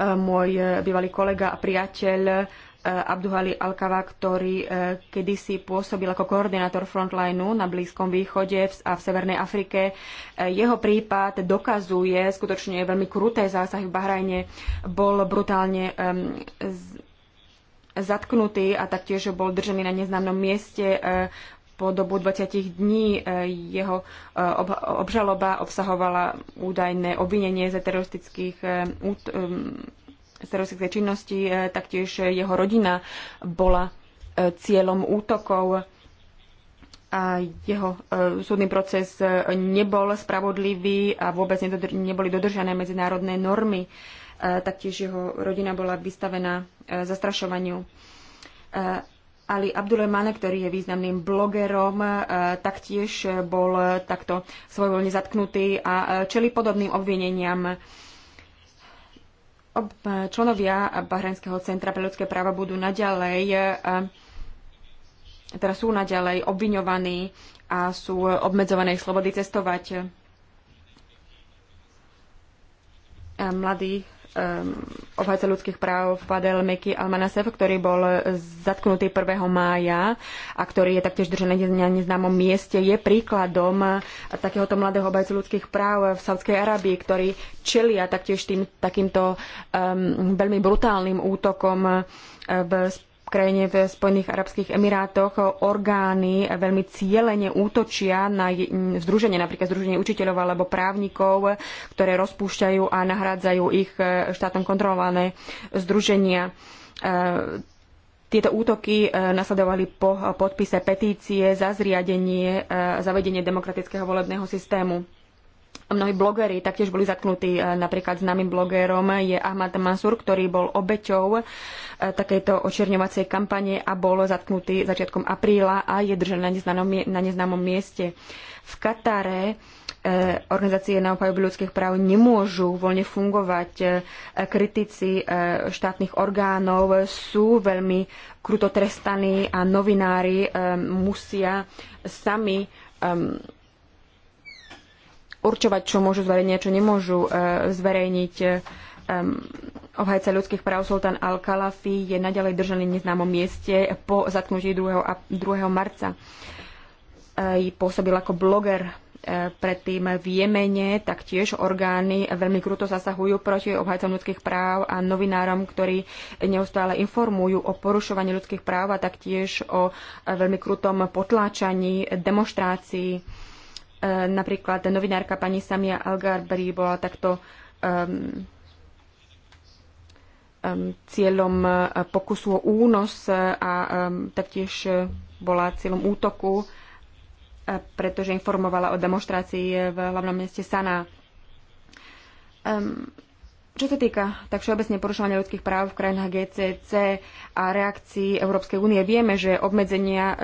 Môj bývalý kolega a priateľ Eh, Abduhali Alkava, ktorý eh, kedysi pôsobil ako koordinátor frontlineu na Blízkom východe a v Severnej Afrike. Eh, jeho prípad dokazuje skutočne veľmi kruté zásahy v Bahrajne. Bol brutálne zatknutý a taktiež bol držený na neznámom mieste po dobu 20 dní jeho obžaloba obsahovala údajné obvinenie za teroristických teroristickej činnosti, e, taktiež jeho rodina bola e, cieľom útokov a jeho e, súdny proces nebol spravodlivý a vôbec neboli dodržané medzinárodné normy. Taktiež jeho rodina bola vystavená zastrašovaniu. Ali Abdullah Mane, ktorý je významným blogerom, taktiež bol takto svojvoľne zatknutý a čeli podobným obvineniam Eh, členovia Bahrajnského centra pre ľudské práva budú naďalej eh, teda sú naďalej obviňovaní a sú obmedzované slobody cestovať. Eh, mladí Um, obhajca ľudských práv Fadel Meky Almanasev, ktorý bol zatknutý 1. mája a ktorý je taktiež držený na neznámom mieste, je príkladom takéhoto mladého obhajcu ľudských práv v Saudskej Arabii, ktorý čelia taktiež tým takýmto um, veľmi brutálnym útokom uh, v krajine v Spojených arabských emirátoch orgány veľmi cieľene útočia na združenie, napríklad združenie učiteľov alebo právnikov, ktoré rozpúšťajú a nahrádzajú ich e, štátom kontrolované združenia. E, tieto útoky e, nasledovali po podpise petície za zriadenie, zavedenie demokratického volebného systému. Mnohí blogeri taktiež boli zatknutí. E, napríklad známym blogerom je Ahmad Mansur, ktorý bol obeťou e, takejto očierňovacej kampane a bol zatknutý začiatkom apríla a je držaný na neznámom, na neznámom mieste. V Katare e, organizácie na obhajobu ľudských práv nemôžu voľne fungovať. Kritici štátnych orgánov sú veľmi kruto trestaní a novinári musia sami určovať, čo môžu zverejniť, čo nemôžu e, zverejniť. E, obhajca ľudských práv Sultan Al-Kalafi je naďalej držaný v neznámom mieste po zatknutí 2. 2. marca. E, pôsobil ako bloger predtým v Jemene, taktiež orgány veľmi kruto zasahujú proti obhajcom ľudských práv a novinárom, ktorí neustále informujú o porušovaní ľudských práv a taktiež o veľmi krutom potláčaní demonstrácií E, napríklad novinárka pani Samia Algarbri bola takto um, um, cieľom e, pokusu o únos e, a um, taktiež bola cieľom útoku, pretože informovala o demonstrácii v hlavnom meste Sana. Um, čo sa týka tak všeobecne porušovania ľudských práv v krajinách GCC a reakcií Európskej únie, vieme, že obmedzenia e,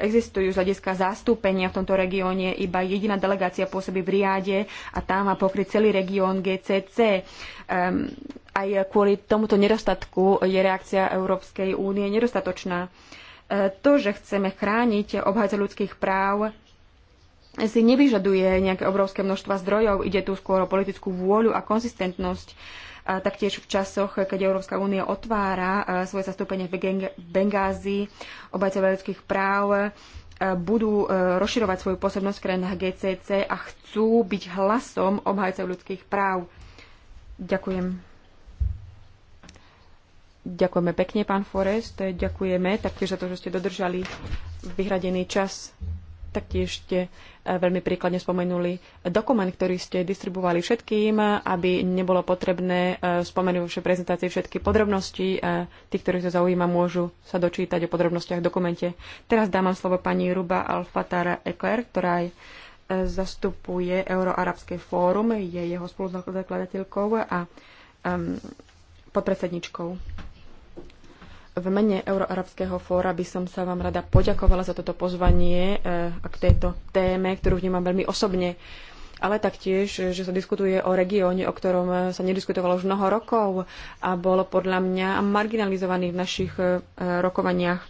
existujú z hľadiska zastúpenia v tomto regióne. Iba jediná delegácia pôsobí v Riade a tá má pokryť celý región GCC. Ehm, aj kvôli tomuto nedostatku je reakcia Európskej únie nedostatočná. E, to, že chceme chrániť obhajca ľudských práv, si nevyžaduje nejaké obrovské množstva zdrojov, ide tu skôr o politickú vôľu a konzistentnosť. A taktiež v časoch, keď Európska únia otvára svoje zastúpenie v Bengázi, obajcovia ľudských práv budú rozširovať svoju posebnosť v krajinách GCC a chcú byť hlasom obhajcov ľudských práv. Ďakujem. Ďakujeme pekne, pán Forest. Ďakujeme taktiež za to, že ste dodržali vyhradený čas. Taktiež ste e, veľmi príkladne spomenuli dokument, ktorý ste distribuovali všetkým, aby nebolo potrebné e, spomenúť vo prezentácie prezentácii všetky podrobnosti. E, tí, ktorých sa zaujíma, môžu sa dočítať o podrobnostiach v dokumente. Teraz dávam slovo pani Ruba Alfatara Ekler, ktorá je zastupuje Euroarabské fórum, je jeho spoluzakladateľkou a um, podpredsedničkou. V mene Euroarabského fóra by som sa vám rada poďakovala za toto pozvanie e, a k tejto téme, ktorú vnímam veľmi osobne, ale taktiež, že sa diskutuje o regióne, o ktorom e, sa nediskutovalo už mnoho rokov a bolo podľa mňa marginalizovaný v našich e, rokovaniach.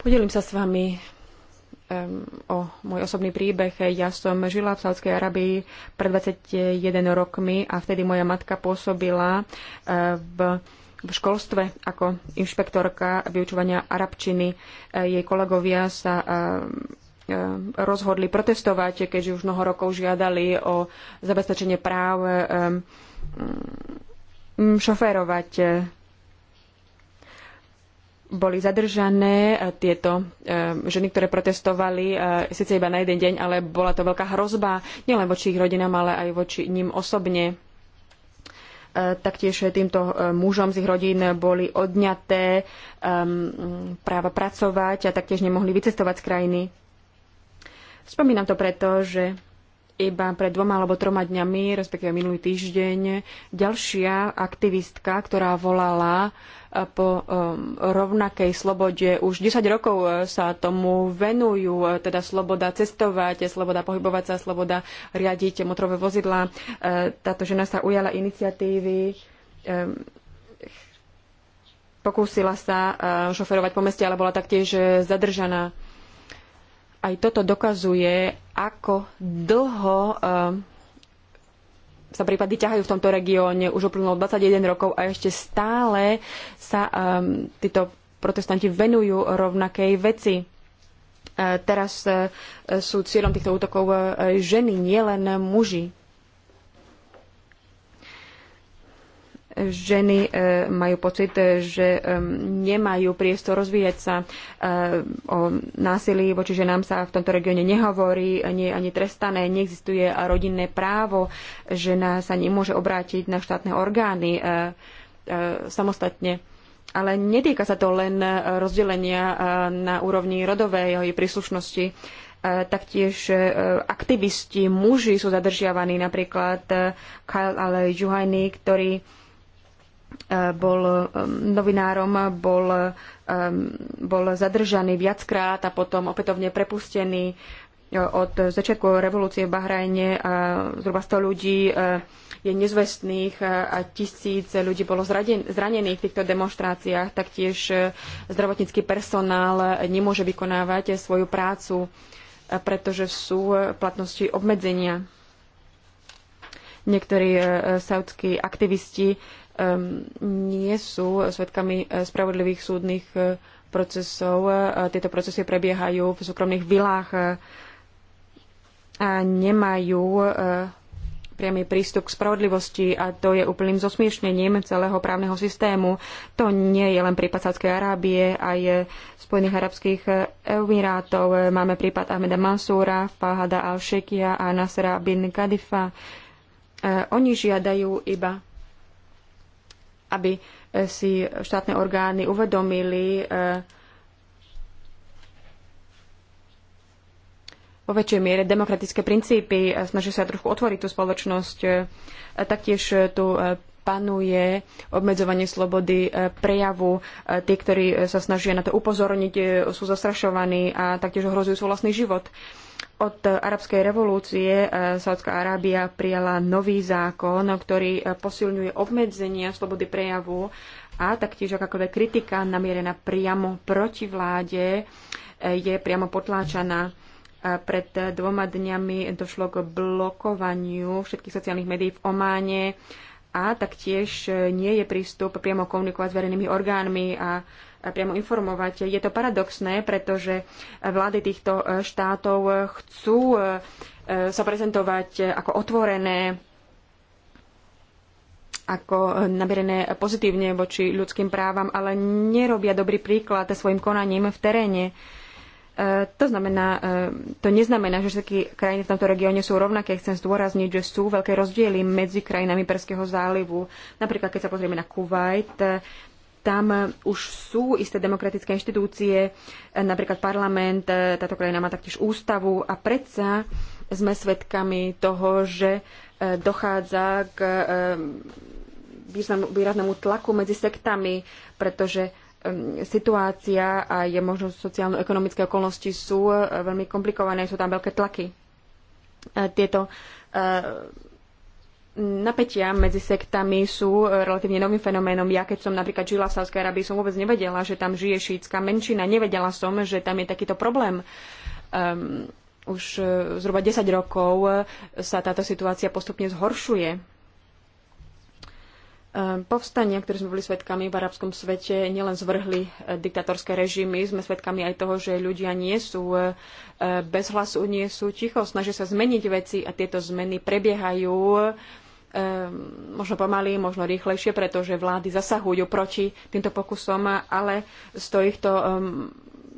Podelím sa s vami o môj osobný príbeh. Ja som žila v Sádskej Arabii pred 21 rokmi a vtedy moja matka pôsobila v v školstve ako inšpektorka vyučovania arabčiny. E, jej kolegovia sa e, e, rozhodli protestovať, keďže už mnoho rokov žiadali o zabezpečenie práv šoférovať. Boli zadržané tieto ženy, ktoré protestovali, síce iba na jeden deň, ale bola to veľká hrozba nielen voči ich rodinám, ale aj voči ním osobne Taktiež týmto e, mužom z ich rodín boli odňaté ehm, práva pracovať a taktiež nemohli vycestovať z krajiny. Spomínam to preto, že iba pred dvoma alebo troma dňami, respektíve minulý týždeň, ďalšia aktivistka, ktorá volala eh, po eh, rovnakej slobode. Už 10 rokov eh, sa tomu venujú, teda sloboda cestovať, sloboda pohybovať sa, sloboda riadiť motorové vozidla. Táto žena sa ujala iniciatívy, pokúsila sa šoferovať po meste, ale bola taktiež zadržaná aj toto dokazuje, ako dlho eh, sa prípady ťahajú v tomto regióne. Už uplynulo 21 rokov a ešte stále sa um, títo protestanti venujú rovnakej veci. Eh, teraz sú cieľom týchto útokov ženy, nielen muži. ženy e, majú pocit, že e, nemajú priestor rozvíjať sa. E, o násilí voči ženám sa v tomto regióne nehovorí, nie je ani trestané, neexistuje rodinné právo. Žena sa nemôže obrátiť na štátne orgány samostatne. Ale netýka sa to len rozdelenia na úrovni rodovej jej príslušnosti. Taktiež aktivisti, muži sú zadržiavaní, napríklad Kyle Ale Juhajny, ktorý bol um, novinárom, bol, um, bol zadržaný viackrát a potom opätovne prepustený e, od začiatku revolúcie v Bahrajne zhruba 100 ľudí e, je nezvestných e, a tisíc ľudí bolo zranených v týchto demonštráciách. Taktiež zdravotnícky personál nemôže vykonávať svoju prácu, pretože sú platnosti obmedzenia. Niektorí saudskí aktivisti nie sú svetkami eh, spravodlivých súdnych eh, procesov. Eh, tieto procesy prebiehajú v súkromných vilách a nemajú priamy prístup k spravodlivosti a to je úplným zosmiešnením celého právneho systému. To nie je len prípad Sádskej Arábie, aj Spojených arabských emirátov. Máme prípad Ahmeda Mansúra, Fahada al-Shekia a Nasera bin Kadifa. Oni žiadajú iba aby e, si štátne orgány uvedomili e, vo väčšej miere demokratické princípy, snaží sa trochu otvoriť tú spoločnosť. E, taktiež tu panuje obmedzovanie slobody prejavu. Tí, ktorí sa snažia na to upozorniť, sú zastrašovaní a taktiež ohrozujú svoj vlastný život. Od arabskej revolúcie e, Sádzka Arábia prijala nový zákon, ktorý e, posilňuje obmedzenia slobody prejavu a taktiež akákoľvek kritika namierená priamo proti vláde e, je priamo potláčaná. Pred dvoma dňami došlo k blokovaniu všetkých sociálnych médií v Ománe a taktiež nie je prístup priamo komunikovať s verejnými orgánmi a priamo informovať. Je to paradoxné, pretože vlády týchto e, štátov e, chcú e, sa prezentovať ako otvorené, ako naberené pozitívne voči ľudským právam, ale nerobia dobrý príklad svojim konaním v teréne. To, znamená, to neznamená, že všetky krajiny v tomto regióne sú rovnaké. Chcem zdôrazniť, že sú veľké rozdiely medzi krajinami Perského zálivu. Napríklad, keď sa pozrieme na Kuwait, tam už sú isté demokratické inštitúcie, napríklad parlament, táto krajina má taktiež ústavu a predsa sme svedkami toho, že e, dochádza k e, výraznému tlaku medzi sektami, pretože situácia a je možno sociálno-ekonomické okolnosti sú e, veľmi komplikované, sú tam veľké tlaky. Tieto napätia medzi sektami sú e, relatívne novým fenoménom. Ja keď som napríklad žila v Sávskej Arabii, som vôbec nevedela, že tam žije šítska menšina. Nevedela som, že tam je takýto problém. Um, už e, zhruba 10 rokov e, sa táto situácia postupne zhoršuje. Um, povstania, ktoré sme boli svedkami v arabskom svete, nielen zvrhli diktatorské režimy, sme svedkami aj toho, že ľudia nie sú bez hlasu, nie sú ticho, snažia sa zmeniť veci a tieto zmeny prebiehajú Ehm, možno pomaly, možno rýchlejšie, pretože vlády zasahujú proti týmto pokusom, ale stojí ich to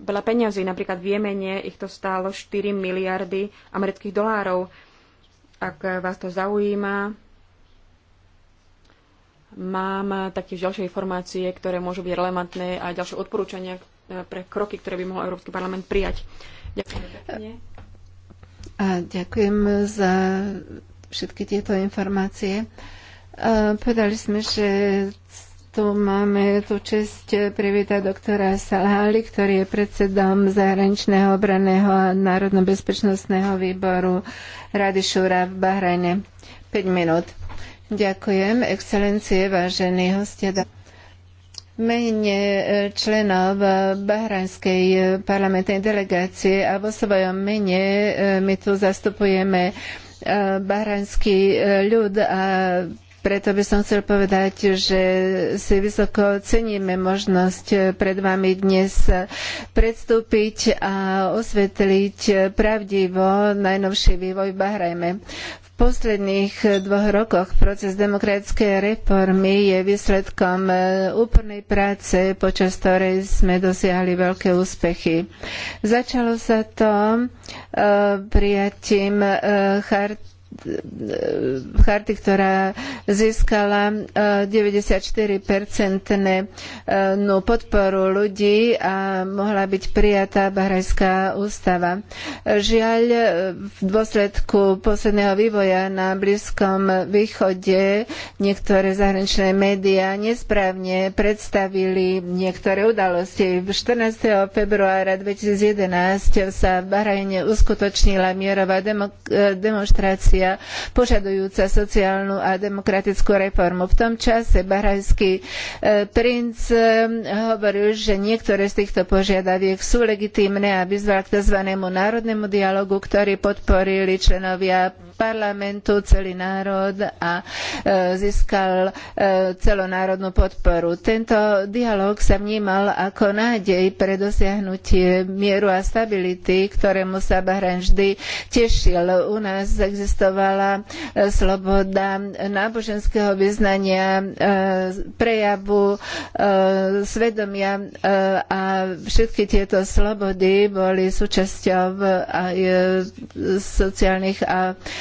veľa peňazí. Napríklad v Jemene ich to stálo 4 miliardy amerických dolárov. Ak vás to zaujíma, mám taktiež ďalšie informácie, ktoré môžu byť relevantné a ďalšie odporúčania e, pre kroky, ktoré by mohol Európsky parlament prijať. Ďakujem pekne. ďakujem za všetky tieto informácie. E, povedali sme, že tu máme tú čest privítať doktora Salhali, ktorý je predsedom zahraničného obraného a národno-bezpečnostného výboru Rady Šúra v Bahrajne. 5 minút. Ďakujem, excelencie, vážení hostia. Mene členov Bahrajnskej parlamentnej delegácie a vo svojom mene e, my tu zastupujeme Eh, bahrajnský eh, ľud a preto by som chcel povedať, že si vysoko ceníme možnosť pred vami dnes predstúpiť a osvetliť pravdivo najnovší vývoj v Bahrajme. V posledných dvoch rokoch proces demokratickej reformy je výsledkom úplnej práce, počas ktorej sme dosiahli veľké úspechy. Začalo sa to eh, prijatím eh, charty charty, ktorá získala 94-percentnú eh, eh, no, podporu ľudí a mohla byť prijatá Bahrajská ústava. Žiaľ, eh, v dôsledku posledného vývoja na Blízkom východe niektoré zahraničné médiá nesprávne predstavili niektoré udalosti. 14. februára 2011 sa v Bahrajne uskutočnila mierová demonstrácia opozícia požadujúca sociálnu a demokratickú reformu. V tom čase bahrajský e, princ e, hovoril, že niektoré z týchto požiadaviek sú legitímne a vyzval k tzv. národnému dialogu, ktorý podporili členovia parlamentu, celý národ a e, získal e, celonárodnú podporu. Tento dialog sa vnímal ako nádej pre dosiahnutie mieru a stability, ktorému sa Bahrajn vždy tešil. U nás existovala e, sloboda náboženského vyznania, prejavu, svedomia a všetky tieto slobody boli súčasťou aj sociálnych a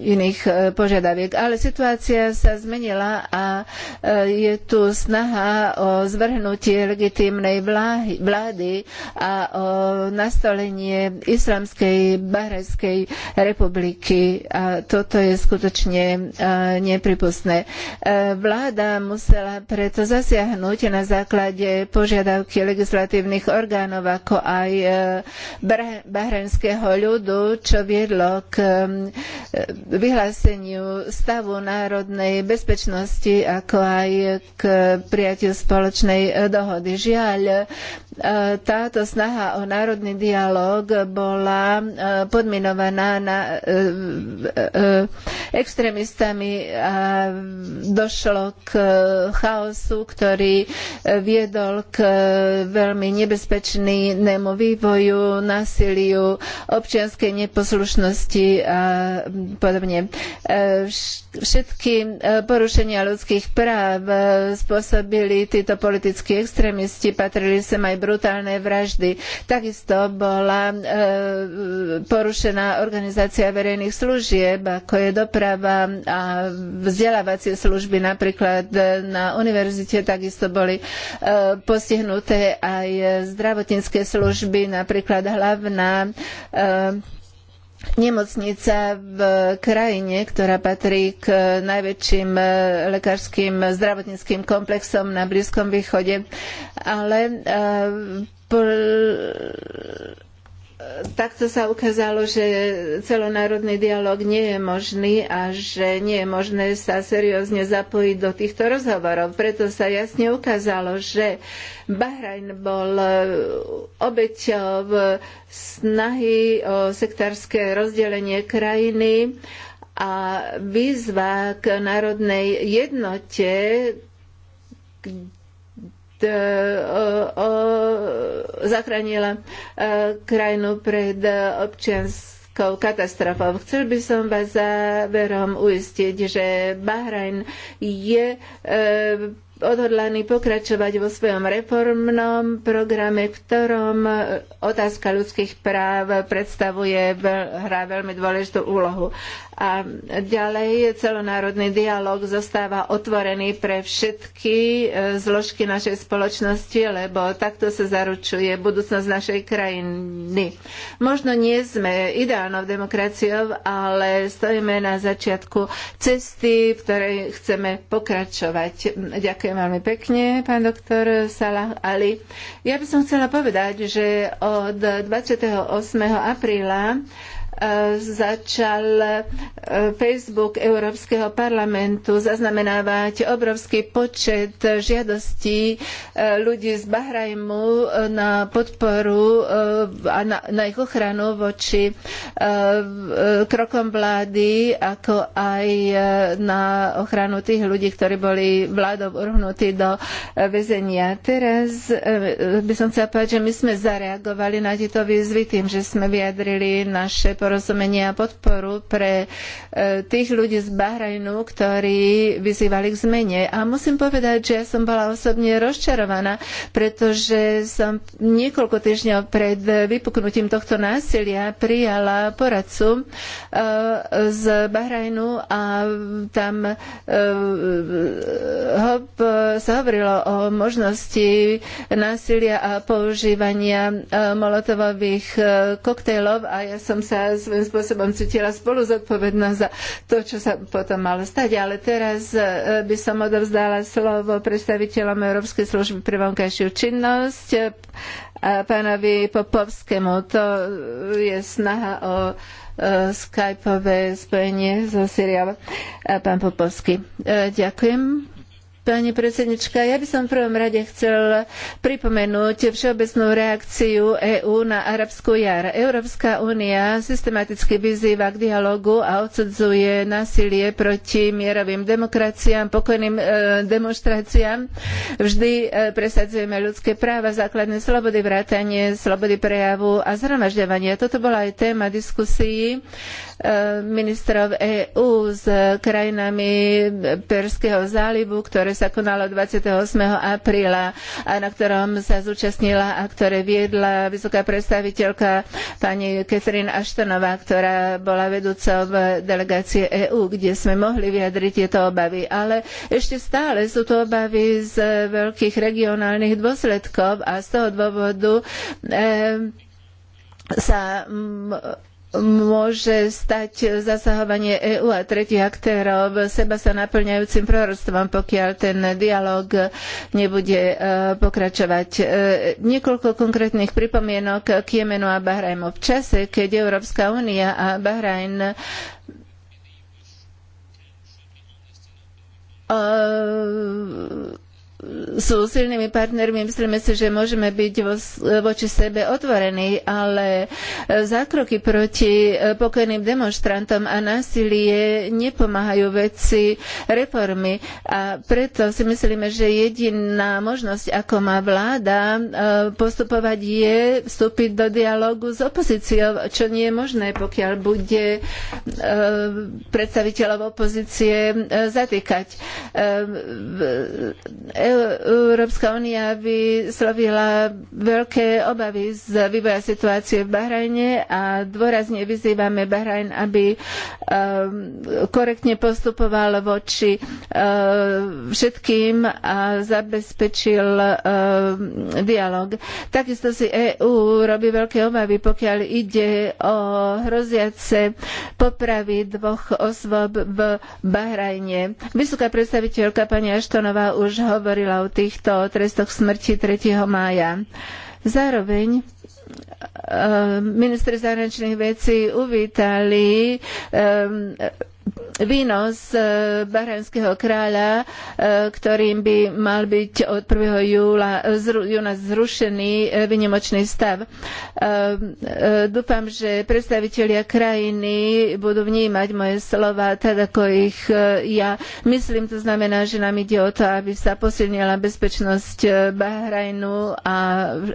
iných e, požiadaviek. Ale situácia sa zmenila a e, je tu snaha o zvrhnutie legitímnej vlády a o nastolenie Islamskej Bahrajskej republiky. A toto je skutočne e, nepripustné. Vláda musela preto zasiahnuť na základe požiadavky legislatívnych orgánov, ako aj bahrajnského ľudu, čo viedlo k vyhláseniu stavu národnej bezpečnosti, ako aj k prijatiu spoločnej dohody. Žiaľ, e, táto snaha o národný dialog bola e, podminovaná na, e, extrémistami a došlo k chaosu, ktorý viedol k veľmi nebezpečnému vývoju, násiliu, občianskej neposlušnosti a podobne podobne. E, všetky e, porušenia ľudských práv e, spôsobili títo politickí extrémisti, patrili sem aj brutálne vraždy. Takisto bola porušená organizácia verejných služieb, ako je doprava a vzdelávacie služby napríklad na univerzite, takisto boli postihnuté aj zdravotnícke služby, napríklad hlavná nemocnica v krajine, ktorá patrí k najväčším e, lekárskym zdravotníckým komplexom na Blízkom východe, ale e, takto sa ukázalo, že celonárodný dialog nie je možný a že nie je možné sa seriózne zapojiť do týchto rozhovorov. Preto sa jasne ukázalo, že Bahrajn bol e, obeťou snahy o sektárske rozdelenie krajiny a výzva k národnej jednote, E, zachránila e, krajinu pred občianskou katastrofou. Chcel by som vás záverom uistiť, že Bahrajn je e, odhodlaný pokračovať vo svojom reformnom programe, v ktorom otázka ľudských práv predstavuje hra veľmi dôležitú úlohu. A ďalej celonárodný dialog zostáva otvorený pre všetky e, zložky našej spoločnosti, lebo takto sa zaručuje budúcnosť našej krajiny. Možno nie sme ideálnou demokraciou, ale stojíme na začiatku cesty, v ktorej chceme pokračovať. Ďakujem veľmi pekne, pán doktor Salah Ali. Ja by som chcela povedať, že od 28. apríla začal e, Facebook Európskeho parlamentu zaznamenávať obrovský počet žiadostí e, ľudí z Bahrajmu e, na podporu a na, ich ochranu voči krokom vlády, ako aj na ochranu tých ľudí, ktorí boli vládou urhnutí do väzenia. Teraz by som chcela povedať, že my sme zareagovali na tieto výzvy tým, že sme vyjadrili naše porozumenie a podporu pre e, tých ľudí z Bahrajnu, ktorí vyzývali k zmene. A musím povedať, že ja som bola osobne rozčarovaná, pretože som niekoľko týždňov pred vypuknutím tohto násilia prijala poradcu e, z Bahrajnu a tam e, sa hovorilo o možnosti násilia a používania molotovových koktejlov a ja som sa svojím spôsobom cítila spolu zodpovednosť za to, čo sa potom malo stať. Ale teraz e, by som odovzdala slovo predstaviteľom Európskej služby pre vonkajšiu činnosť e, pánovi Popovskému. To je snaha o e, skypové spojenie so Syriou. Pán Popovský, ďakujem. Pani predsednička, ja by som v prvom rade chcel pripomenúť všeobecnú reakciu EÚ na arabskú jar. Európska únia systematicky vyzýva k dialogu a odsudzuje násilie proti mierovým demokraciám, pokojným e, demonštráciám. Vždy e, presadzujeme ľudské práva, základné slobody, vrátanie slobody prejavu a zhromažďovania. Toto bola aj téma diskusií E, ministrov EÚ s krajinami Perského zálivu, ktoré sa konalo 28. apríla a na ktorom sa zúčastnila a ktoré viedla vysoká predstaviteľka pani Catherine Ashtonová, ktorá bola vedúcou delegácie EÚ, kde sme mohli vyjadriť tieto obavy. Ale ešte stále sú to obavy z veľkých regionálnych dôsledkov a z toho dôvodu e, sa môže stať zasahovanie EÚ a tretich aktérov seba sa naplňajúcim proroctvom, pokiaľ ten dialog nebude e, pokračovať. E, niekoľko konkrétnych pripomienok k Jemenu a Bahrajmu. V čase, keď Európska únia a Bahrajn uh, sú silnými partnermi, myslíme si, že môžeme byť vo, voči sebe otvorení, ale e, zákroky proti e, pokojným demonštrantom a násilie nepomáhajú veci reformy. A preto si myslíme, že jediná možnosť, ako má vláda e, postupovať, je vstúpiť do dialógu s opozíciou, čo nie je možné, pokiaľ bude predstaviteľov opozície zatýkať Európska únia vyslovila veľké obavy z vývoja situácie v Bahrajne a dôrazne vyzývame Bahrajn, aby um, korektne postupoval voči uh, všetkým a zabezpečil uh, dialog. Takisto si EÚ robí veľké obavy, pokiaľ ide o hroziace popravy dvoch osôb v Bahrajne. Vysoká predstaviteľka pani Aštonová už hovorila hovorila o týchto trestoch smrti 3. mája. Zároveň e, ministri zahraničných vecí uvítali e, výnos e, bahrajnského kráľa, e, ktorým by mal byť od 1. júla, e, júna zrušený vynimočný stav. Dúfam, že predstavitelia krajiny budú vnímať moje slova tak, ako ich ja myslím. To znamená, že nám ide o to, aby sa posilnila bezpečnosť Bahrajnu a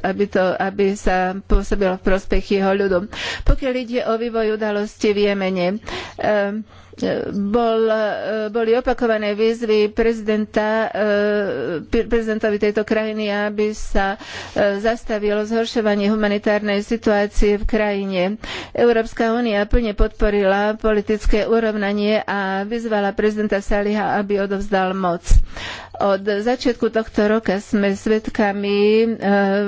aby, to, aby sa pôsobilo v prospech jeho ľudu. Pokiaľ ide o vývoj udalosti v Jemene, bol, e, boli opakované výzvy prezidenta, e, prezidentovi tejto krajiny, aby sa e, zastavilo zhoršovanie humanitárnej situácie v krajine. Európska únia plne podporila politické urovnanie a vyzvala prezidenta Saliha, aby odovzdal moc. Od začiatku tohto roka sme svedkami eh,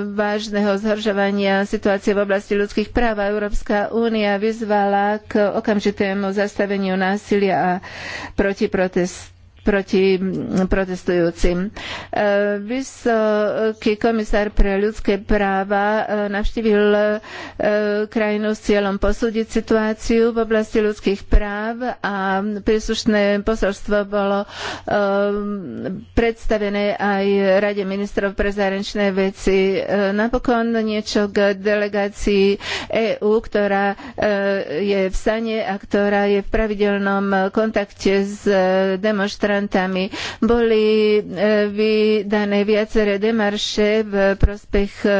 vážneho zhoršovania situácie v oblasti ľudských práv a Európska únia vyzvala k okamžitému zastaveniu násilia a proti protest proti protestujúcim. E, Vysoký komisár pre ľudské práva e, navštívil e, krajinu s cieľom posúdiť situáciu v oblasti ľudských práv a príslušné posolstvo bolo predstavené aj Rade ministrov pre zahraničné veci. Napokon niečo k delegácii EÚ, ktorá je v Sane a ktorá je v pravidelnom kontakte s demonstrantom demonstrantami. Boli e, vydané viaceré demarše v prospech e,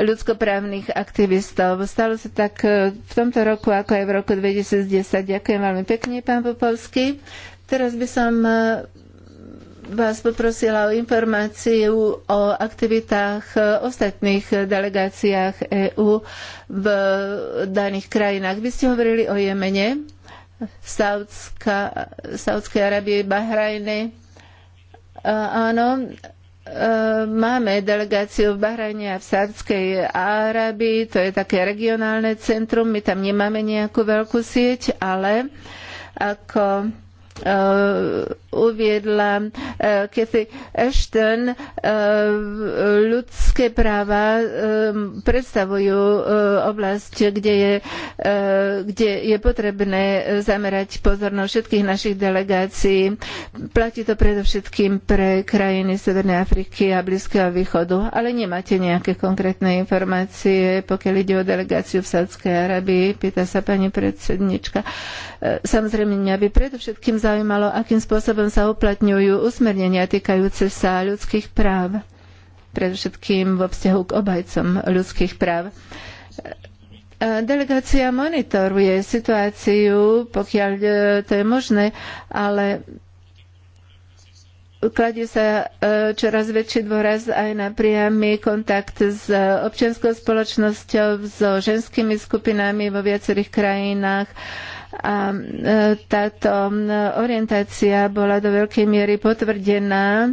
ľudskoprávnych aktivistov. Stalo sa tak e, v tomto roku, ako aj v roku 2010. Ďakujem veľmi pekne, pán Popovský. Teraz by som vás poprosila o informáciu o aktivitách ostatných delegáciách EÚ v daných krajinách. Vy ste hovorili o Jemene. Saudská, Saudskej Arabie, Bahrajne. Áno, e, máme delegáciu v Bahrajne a v Saudskej Arabii, to je také regionálne centrum, my tam nemáme nejakú veľkú sieť, ale ako Uh, uviedla Kathy uh, Ashton, uh, ľudské práva um, predstavujú oblasť, kde je, kde je potrebné zamerať pozornosť všetkých našich delegácií. Platí to predovšetkým pre krajiny Severnej Afriky a Blízkeho východu, ale nemáte nejaké konkrétne informácie, pokiaľ ide o delegáciu v Sádskej Arabii, pýta sa pani predsednička. Samozrejme, mňa by predovšetkým zaujímalo, akým spôsobom sa uplatňujú usmernenia týkajúce sa ľudských práv, predovšetkým vo vzťahu k obhajcom ľudských práv. Delegácia monitoruje situáciu, pokiaľ e, to je možné, ale kladie sa e, čoraz väčší dôraz aj na priamy kontakt s občianskou spoločnosťou, so ženskými skupinami vo viacerých krajinách a e, táto orientácia bola do veľkej miery potvrdená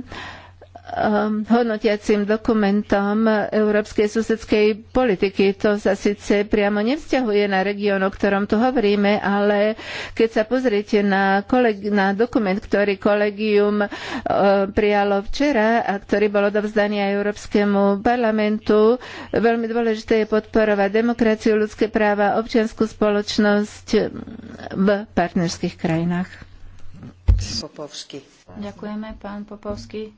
Um, hodnotiacim dokumentom európskej susedskej politiky. To sa síce priamo nevzťahuje na región, o ktorom tu hovoríme, ale keď sa pozriete na, koleg- na dokument, ktorý kolegium e, prijalo včera a ktorý bol odovzdaný aj Európskemu parlamentu, veľmi dôležité je podporovať demokraciu, ľudské práva, občiansku spoločnosť v partnerských krajinách. Popovský. Ďakujeme, pán Popovský.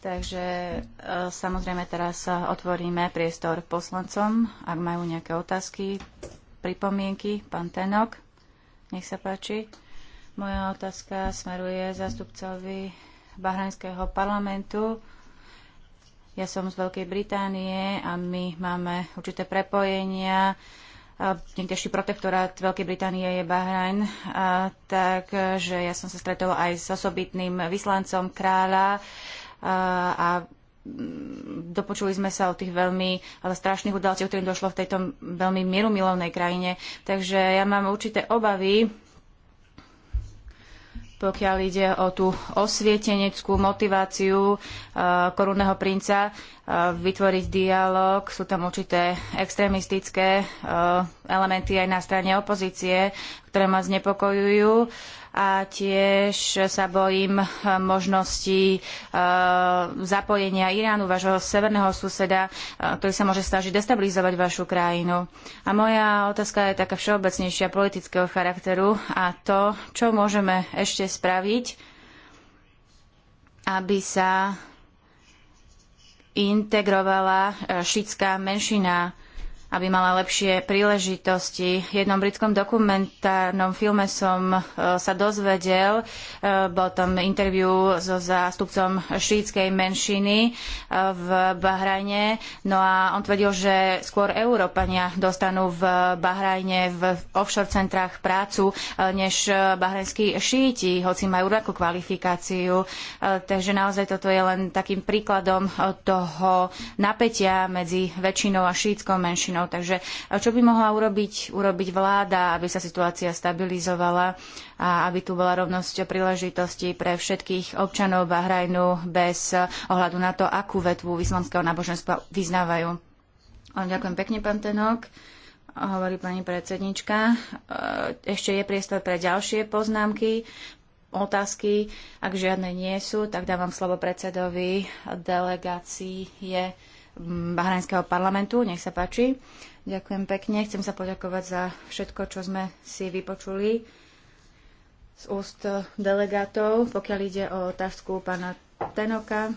Takže e, samozrejme teraz otvoríme priestor poslancom, ak majú nejaké otázky, pripomienky. Pán Tenok, nech sa páči. Moja otázka smeruje zástupcovi Bahrajnského parlamentu. Ja som z Veľkej Británie a my máme určité prepojenia niekdejší protektorát Veľkej Británie je Bahrajn, takže ja som sa stretol aj s osobitným vyslancom kráľa a mm, dopočuli sme sa o tých veľmi strašných udalostiach, ktorým došlo v tejto veľmi mierumilovnej krajine. Takže ja mám určité obavy, pokiaľ ide o tú osvieteneckú motiváciu e, korunného princa e, vytvoriť dialog. Sú tam určité extrémistické e, elementy aj na strane opozície, ktoré ma znepokojujú a tiež sa bojím eh, možností eh, zapojenia Iránu, vášho severného suseda, eh, ktorý sa môže snažiť destabilizovať vašu krajinu. A moja otázka je taká všeobecnejšia politického charakteru a to, čo môžeme ešte spraviť, aby sa integrovala šitská menšina aby mala lepšie príležitosti. V jednom britskom dokumentárnom filme som e, sa dozvedel, e, bol tam interviu so zástupcom šítskej menšiny e, v Bahrajne, no a on tvrdil, že skôr Európania dostanú v Bahrajne v offshore centrách prácu, než bahrajnskí šíti, hoci majú rovnakú kvalifikáciu. Takže naozaj toto je len takým príkladom toho napätia medzi väčšinou a šítskou menšinou občanov. Takže eh, čo by mohla urobiť, urobiť vláda, aby sa situácia stabilizovala a aby tu bola rovnosť príležitosti pre všetkých občanov Bahrajnu bez eh, ohľadu na to, akú vetvu islamského náboženstva vyznávajú. Ďakujem pekne, pán Tenok hovorí pani predsednička. Eh, ešte je priestor pre ďalšie poznámky, otázky. Ak žiadne nie sú, tak dávam slovo predsedovi delegácii je Bahrajnského parlamentu. Nech sa páči. Ďakujem pekne. Chcem sa poďakovať za všetko, čo sme si vypočuli z úst delegátov, pokiaľ ide o otázku pána Tenoka.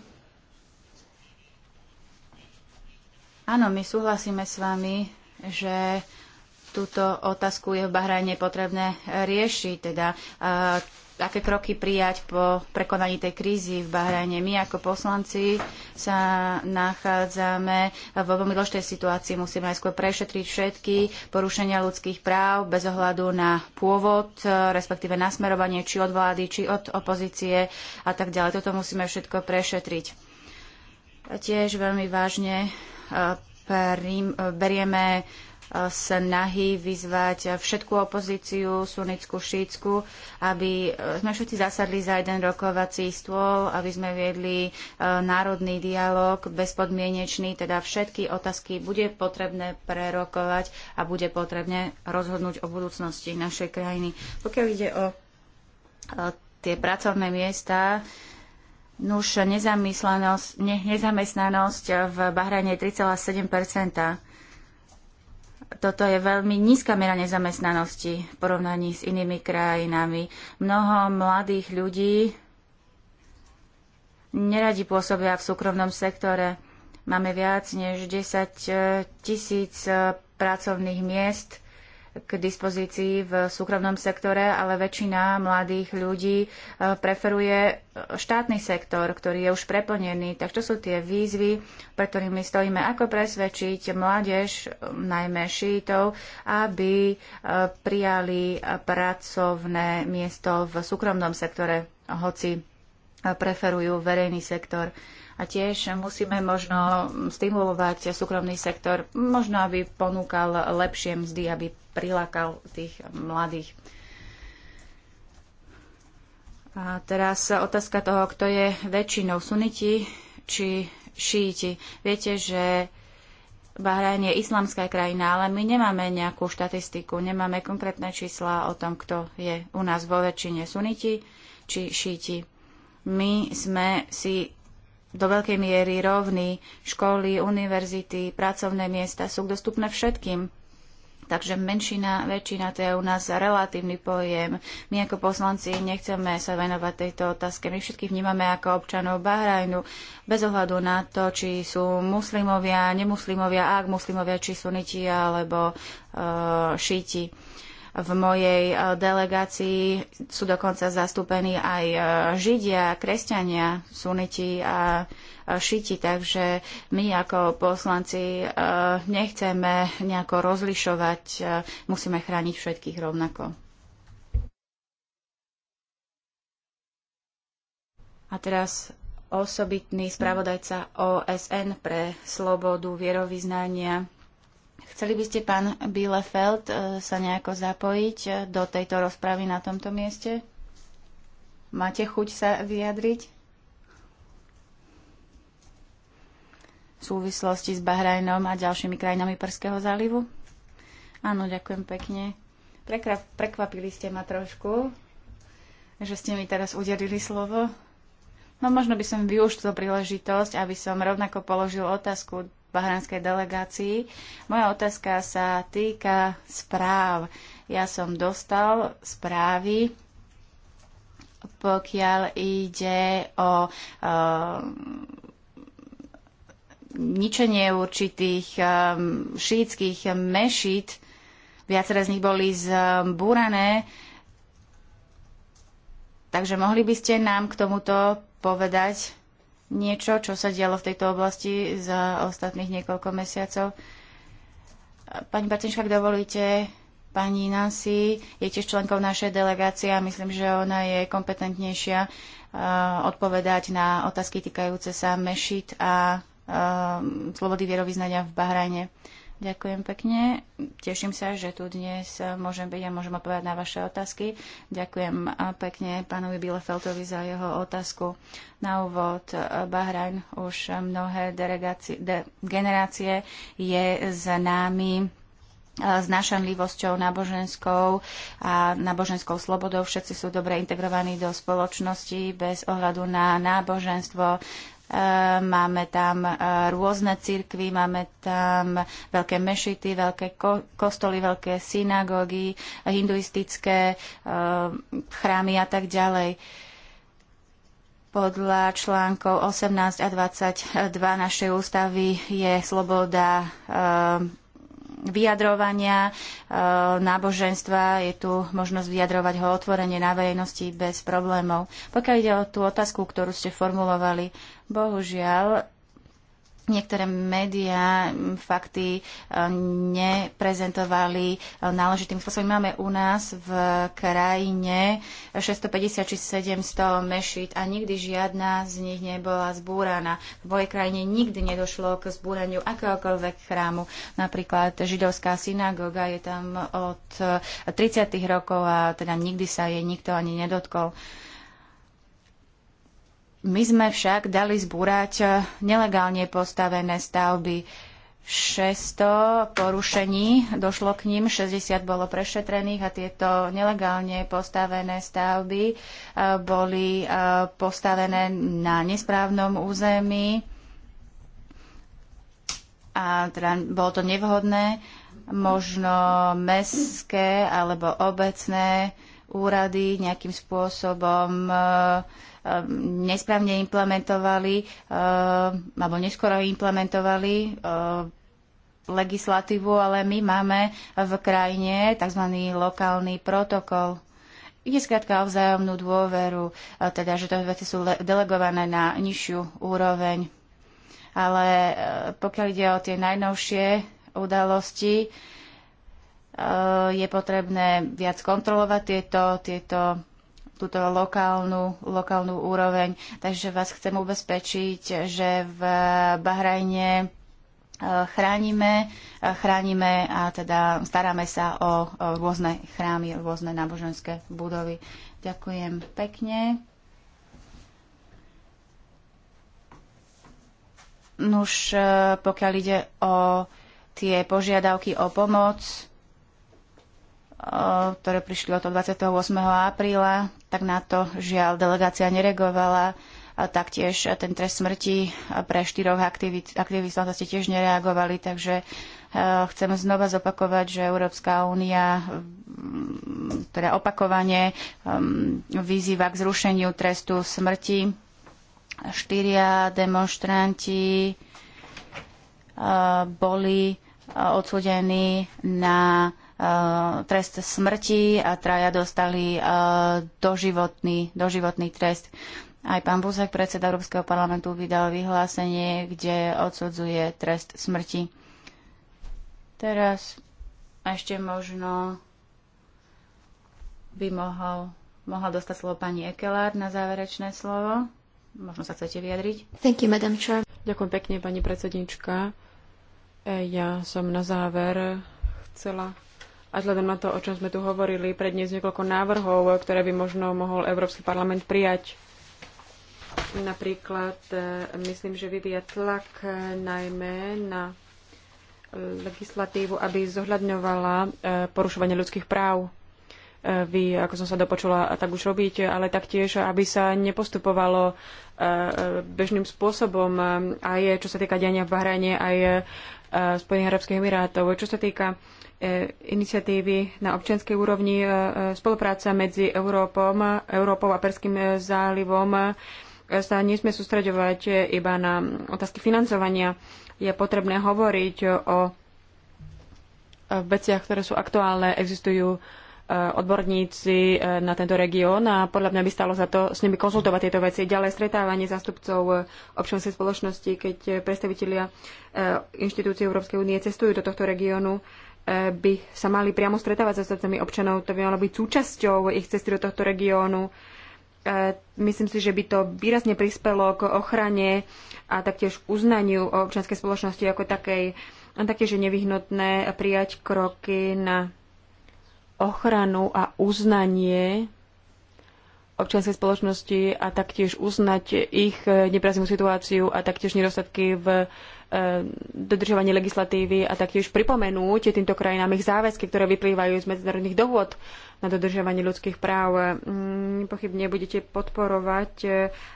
Áno, my súhlasíme s vami, že túto otázku je v Bahrajne potrebné riešiť, teda aké kroky prijať po prekonaní tej krízy v Bahrajne. My ako poslanci sa nachádzame v veľmi dôležitej situácii. Musíme aj skôr prešetriť všetky porušenia ľudských práv bez ohľadu na pôvod, respektíve nasmerovanie či od vlády, či od opozície a tak ďalej. Toto musíme všetko prešetriť. Tiež veľmi vážne eh, berieme snahy vyzvať všetku opozíciu, sunnickú, šítsku, aby sme všetci zasadli za jeden rokovací stôl, aby sme viedli e, národný dialog bezpodmienečný, teda všetky otázky bude potrebné prerokovať a bude potrebné rozhodnúť o budúcnosti našej krajiny. Pokiaľ ide o e, tie pracovné miesta, Nuž nezamestnanosť v Bahrajne je 3,7 toto je veľmi nízka miera nezamestnanosti v porovnaní s inými krajinami. Mnoho mladých ľudí neradi pôsobia v súkromnom sektore. Máme viac než 10 eh, tisíc eh, pracovných miest k dispozícii v súkromnom sektore, ale väčšina mladých ľudí e, preferuje štátny sektor, ktorý je už preplnený. Tak čo sú tie výzvy, pre ktorými stojíme? Ako presvedčiť mládež, najmä šítov, aby e, prijali pracovné miesto v súkromnom sektore, hoci e, preferujú verejný sektor? a tiež musíme možno stimulovať súkromný sektor, možno aby ponúkal lepšie mzdy, aby prilákal tých mladých. A teraz otázka toho, kto je väčšinou, suniti či šíti. Viete, že Bahrajn je islamská krajina, ale my nemáme nejakú štatistiku, nemáme konkrétne čísla o tom, kto je u nás vo väčšine suniti či šíti. My sme si do veľkej miery rovní. Školy, univerzity, pracovné miesta sú dostupné všetkým. Takže menšina, väčšina to je u nás relatívny pojem. My ako poslanci nechceme sa venovať tejto otázke. My všetkých vnímame ako občanov Bahrajnu bez ohľadu na to, či sú muslimovia, nemuslimovia, ak muslimovia, či niti alebo uh, e, šíti. V mojej uh, delegácii sú dokonca zastúpení aj uh, židia, kresťania, suniti a uh, šiti. Takže my ako poslanci eh, nechceme nejako rozlišovať, eh, musíme chrániť všetkých rovnako. A teraz osobitný spravodajca OSN pre slobodu vierovýznania. Chceli by ste, pán Bielefeld, eh, sa nejako zapojiť do tejto rozpravy na tomto mieste? Máte chuť sa vyjadriť? v súvislosti s Bahrajnom a ďalšími krajinami Perského zálivu? Áno, ďakujem pekne. Prekra- prekvapili ste ma trošku, že ste mi teraz udelili slovo. No možno by som využil príležitosť, aby som rovnako položil otázku bahránskej delegácii. Moja otázka sa týka správ. Ja som dostal správy, pokiaľ ide o ničenie určitých um, šítskych mešít. Viaceré z nich boli zbúrané. Takže mohli by ste nám k tomuto povedať niečo, čo sa dialo v tejto oblasti za ostatných niekoľko mesiacov? Pani Bartinška, ak dovolíte, pani Nancy je tiež členkou našej delegácie a myslím, že ona je kompetentnejšia uh, odpovedať na otázky týkajúce sa mešit a Um, slobody vierovýznania v Bahrajne. Ďakujem pekne. Teším sa, že tu dnes môžem byť a môžem odpovedať na vaše otázky. Ďakujem pekne pánovi Bielefeltovi za jeho otázku. Na úvod Bahrajn už mnohé de, generácie je známy znášanlivosťou náboženskou a náboženskou slobodou. Všetci sú dobre integrovaní do spoločnosti bez ohľadu na náboženstvo, E, máme tam e, rôzne cirkvy, máme tam veľké mešity, veľké ko- kostoly, veľké synagógy, hinduistické e, chrámy a tak ďalej. Podľa článkov 18 a 22 našej ústavy je sloboda vyjadrovania náboženstva. Je tu možnosť vyjadrovať ho otvorenie na verejnosti bez problémov. Pokiaľ ide o tú otázku, ktorú ste formulovali, Bohužiaľ, Niektoré médiá fakty e, neprezentovali e, náležitým spôsobom. Máme u nás v krajine 650 či 700 mešit a nikdy žiadna z nich nebola zbúraná. V mojej krajine nikdy nedošlo k zbúraniu akéhokoľvek chrámu. Napríklad židovská synagoga je tam od 30. rokov a teda nikdy sa jej nikto ani nedotkol. Uh, my sme však dali zbúrať eh, nelegálne postavené stavby. 600 porušení došlo k ním, 60 bolo prešetrených a tieto nelegálne postavené stavby eh, boli eh, postavené na nesprávnom území a teda bolo to nevhodné, možno mestské alebo obecné úrady nejakým spôsobom e, e, nesprávne implementovali e, alebo neskoro implementovali legislatívu, ale my máme v krajine tzv. lokálny protokol. Ide skrátka o vzájomnú dôveru, teda že to veci sú delegované na nižšiu úroveň. Ale pokiaľ ide o tie najnovšie udalosti, Eh, je potrebné viac kontrolovať tieto, tieto túto lokálnu, lokálnu úroveň. Takže vás chcem ubezpečiť, že v Bahrajne eh, chránime, eh, chránime a teda staráme sa o rôzne chrámy, rôzne náboženské budovy. Ďakujem pekne. Nuž, pokiaľ ide o tie požiadavky o pomoc, Eh, ktoré prišli od 28. apríla, tak na to žiaľ delegácia nereagovala. A taktiež ten trest smrti pre štyroch aktivistov ste tiež nereagovali, takže eh, chcem znova zopakovať, že Európska únia mm, teda opakovane mm, vyzýva k zrušeniu trestu smrti. Štyria demonstranti eh, boli odsudení na E, trest smrti a traja dostali e, doživotný, doživotný trest. Aj pán Buzek, predseda Európskeho parlamentu, vydal vyhlásenie, kde odsudzuje trest smrti. Teraz ešte možno by mohol, mohla dostať slovo pani Ekelár na záverečné slovo. Možno sa chcete vyjadriť. Thank you, Madam Chair. Ďakujem pekne, pani predsednička. E, ja som na záver chcela a vzhľadom na to, o čom sme tu hovorili, predniesť niekoľko návrhov, ktoré by možno mohol Európsky parlament prijať. Napríklad, e, myslím, že vyvíja tlak najmä na legislatívu, aby zohľadňovala e, porušovanie ľudských práv. E, vy, ako som sa dopočula, tak už robíte, ale taktiež, aby sa nepostupovalo bežným spôsobom aj čo sa týka diania v Bahrajne, aj Spojených arabských emirátov. Čo sa týka e, iniciatívy na občianskej úrovni, e, e, spolupráca medzi Európom, Európou a Perským zálivom sa nesmie sústreďovať iba na otázky financovania. Je potrebné hovoriť o veciach, ktoré sú aktuálne, existujú Eh, odborníci eh, na tento región a podľa mňa by stalo za to s nimi konzultovať tieto veci. Ďalej stretávanie zástupcov eh, občianskej spoločnosti, keď predstavitelia inštitúcií Európskej únie cestujú do tohto regiónu, by sa mali priamo stretávať s ostatnými občanov. To by malo byť súčasťou ich cesty do tohto regiónu. Myslím si, že by to výrazne prispelo k ochrane a taktiež uznaniu občianskej spoločnosti ako takej. A taktiež je nevyhnutné prijať kroky na ochranu a uznanie občianskej spoločnosti a taktiež uznať ich nepracnú situáciu a taktiež nedostatky v e, dodržovaní legislatívy a taktiež pripomenúť týmto krajinám ich záväzky, ktoré vyplývajú z medzinárodných dohôd na dodržovanie ľudských práv. Mm, pochybne budete podporovať e,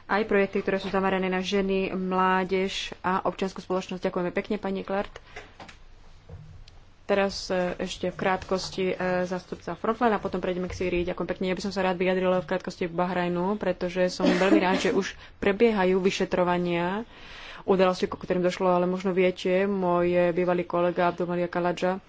aj projekty, ktoré sú zamerané na ženy, mládež a občiansku spoločnosť. Ďakujeme pekne, pani Klart. Teraz e, ešte v krátkosti e, zastupca Frontline a potom prejdeme k Sýrii. Ďakujem pekne. Ja by som sa rád vyjadrila v krátkosti v Bahrajnu, pretože som veľmi rád, že už prebiehajú vyšetrovania udalosti, ku ktorým došlo, ale možno viete, môj bývalý kolega Abdumalia Kaladža, e,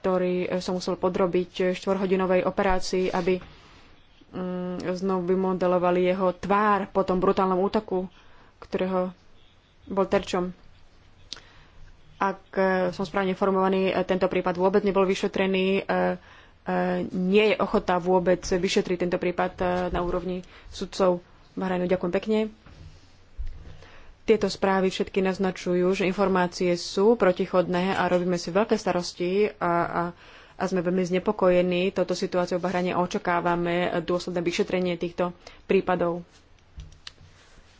ktorý som musel podrobiť štvorhodinovej operácii, aby mm, znovu vymodelovali jeho tvár po tom brutálnom útoku, ktorého bol terčom ak e, som správne formovaný, e, tento prípad vôbec nebol vyšetrený, e, nie je ochota vôbec vyšetriť tento prípad na úrovni sudcov Bahrajnu. Ďakujem pekne. Tieto správy všetky naznačujú, že informácie sú protichodné a robíme si veľké starosti a, a, a sme veľmi znepokojení touto situáciou v Bahrajne a očakávame dôsledné vyšetrenie týchto prípadov.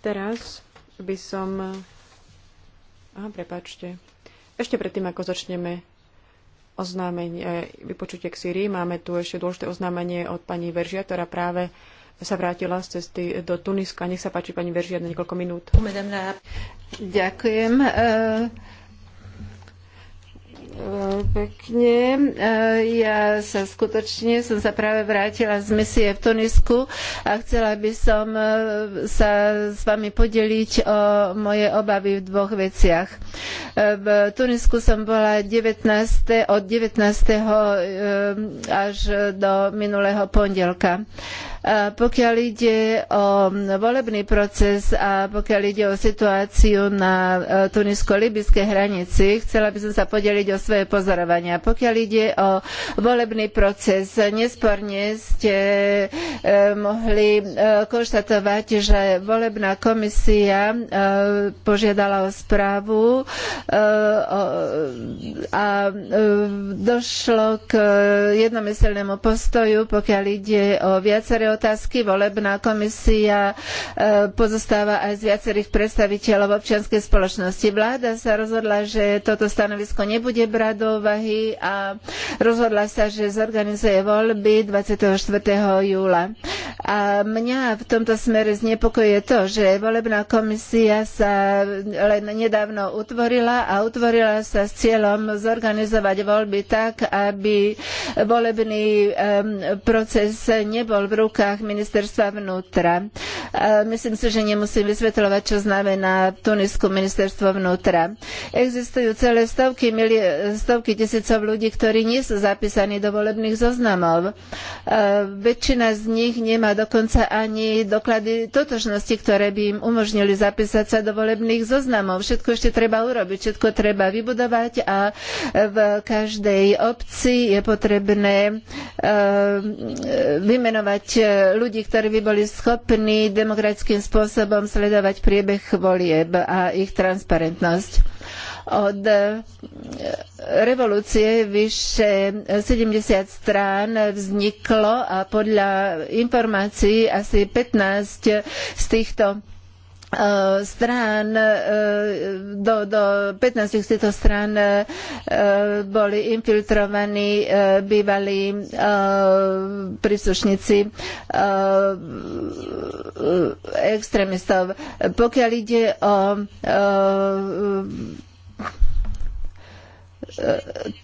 Teraz by som... Aha, prepáčte. Ešte predtým, ako začneme oznámenie, eh, vypočutie k Syrii, máme tu ešte dôležité oznámenie od pani Veržia, ktorá práve sa vrátila z cesty do Tuniska. Nech sa páči, pani Veržia, na niekoľko minút. Ďakujem. Eh, pekne. E, ja sa skutočne som sa práve vrátila z misie v Tunisku a chcela by som e, sa s vami podeliť o moje obavy v dvoch veciach. E, v Tunisku som bola 19, od 19. až do minulého pondelka. Pokiaľ ide o volebný proces a pokiaľ ide o situáciu na e, tunisko-libyskej hranici, chcela by som sa podeliť o svoje pozorovania. Pokiaľ ide o volebný proces, nesporne ste e, mohli e, konštatovať, že volebná komisia požiadala o správu a došlo k jednomyselnému postoju, pokiaľ ide o viaceré, otázky. Volebná komisia e, pozostáva aj z viacerých predstaviteľov občianskej spoločnosti. Vláda sa rozhodla, že toto stanovisko nebude brať do úvahy a rozhodla sa, že zorganizuje voľby 24. júla. A mňa v tomto smere znepokojuje to, že volebná komisia sa len nedávno utvorila a utvorila sa s cieľom zorganizovať voľby tak, aby volebný proces nebol v rukách rukách ministerstva vnútra. Myslím si, že nemusím vysvetľovať, čo znamená v Tunisku ministerstvo vnútra. Existujú celé stovky, stovky tisícov ľudí, ktorí nie sú zapísaní do volebných zoznamov. Väčšina z nich nemá dokonca ani doklady totožnosti, ktoré by im umožnili zapísať sa do volebných zoznamov. Všetko ešte treba urobiť, všetko treba vybudovať a v každej obci je potrebné ehm, vymenovať ľudí, ktorí by boli schopní demokratickým spôsobom sledovať priebeh volieb a ich transparentnosť. Od e, revolúcie vyše 70 strán vzniklo a podľa informácií asi 15 z týchto E, strán, e, do, do 15 z týchto strán e, boli infiltrovaní bývalí príslušníci extrémistov. Pokiaľ ide o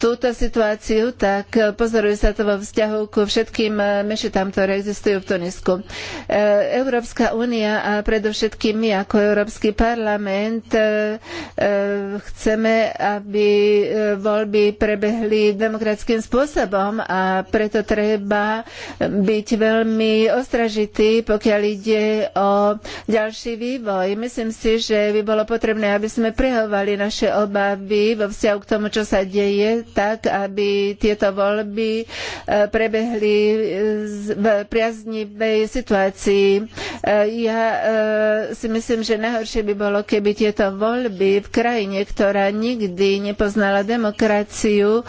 túto situáciu, tak pozoruje sa to vo vzťahu ku všetkým eh, mešitám, ktoré existujú v Tunisku. Eh, Európska únia a predovšetkým my ako Európsky parlament eh, chceme, aby voľby prebehli demokratickým spôsobom a preto treba byť veľmi ostražitý, pokiaľ ide o ďalší vývoj. Myslím si, že by bolo potrebné, aby sme prehovali naše obavy vo vzťahu k tomu, čo sa deje tak, aby tieto voľby e, prebehli e, v priaznivej situácii. E, ja si myslím, že najhoršie by bolo, keby tieto voľby v krajine, ktorá nikdy nepoznala demokraciu,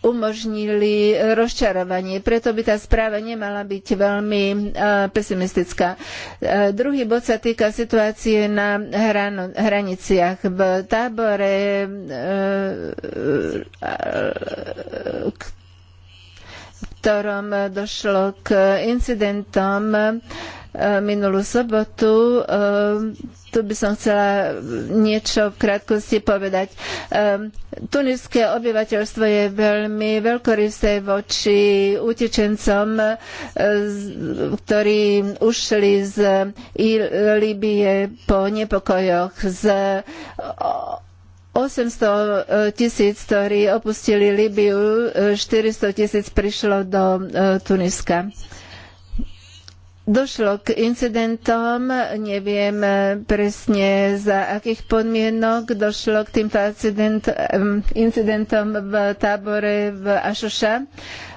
umožnili rozčarovanie. Preto by tá správa nemala byť veľmi e, pesimistická. E, druhý bod sa týka situácie na hraniciach. V tábore, v e, ktorom došlo k incidentom minulú sobotu, tu by som chcela niečo v krátkosti povedať. Ehm, tuniské obyvateľstvo je veľmi veľkorysé voči utečencom, e, ktorí ušli z Líbie po nepokojoch, z 800 tisíc, ktorí opustili Líbiu, 400 tisíc prišlo do e, Tuniska. Došlo k incidentom, neviem presne za akých podmienok došlo k týmto incidentom v tábore v Ašoša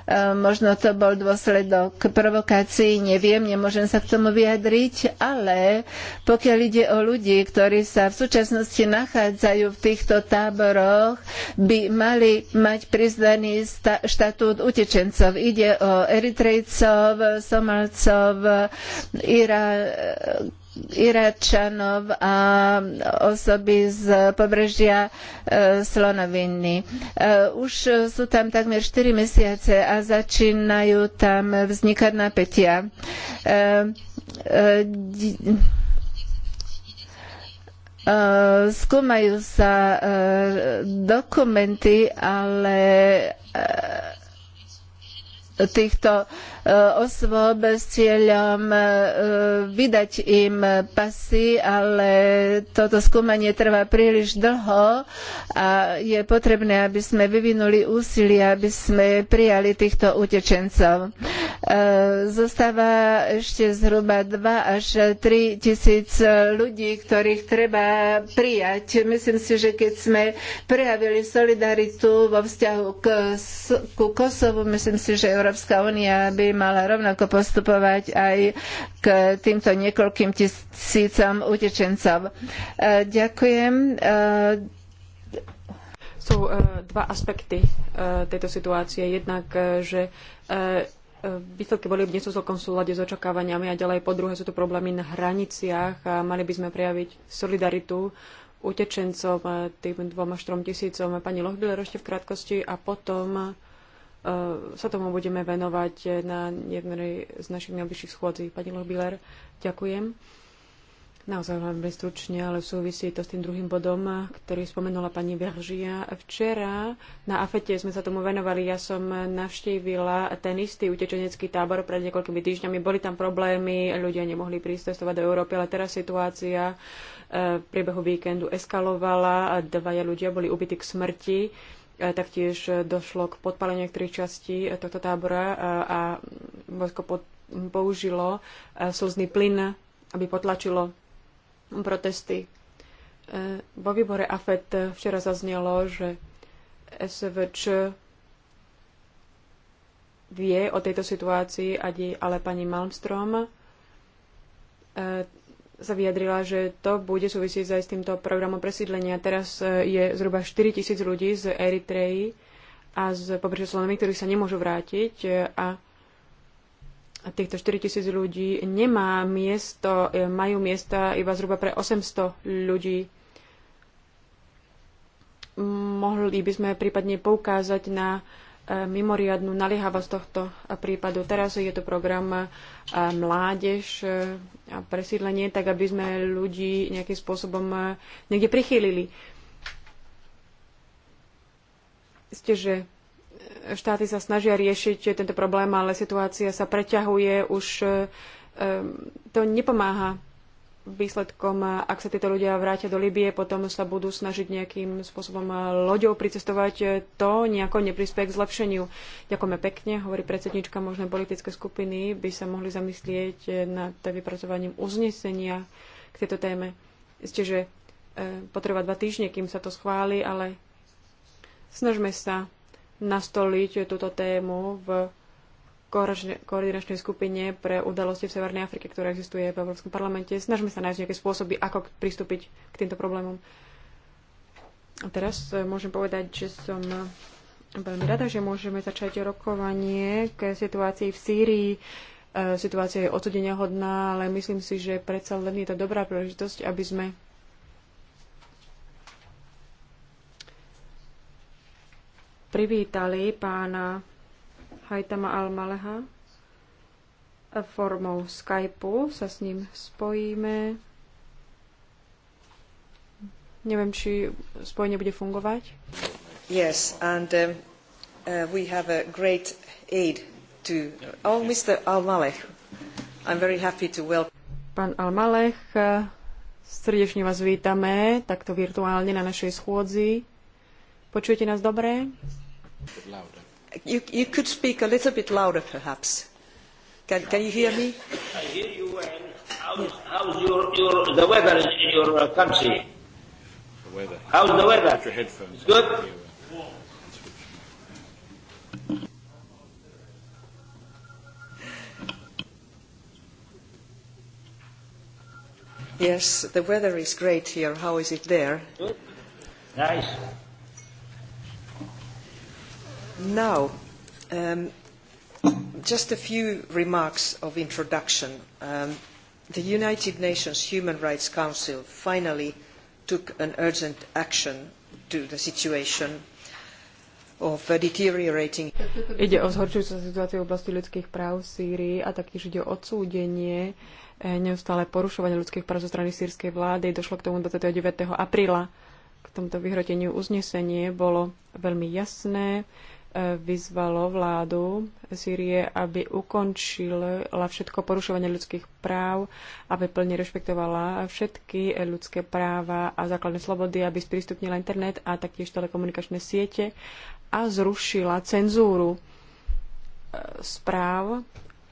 Ehm, možno to bol dôsledok provokácií, neviem, nemôžem sa k tomu vyjadriť, ale pokiaľ ide o ľudí, ktorí sa v súčasnosti nachádzajú v týchto táboroch, by mali mať priznaný štatút utečencov. Ide o Eritrejcov, Somalcov, Irak, Iračanov a osoby z pobrežia e, Slonoviny. E, už sú tam takmer 4 mesiace a začínajú tam vznikať napätia e, skúmajú sa dokumenty, ale týchto e, osôb s cieľom e, vydať im pasy, ale toto skúmanie trvá príliš dlho a je potrebné, aby sme vyvinuli úsilie, aby sme prijali týchto utečencov. E, zostáva ešte zhruba 2 až 3 tisíc ľudí, ktorých treba prijať. Myslím si, že keď sme prejavili solidaritu vo vzťahu k, ku Kosovu, myslím si, že Európska únia by mala rovnako postupovať aj k týmto niekoľkým tisícom utečencov. E, ďakujem. E, sú e, dva aspekty tejto situácie. Jednak, že výsledky volieb nie sú celkom v súlade s očakávaniami a ďalej po druhé sú to problémy na hraniciach a mali by sme prejaviť solidaritu utečencom, tým dvom až trom tisícom. Pani Lochbiller ešte v krátkosti a potom Ehm, sa tomu budeme venovať eh, na jednej z našich najbližších schôdzí. Pani Lobiler, ďakujem. Naozaj veľmi stručne, ale súvisí to s tým druhým bodom, ktorý spomenula pani Veržia. Včera na AFETE sme sa tomu venovali. Ja som navštívila ten istý utečenecký tábor pred niekoľkými týždňami. Boli tam problémy, ľudia nemohli prístestovať do Európy, ale teraz situácia eh, v priebehu víkendu eskalovala. Dvaja ľudia boli ubytí k smrti Taktiež došlo k podpaleniu niektorých častí eh, tohto tábora eh, a vojsko použilo eh, slzný plyn, aby potlačilo protesty. Vo výbore AFET včera zaznelo, že SVČ vie o tejto situácii, ale pani Malmstrom sa vyjadrila, že to bude súvisieť aj s týmto programom presídlenia. Teraz e, je zhruba 4 tisíc ľudí z Eritreji a z pobrežia Slonovy, ktorí sa nemôžu vrátiť e, a týchto 4 tisíc ľudí nemá miesto, e, majú miesta iba zhruba pre 800 ľudí. Mohli by sme prípadne poukázať na E, mimoriadnú naliehavosť tohto prípadu. Teraz je to program e, mládež e, a presídlenie, tak aby sme ľudí nejakým spôsobom niekde prichýlili. Ste, že štáty sa snažia riešiť tento problém, ale situácia sa preťahuje, už to nepomáha výsledkom, ak sa títo ľudia vrátia do Libie, potom sa budú snažiť nejakým spôsobom loďou pricestovať, e, to nejako neprispie k zlepšeniu. Ďakujeme pekne, hovorí predsednička, možné politické skupiny by sa mohli zamyslieť e, nad vypracovaním uznesenia k tejto téme. Ste, že e, potreba dva týždne, kým sa to schváli, ale snažme sa nastoliť túto tému v koordinačnej skupine pre udalosti v Severnej Afrike, ktorá existuje v Európskom parlamente. Snažíme sa nájsť nejaké spôsoby, ako pristúpiť k týmto problémom. A teraz e, môžem povedať, že som e, veľmi rada, že môžeme začať rokovanie k situácii v Sýrii. E, situácia je odsudenia hodná, ale myslím si, že predsa len je to dobrá príležitosť, aby sme privítali pána Haitama Almaleha formou Skypeu. Sa s ním spojíme. Neviem, či spojenie bude fungovať. Yes, and um, uh, we have a great aid to... Oh, Mr. Almalech, I'm very happy to welcome... Pán Almalech, uh, srdečne vás vítame, takto virtuálne na našej schôdzi. Počujete nás dobre? Loud. You, you could speak a little bit louder, perhaps. Can, can you hear me? I hear you. And how's, yes. how's your, your, the weather in your uh, country? The weather. How's the weather? Put your headphones it's good. On. Yes, the weather is great here. How is it there? Good. Nice. Now, um, just a few remarks of introduction. Um, the United Nations Human Rights Council finally took an urgent action to the situation of deteriorating. Ide o zhoršujúcu sa situáciu v oblasti ľudských práv v Sýrii a taktiež ide o odsúdenie e, neustále porušovania ľudských práv zo strany sírskej vlády. Došlo k tomu 29. apríla. K tomuto vyhroteniu uznesenie bolo veľmi jasné vyzvalo vládu Sýrie, aby ukončila všetko porušovanie ľudských práv, aby plne rešpektovala všetky ľudské práva a základné slobody, aby sprístupnila internet a taktiež telekomunikačné siete a zrušila cenzúru e, správ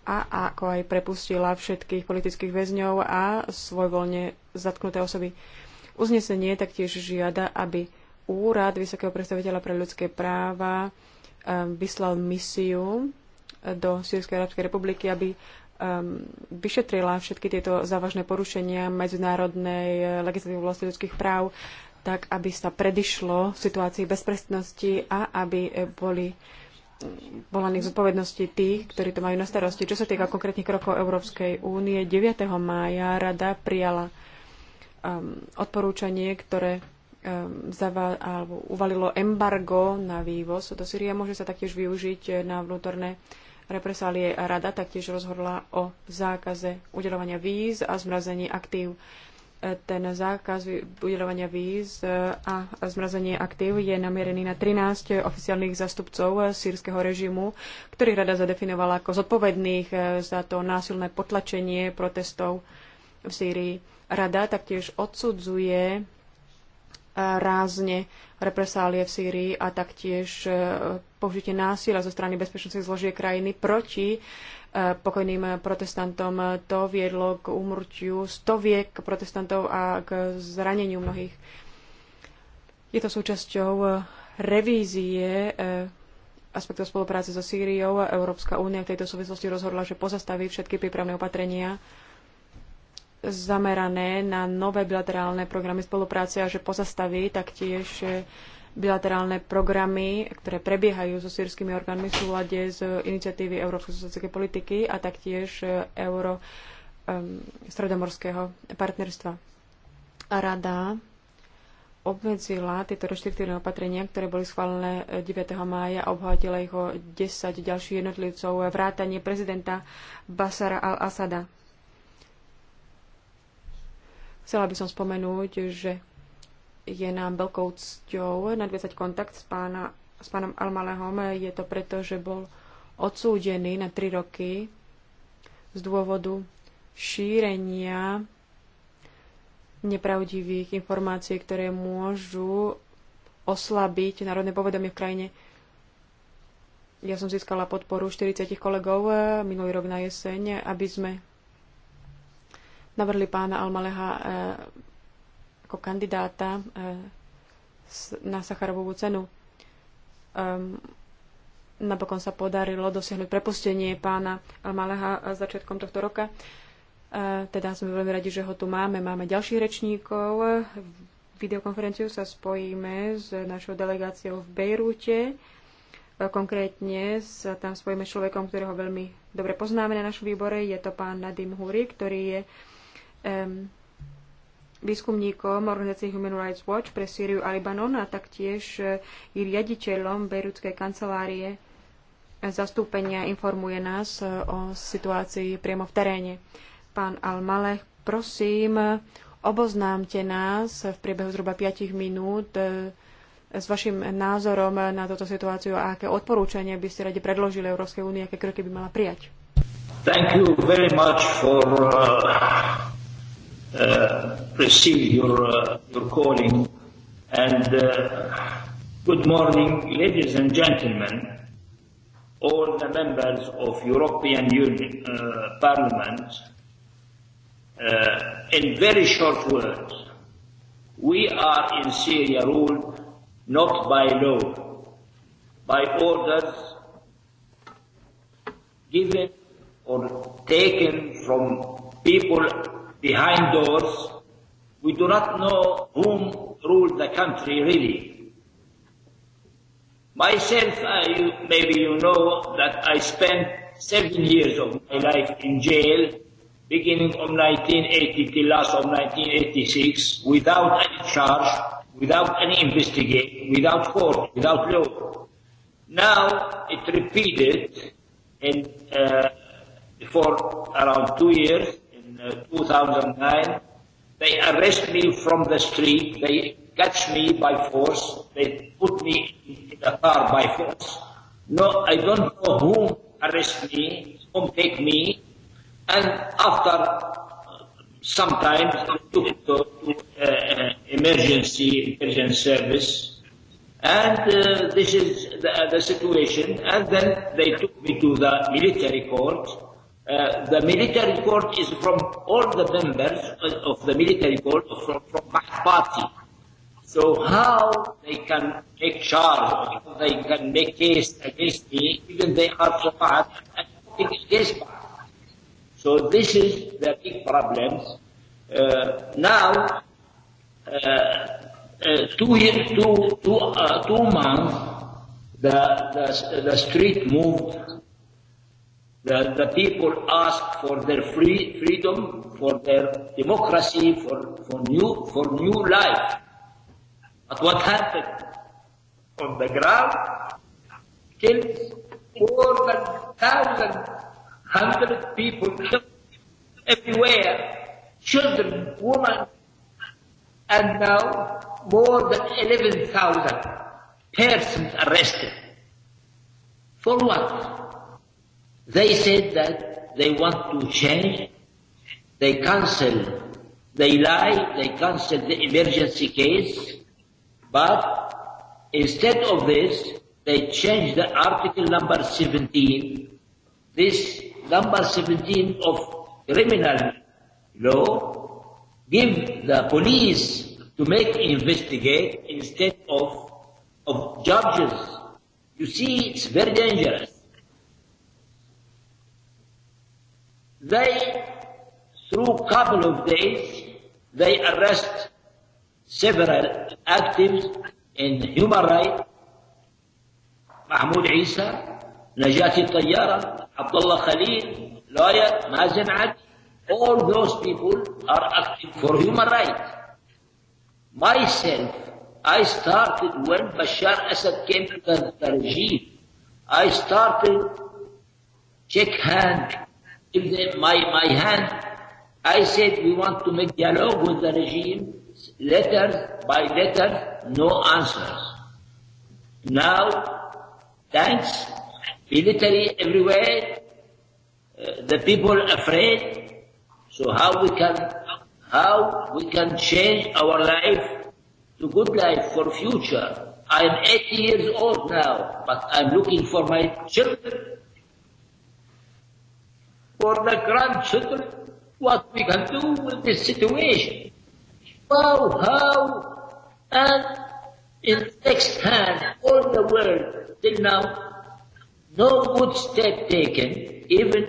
a ako aj prepustila všetkých politických väzňov a svojvoľne zatknuté osoby. Uznesenie taktiež žiada, aby úrad Vysokého predstaviteľa pre ľudské práva Um, vyslal misiu eh, do Sýrskej arabskej republiky, aby um, vyšetrila všetky tieto závažné porušenia medzinárodnej eh, legislatívy vlasti ľudských práv, tak aby sa predišlo situácii bezprestnosti a aby eh, boli mm, volaných zodpovednosti tých, ktorí to majú na starosti. Čo sa týka konkrétnych krokov Európskej únie, 9. mája rada prijala um, odporúčanie, ktoré Ehm, alebo uvalilo embargo na vývoz do Syrie, môže sa taktiež využiť na vnútorné represálie. Rada taktiež rozhodla o zákaze udelovania víz a zmrazení aktív. E, ten zákaz udelovania víz e, a zmrazenie aktív je namierený na 13 oficiálnych zastupcov e, sírskeho režimu, ktorý rada zadefinovala ako zodpovedných za to násilné potlačenie protestov v Sýrii. Rada taktiež odsudzuje rázne represálie v Sýrii a taktiež e, použitie násilia zo strany bezpečnostných zložiek krajiny proti e, pokojným protestantom. To viedlo k úmrtiu stoviek protestantov a k zraneniu mnohých. Je to súčasťou e, revízie aspektov spolupráce so Sýriou. Európska únia v tejto súvislosti rozhodla, že pozastaví všetky prípravné opatrenia zamerané na nové bilaterálne programy spolupráce a že pozastaví taktiež eh, bilaterálne programy, ktoré prebiehajú so sírskymi orgánmi v súlade z iniciatívy Európskej sociálnej politiky a taktiež eh, Euro um, stredomorského partnerstva. A rada obmedzila tieto reštriktívne opatrenia, ktoré boli schválené 9. Eh, mája a obhatila ich o 10 ďalších jednotlivcov vrátanie prezidenta Basara al-Asada. Chcela by som spomenúť, že je nám veľkou cťou nadviazať kontakt s, pána, s pánom Almalehom. Je to preto, že bol odsúdený na 3 roky z dôvodu šírenia nepravdivých informácií, ktoré môžu oslabiť národné povedomie v krajine. Ja som získala podporu 40 kolegov minulý rok na jeseň, aby sme navrhli pána Almaleha e, ako kandidáta e, na Sacharovú cenu. Ehm, napokon sa podarilo dosiahnuť prepustenie pána Almaleha e, začiatkom tohto roka. Teda sme veľmi radi, že ho tu máme. Máme ďalších rečníkov. Videokonferenciu sa spojíme s našou delegáciou v Bejrúte. Konkrétne sa tam spojíme s človekom, ktorého veľmi dobre poznáme na našom výbore. Je to pán Nadim Húri, ktorý je um, výskumníkom organizácie Human Rights Watch pre Sýriu a Libanon a taktiež eh, i riaditeľom Bejrúdskej kancelárie zastúpenia informuje nás eh, o situácii priamo v teréne. Pán Almalech, prosím, oboznámte nás v priebehu zhruba 5 minút eh, s vašim názorom na túto situáciu a aké odporúčania by ste radi predložili Európskej únie, aké kroky by mala prijať. Thank you very much for uh, uh, receive your, uh, your calling. And uh, good morning, ladies and gentlemen, all the members of European Union uh, Parliament. Uh, in very short words, we are in Syria ruled not by law, by orders given or taken from people behind doors. We do not know whom ruled the country really. Myself, I, maybe you know that I spent seven years of my life in jail, beginning of 1980 till last of 1986, without any charge, without any investigation, without court, without law. Now it repeated and uh, for around two years 2009. Uh, they arrest me from the street. They catch me by force. They put me in the car by force. No, I don't know who arrest me, whom take me. And after uh, sometimes I took to, to uh, emergency intelligence service and uh, this is the, the situation. And then they took me to the military court Uh, the military court is from all the members of the military court from, from my party. So how they can take charge, how they can make case against me, even they are so bad and voting against me. So this is the big problem. Uh, now, uh, uh, two, year, two, two, uh, two months, the, the, the street moved The, the people ask for their free freedom, for their democracy, for, for new for new life. But what happened on the ground killed more than thousand hundred people killed everywhere, children, women, and now more than eleven thousand persons arrested. For what? They said that they want to change. They cancel. They lie. They cancel the emergency case. But instead of this, they changed the article number 17. This number 17 of criminal law give the police to make investigate instead of of judges. You see, it's very dangerous. They, through a couple of days, they arrest several actives in human rights, Mahmoud Isa, Najati Tayyara, Abdullah Khalil, lawyer مازن all those people are active for human rights myself I started when Bashar Assad came to the regime I started check hand give them my, my hand. I said we want to make dialogue with the regime, letters by letter, no answers. Now, thanks. military everywhere, uh, the people afraid. So how we can, how we can change our life to good life for future? I'm 80 years old now, but I'm looking for my children for the grandchildren what we can do with this situation. How, how, and in the next hand, all the world till now, no good step taken. Even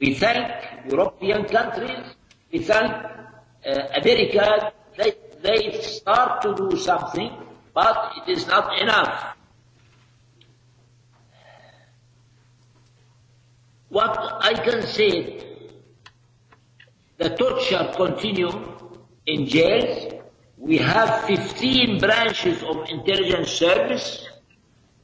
we thank European countries, we thank uh, America, they, they start to do something, but it is not enough. What I can say, the torture continue in jails. We have 15 branches of intelligence service.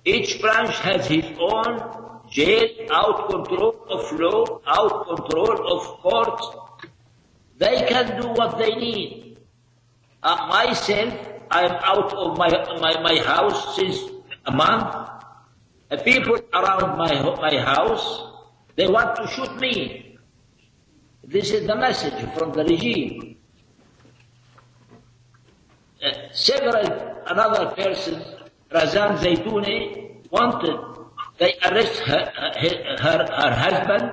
Each branch has its own jail, out control of law, out control of court. They can do what they need. Uh, myself, I'm out of my, my, my house since a month. The people around my, my house, They want to shoot me. This is the message from the regime. Uh, several another persons, Razan Zaytouni, wanted they arrest her, her, her, her husband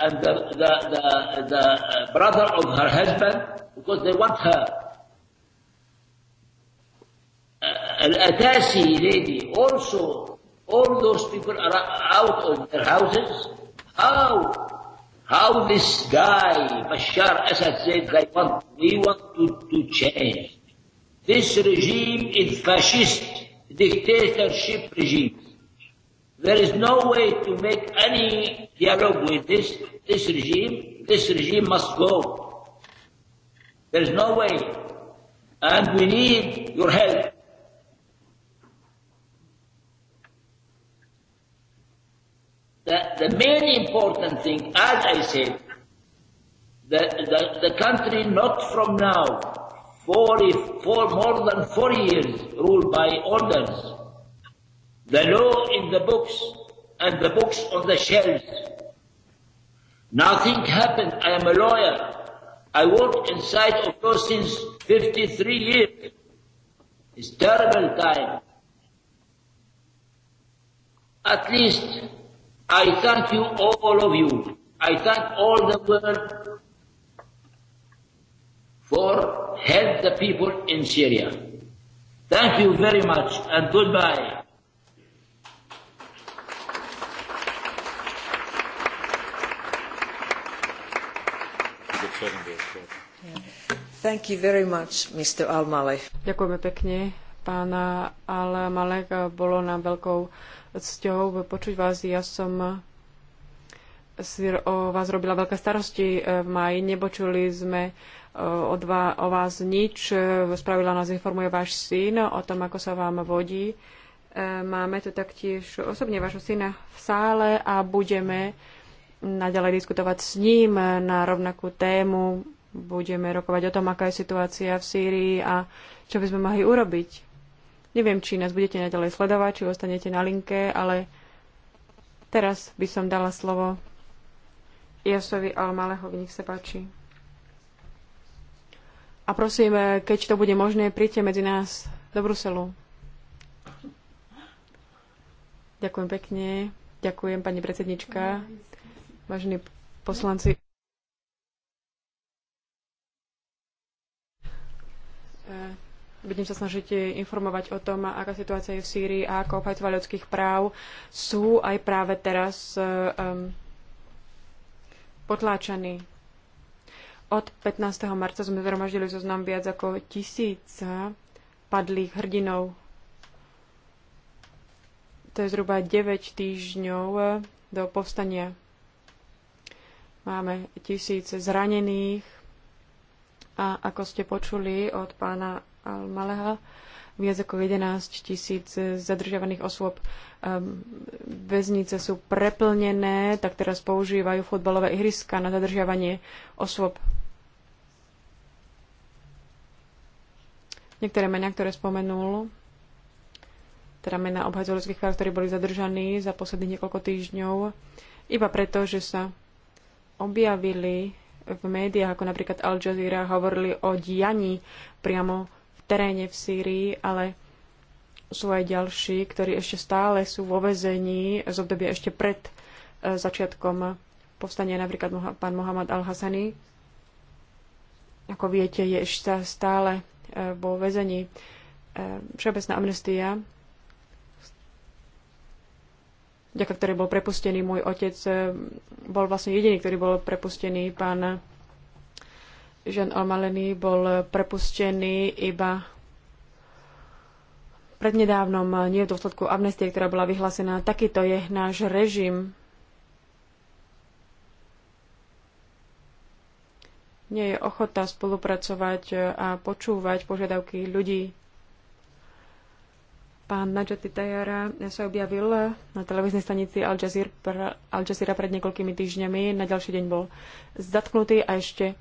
and the, the, the, the brother of her husband because they want her. Uh, Al-Atasi lady also, all those people are out of their houses How? How this guy, Bashar Assad said, they want, we want to, to change. This regime is fascist, dictatorship regime. There is no way to make any dialogue with this, this regime. This regime must go. There is no way. And we need your help. The, the main important thing, as I said, the, the, the country not from now, for, if, for more than four years, ruled by orders. The law in the books and the books on the shelves. Nothing happened. I am a lawyer. I worked inside of law since 53 years. It's terrible time. At least i thank you, all of you. I thank all the world for help the people in Syria. Thank you very much and goodbye. Thank you very much, Mr. Al-Malek. Ďakujeme pekne, pána Al-Malek. Bolo nám veľkou cťou počuť vás. Ja som eh, si o vás robila veľké starosti eh, v maji. Nepočuli sme eh, od vás, o vás nič. Spravila nás informuje váš syn o tom, ako sa vám vodí. Máme tu taktiež osobne vášho syna v sále a budeme naďalej diskutovať s ním na rovnakú tému. Budeme rokovať o tom, aká je situácia v Sýrii a čo by sme mohli urobiť. Neviem, či nás budete naďalej sledovať, či ostanete na linke, ale teraz by som dala slovo Jasovi Almalehovi, nech sa páči. A prosím, keď to bude možné, príďte medzi nás do Bruselu. Ďakujem pekne. Ďakujem, pani predsednička. Vážení poslanci. Uh, budem sa snažiť informovať o tom, aká situácia je v Sýrii a ako obhajcovia ľudských práv sú aj práve teraz um, potláčaní. Od 15. marca sme zhromaždili zoznam viac ako tisíca padlých hrdinov. To je zhruba 9 týždňov e, do povstania. Máme tisíce zranených a ako ste počuli od pána Al-Malaha viac ako 11 tisíc zadržiavaných osôb. Ehm, väznice sú preplnené, tak teraz používajú futbalové ihriska na zadržiavanie osôb. Niektoré mená, ktoré spomenul, teda mená obhajcov ľudských práv, ktorí boli zadržaní za posledných niekoľko týždňov, iba preto, že sa objavili v médiách, ako napríklad Al Jazeera, hovorili o dianí priamo teréne v Sýrii, ale sú aj ďalší, ktorí ešte stále sú vo vezení z obdobia ešte pred e, začiatkom povstania, napríklad pán Mohamed al Hassani. Ako viete, je ešte stále e, vo vezení e, Všeobecná amnestia, ďaká ktorej bol prepustený môj otec, bol vlastne jediný, ktorý bol prepustený pán Jean Almalený bol prepustený iba prednedávnom, eh, nie v dôsledku amnestie, ktorá bola vyhlásená. Takýto je náš režim. Nie je ochota spolupracovať eh, a počúvať požiadavky ľudí. Pán Najati Tajara sa objavil eh, na televíznej stanici Al Jazeera, Al Jazeera pred niekoľkými týždňami. Na ďalší deň bol zatknutý a ešte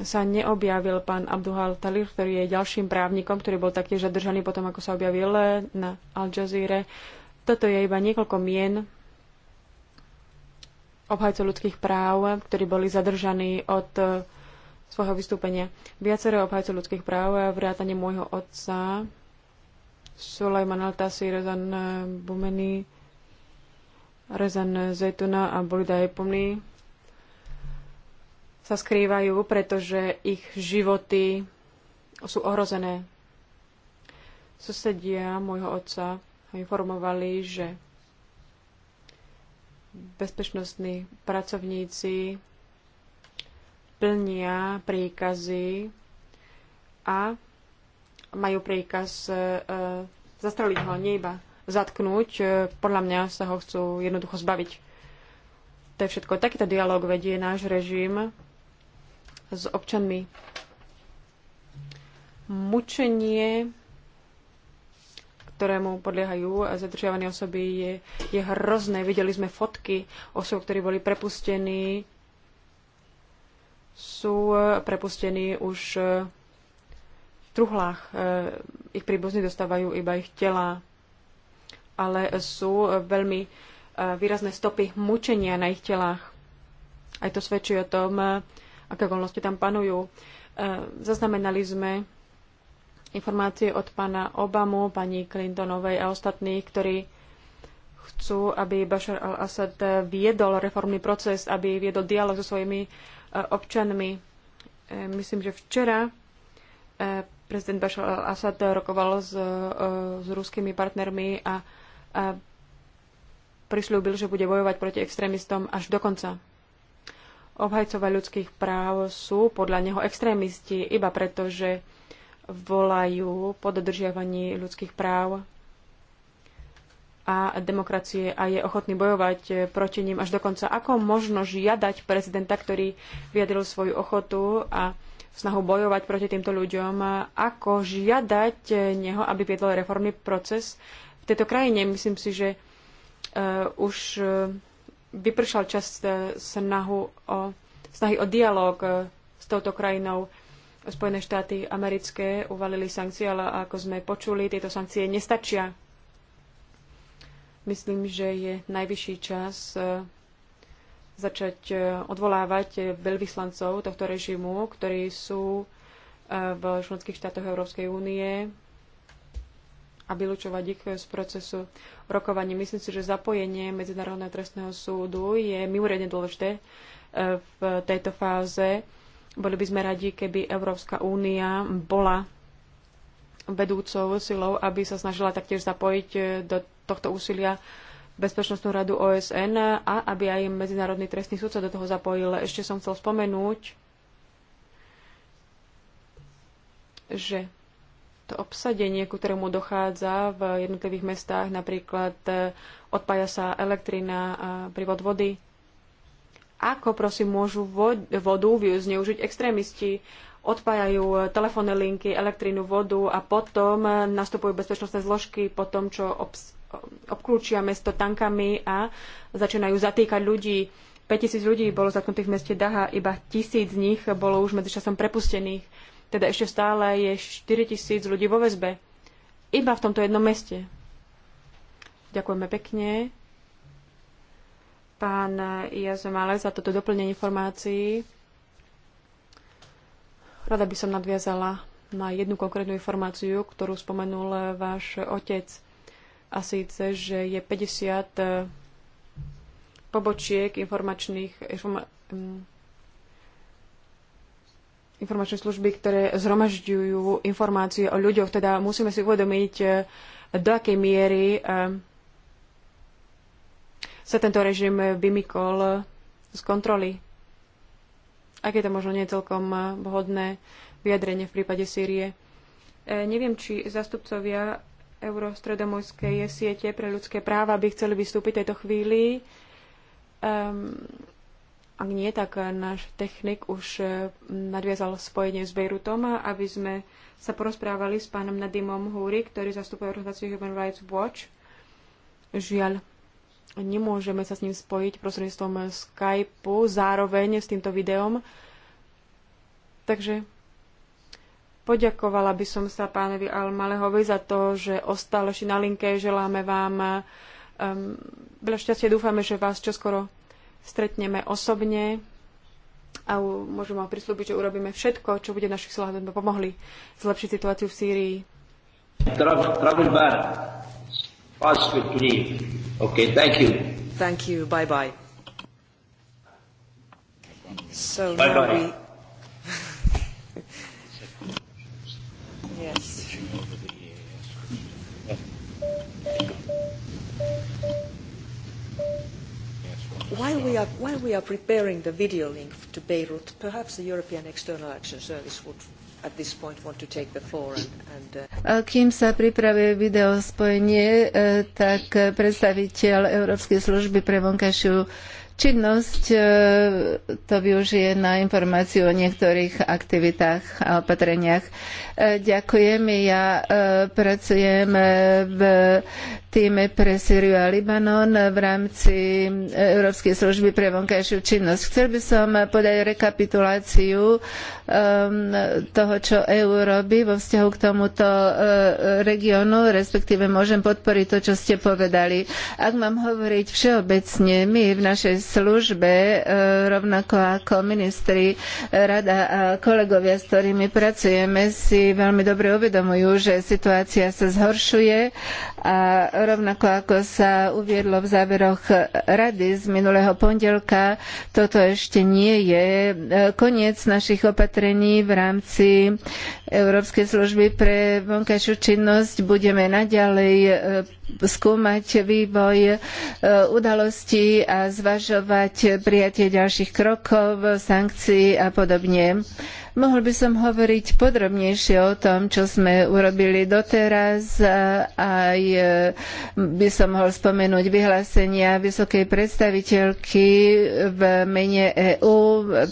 sa neobjavil pán Abduhal Talir, ktorý je ďalším právnikom, ktorý bol taktiež zadržaný potom, ako sa objavil na Al Jazeera. Toto je iba niekoľko mien obhajcov ľudských práv, ktorí boli zadržaní od e, svojho vystúpenia. Viacero obhajcov ľudských práv, a e, vrátane môjho otca, Sulejman Altasi, Rezan e, Bumeni, Rezan Zetuna a Bulida Epumni, sa skrývajú, pretože ich životy sú ohrozené. Susedia môjho otca ho informovali, že bezpečnostní pracovníci plnia príkazy a majú príkaz e, e, zastreliť ho, nie iba zatknúť. E, podľa mňa sa ho chcú jednoducho zbaviť. To je všetko. Takýto dialog vedie náš režim s občanmi. Mučenie, ktorému podliehajú zadržiavané osoby, je, je hrozné. Videli sme fotky osob, ktorí boli prepustení. Sú eh, prepustení už eh, v truhlách. Eh, ich príbuzní dostávajú iba ich tela, ale sú veľmi výrazné stopy mučenia na ich telách. Aj to svedčí o tom, aké okolnosti tam panujú. E, zaznamenali sme informácie od pána Obamu, pani Clintonovej a ostatných, ktorí chcú, aby Bashar al-Assad viedol reformný proces, aby viedol dialog so svojimi e, občanmi. E, myslím, že včera prezident Bashar al-Assad rokoval s, s ruskými partnermi a, a prislúbil, že bude bojovať proti extrémistom až do konca obhajcovia ľudských práv sú podľa neho extrémisti iba preto, že volajú po dodržiavaní ľudských práv a demokracie a je ochotný bojovať proti ním až dokonca. Ako možno žiadať prezidenta, ktorý vyjadril svoju ochotu a snahu bojovať proti týmto ľuďom, ako žiadať neho, aby viedol reformný proces v tejto krajine? Myslím si, že uh, už uh, vypršal čas e, snahu o, snahy o dialog e, s touto krajinou. Spojené štáty americké uvalili sankcie, ale ako sme počuli, tieto sankcie nestačia. Myslím, že je najvyšší čas e, začať odvolávať veľvyslancov tohto režimu, ktorí sú v členských štátoch Európskej únie a vylúčovať ich z procesu rokovania. Myslím si, že zapojenie Medzinárodného trestného súdu je mimoriadne dôležité e, v tejto fáze. Boli by sme radi, keby Európska únia bola vedúcou silou, aby sa snažila taktiež zapojiť e, do tohto úsilia Bezpečnostnú radu OSN a aby aj Medzinárodný trestný súd sa do toho zapojil. Ešte som chcel spomenúť, že to obsadenie, ku ktorému dochádza v jednotlivých mestách, napríklad e, odpája sa elektrina a prívod vody. Ako prosím môžu vodu zneužiť extrémisti? Odpájajú e, telefónne linky, elektrinu, vodu a potom e, nastupujú bezpečnostné zložky po tom, čo obs- obklúčia mesto tankami a začínajú zatýkať ľudí. 5000 ľudí bolo zatknutých v meste Daha, iba tisíc z nich bolo už medzičasom prepustených teda ešte stále je 4 tisíc ľudí vo väzbe. Iba v tomto jednom meste. Ďakujeme pekne. Pán Jazomale za toto doplnenie informácií. Rada by som nadviazala na jednu konkrétnu informáciu, ktorú spomenul váš otec. A síce, že je 50 pobočiek informačných informa- informačné služby, ktoré zhromažďujú informácie o ľuďoch. Teda musíme si uvedomiť, e, do akej miery e, sa tento režim vymykol z kontroly. Aké to možno nie celkom e, vhodné vyjadrenie v prípade Sýrie. Neviem, či zastupcovia Eurostredomorskej siete pre ľudské práva by chceli vystúpiť tejto chvíli. Um, ak nie, tak náš technik už e, nadviazal spojenie s Bejrutom, aby sme sa porozprávali s pánom Nadimom Húri, ktorý zastupuje organizáciu Human Rights Watch. Žiaľ, nemôžeme sa s ním spojiť prostredníctvom Skypeu zároveň s týmto videom. Takže poďakovala by som sa pánovi Almalehovi za to, že ostal ešte na linke. Želáme vám um, veľa šťastie. Dúfame, že vás čoskoro stretneme osobne a môžem vám prislúbiť, že urobíme všetko, čo bude v našich silách, aby sme pomohli zlepšiť situáciu v Sýrii. Okay, thank you. Thank you. Bye bye. So bye now bye. we. [LAUGHS] yes. while we are preparing the video link to Beirut, perhaps the European External Action Service would at this point want to take the floor and, uh, kým sa pripravuje video spojenie, eh, tak eh, predstaviteľ Európskej služby pre vonkajšiu činnosť, e, to využije na informáciu o niektorých aktivitách a opatreniach. E, ďakujem, ja e, pracujem v týme pre Syriu a Libanon v rámci Európskej služby pre vonkajšiu činnosť. Chcel by som podať rekapituláciu toho, čo EÚ robí vo vzťahu k tomuto regiónu, respektíve môžem podporiť to, čo ste povedali. Ak mám hovoriť všeobecne, my v našej službe, e, rovnako ako ministri e, rada a kolegovia, s ktorými pracujeme, si veľmi dobre uvedomujú, že situácia sa zhoršuje a rovnako ako sa uviedlo v záveroch rady z minulého pondelka, toto ešte nie je e, koniec našich opatrení v rámci Európskej služby pre vonkajšiu činnosť. Budeme naďalej skúmať vývoj udalostí a zvažovať zvažovať prijatie ďalších krokov, sankcií a podobne. Mohol by som hovoriť podrobnejšie o tom, čo sme urobili doteraz. Aj e, by som mohol spomenúť vyhlásenia vysokej predstaviteľky v mene EÚ,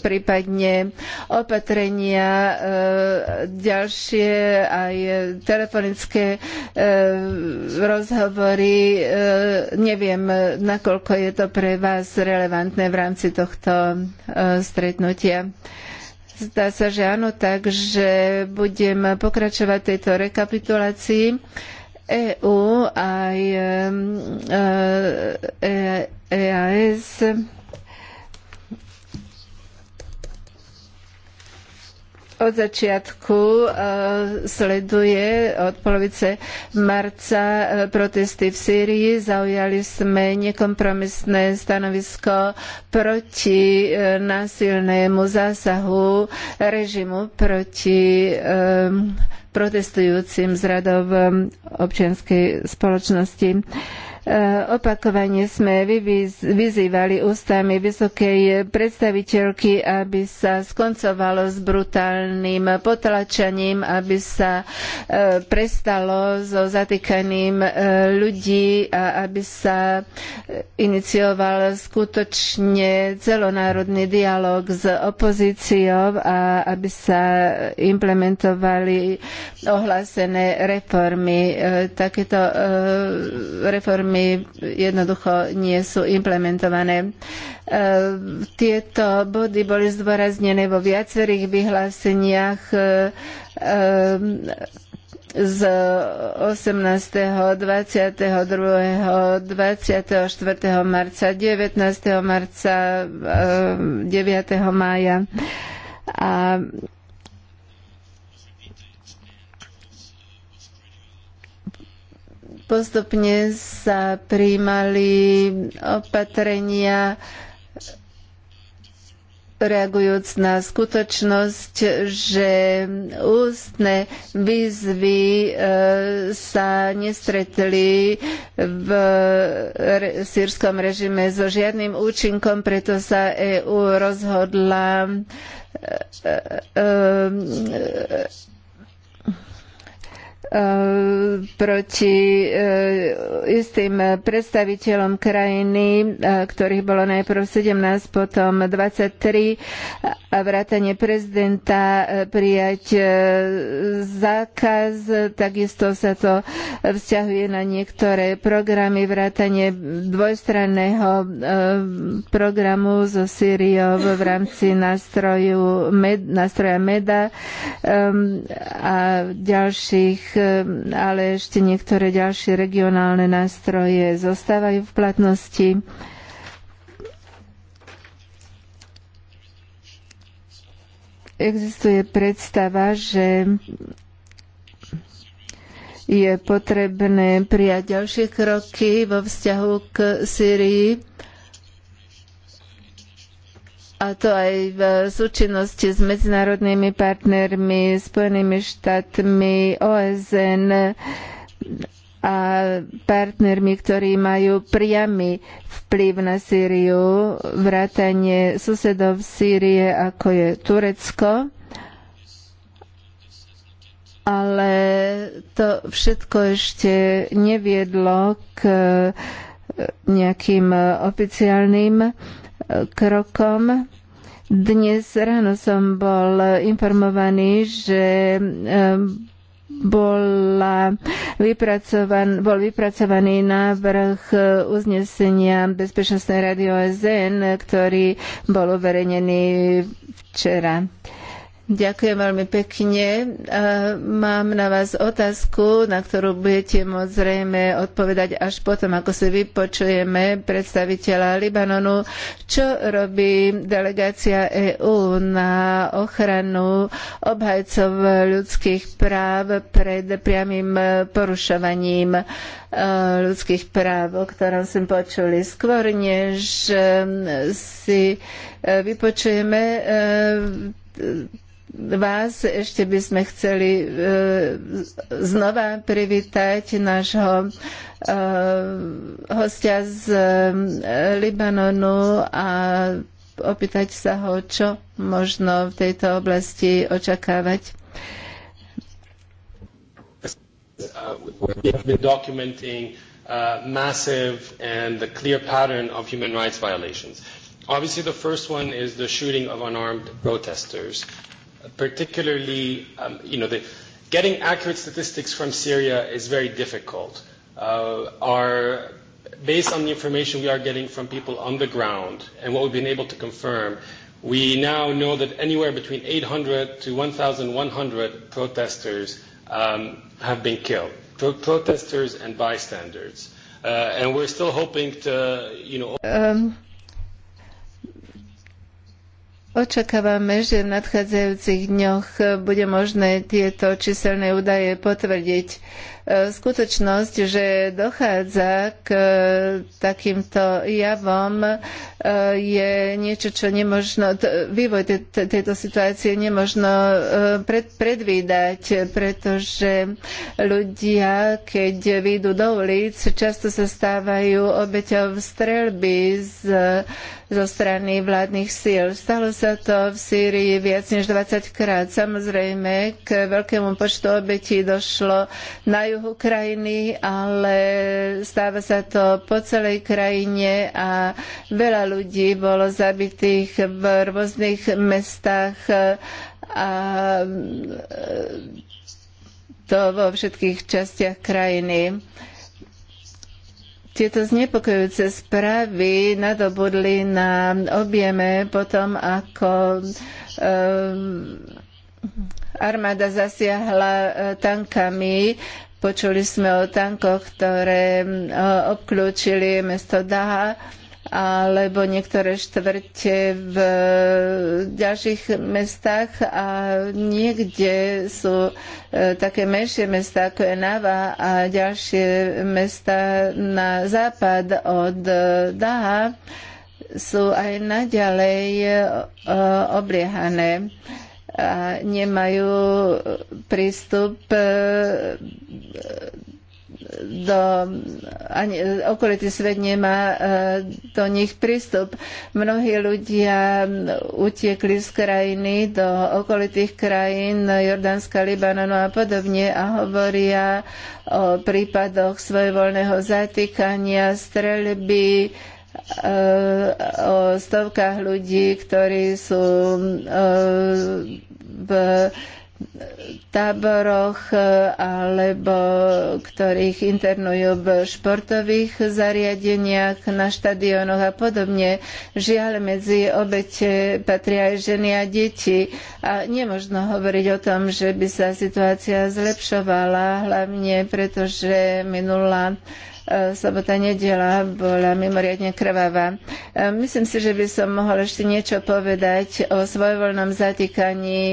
prípadne opatrenia e, ďalšie, aj telefonické e, rozhovory. Neviem, nakoľko je to pre vás relevantné v rámci tohto stretnutia. Zdá sa, že áno, takže budem pokračovať tejto rekapitulácii. EU aj EAS od začiatku eh, sleduje od polovice marca eh, protesty v Sýrii. Zaujali sme nekompromisné stanovisko proti eh, násilnému zásahu režimu proti protestujúcim z radov občianskej spoločnosti. E, opakovane sme vyzývali ústami vysokej predstaviteľky, aby sa skoncovalo s brutálnym potlačaním, aby sa e, prestalo so zatýkaním e, ľudí a aby sa inicioval skutočne celonárodný dialog s opozíciou a aby sa implementovali ohlásené reformy. Takéto reformy normy jednoducho nie sú implementované. E, tieto body boli zdôraznené vo viacerých vyhláseniach e, e, z 18., 22., 24. marca, 19. marca, 9. mája. A Postupne sa prijímali opatrenia reagujúc na skutočnosť, že ústne výzvy e, sa nestretli v sírskom režime so žiadnym účinkom, preto sa EÚ rozhodla e, e, Eh, proti eh, istým predstaviteľom krajiny, eh, ktorých bolo najprv 17, potom 23 a vrátanie prezidenta prijať zákaz. Takisto sa to vzťahuje na niektoré programy, vrátanie dvojstranného programu so Syriou v rámci nástroju med, nástroja MEDA a ďalších E, ale ešte niektoré ďalšie regionálne nástroje zostávajú v platnosti. Existuje predstava, že je potrebné prijať ďalšie kroky vo vzťahu k Syrii a to aj v súčinnosti s medzinárodnými partnermi, Spojenými štátmi, OSN a partnermi, ktorí majú priamy vplyv na Sýriu, vrátanie susedov Sýrie, ako je Turecko. Ale to všetko ešte neviedlo k nejakým oficiálnym krokom. Dnes ráno som bol informovaný, že eh, bola vypracovan, bol vypracovaný návrh eh, uznesenia Bezpečnostnej rady OSN, ktorý bol uverejnený včera. Ďakujem veľmi pekne. Mám na vás otázku, na ktorú budete môcť zrejme odpovedať až potom, ako si vypočujeme predstaviteľa Libanonu. Čo robí delegácia EÚ na ochranu obhajcov ľudských práv pred priamým porušovaním Eh, ľudských práv, o ktorom sme počuli. Skôr než eh, si eh, vypočujeme vás ešte by sme chceli znova privítať nášho hostia z Libanonu a opýtať sa ho, čo možno v tejto oblasti očakávať uh, we have been documenting uh, massive and the clear pattern of human rights violations. Obviously, the first one is the shooting of unarmed protesters, particularly, um, you know, the, getting accurate statistics from Syria is very difficult. Uh, our, based on the information we are getting from people on the ground and what we've been able to confirm, we now know that anywhere between 800 to 1,100 protesters um, have been killed, pro- protesters and bystanders. Uh, and we're still hoping to, you know. Um. Očakávame, že v nadchádzajúcich dňoch uh, bude možné tieto číselné údaje potvrdiť. E, skutočnosť, že dochádza k e, takýmto javom, e, je niečo, čo nemožno, vývoj tejto situácie nemožno predvídať, pretože ľudia, keď výjdu do ulic, často sa stávajú obeťou strelby z zo strany vládnych síl. Stalo sa to v Sýrii viac než 20 krát. Samozrejme, k veľkému počtu obetí došlo na juhu krajiny, ale stáva sa to po celej krajine a veľa ľudí bolo zabitých v rôznych mestách a e, to vo všetkých častiach krajiny. Tieto znepokojujúce správy nadobudli na objeme potom, ako um, armáda zasiahla e, tankami Počuli sme o tankoch, ktoré e, obklúčili mesto Daha alebo niektoré štvrte v e, ďalších mestách a niekde sú e, také menšie mesta ako je Nava a ďalšie mesta na západ od Daha sú aj naďalej obliehané a nemajú e, prístup e, e, do, ani okolitý svet nemá do nich prístup. Mnohí ľudia utiekli z krajiny do okolitých krajín Jordánska, Libanonu a podobne a hovoria o prípadoch svojvoľného zatýkania, streľby, o stovkách ľudí, ktorí sú e, v táboroch e, alebo ktorých internujú v športových zariadeniach, na štadionoch a podobne. Žiaľ, medzi obete patria aj ženy a deti a nemožno hovoriť o tom, že by sa situácia zlepšovala, hlavne pretože minulá E, sobota, nedela bola mimoriadne krvavá. E, myslím si, že by som mohol ešte niečo povedať o svojvoľnom zatýkaní,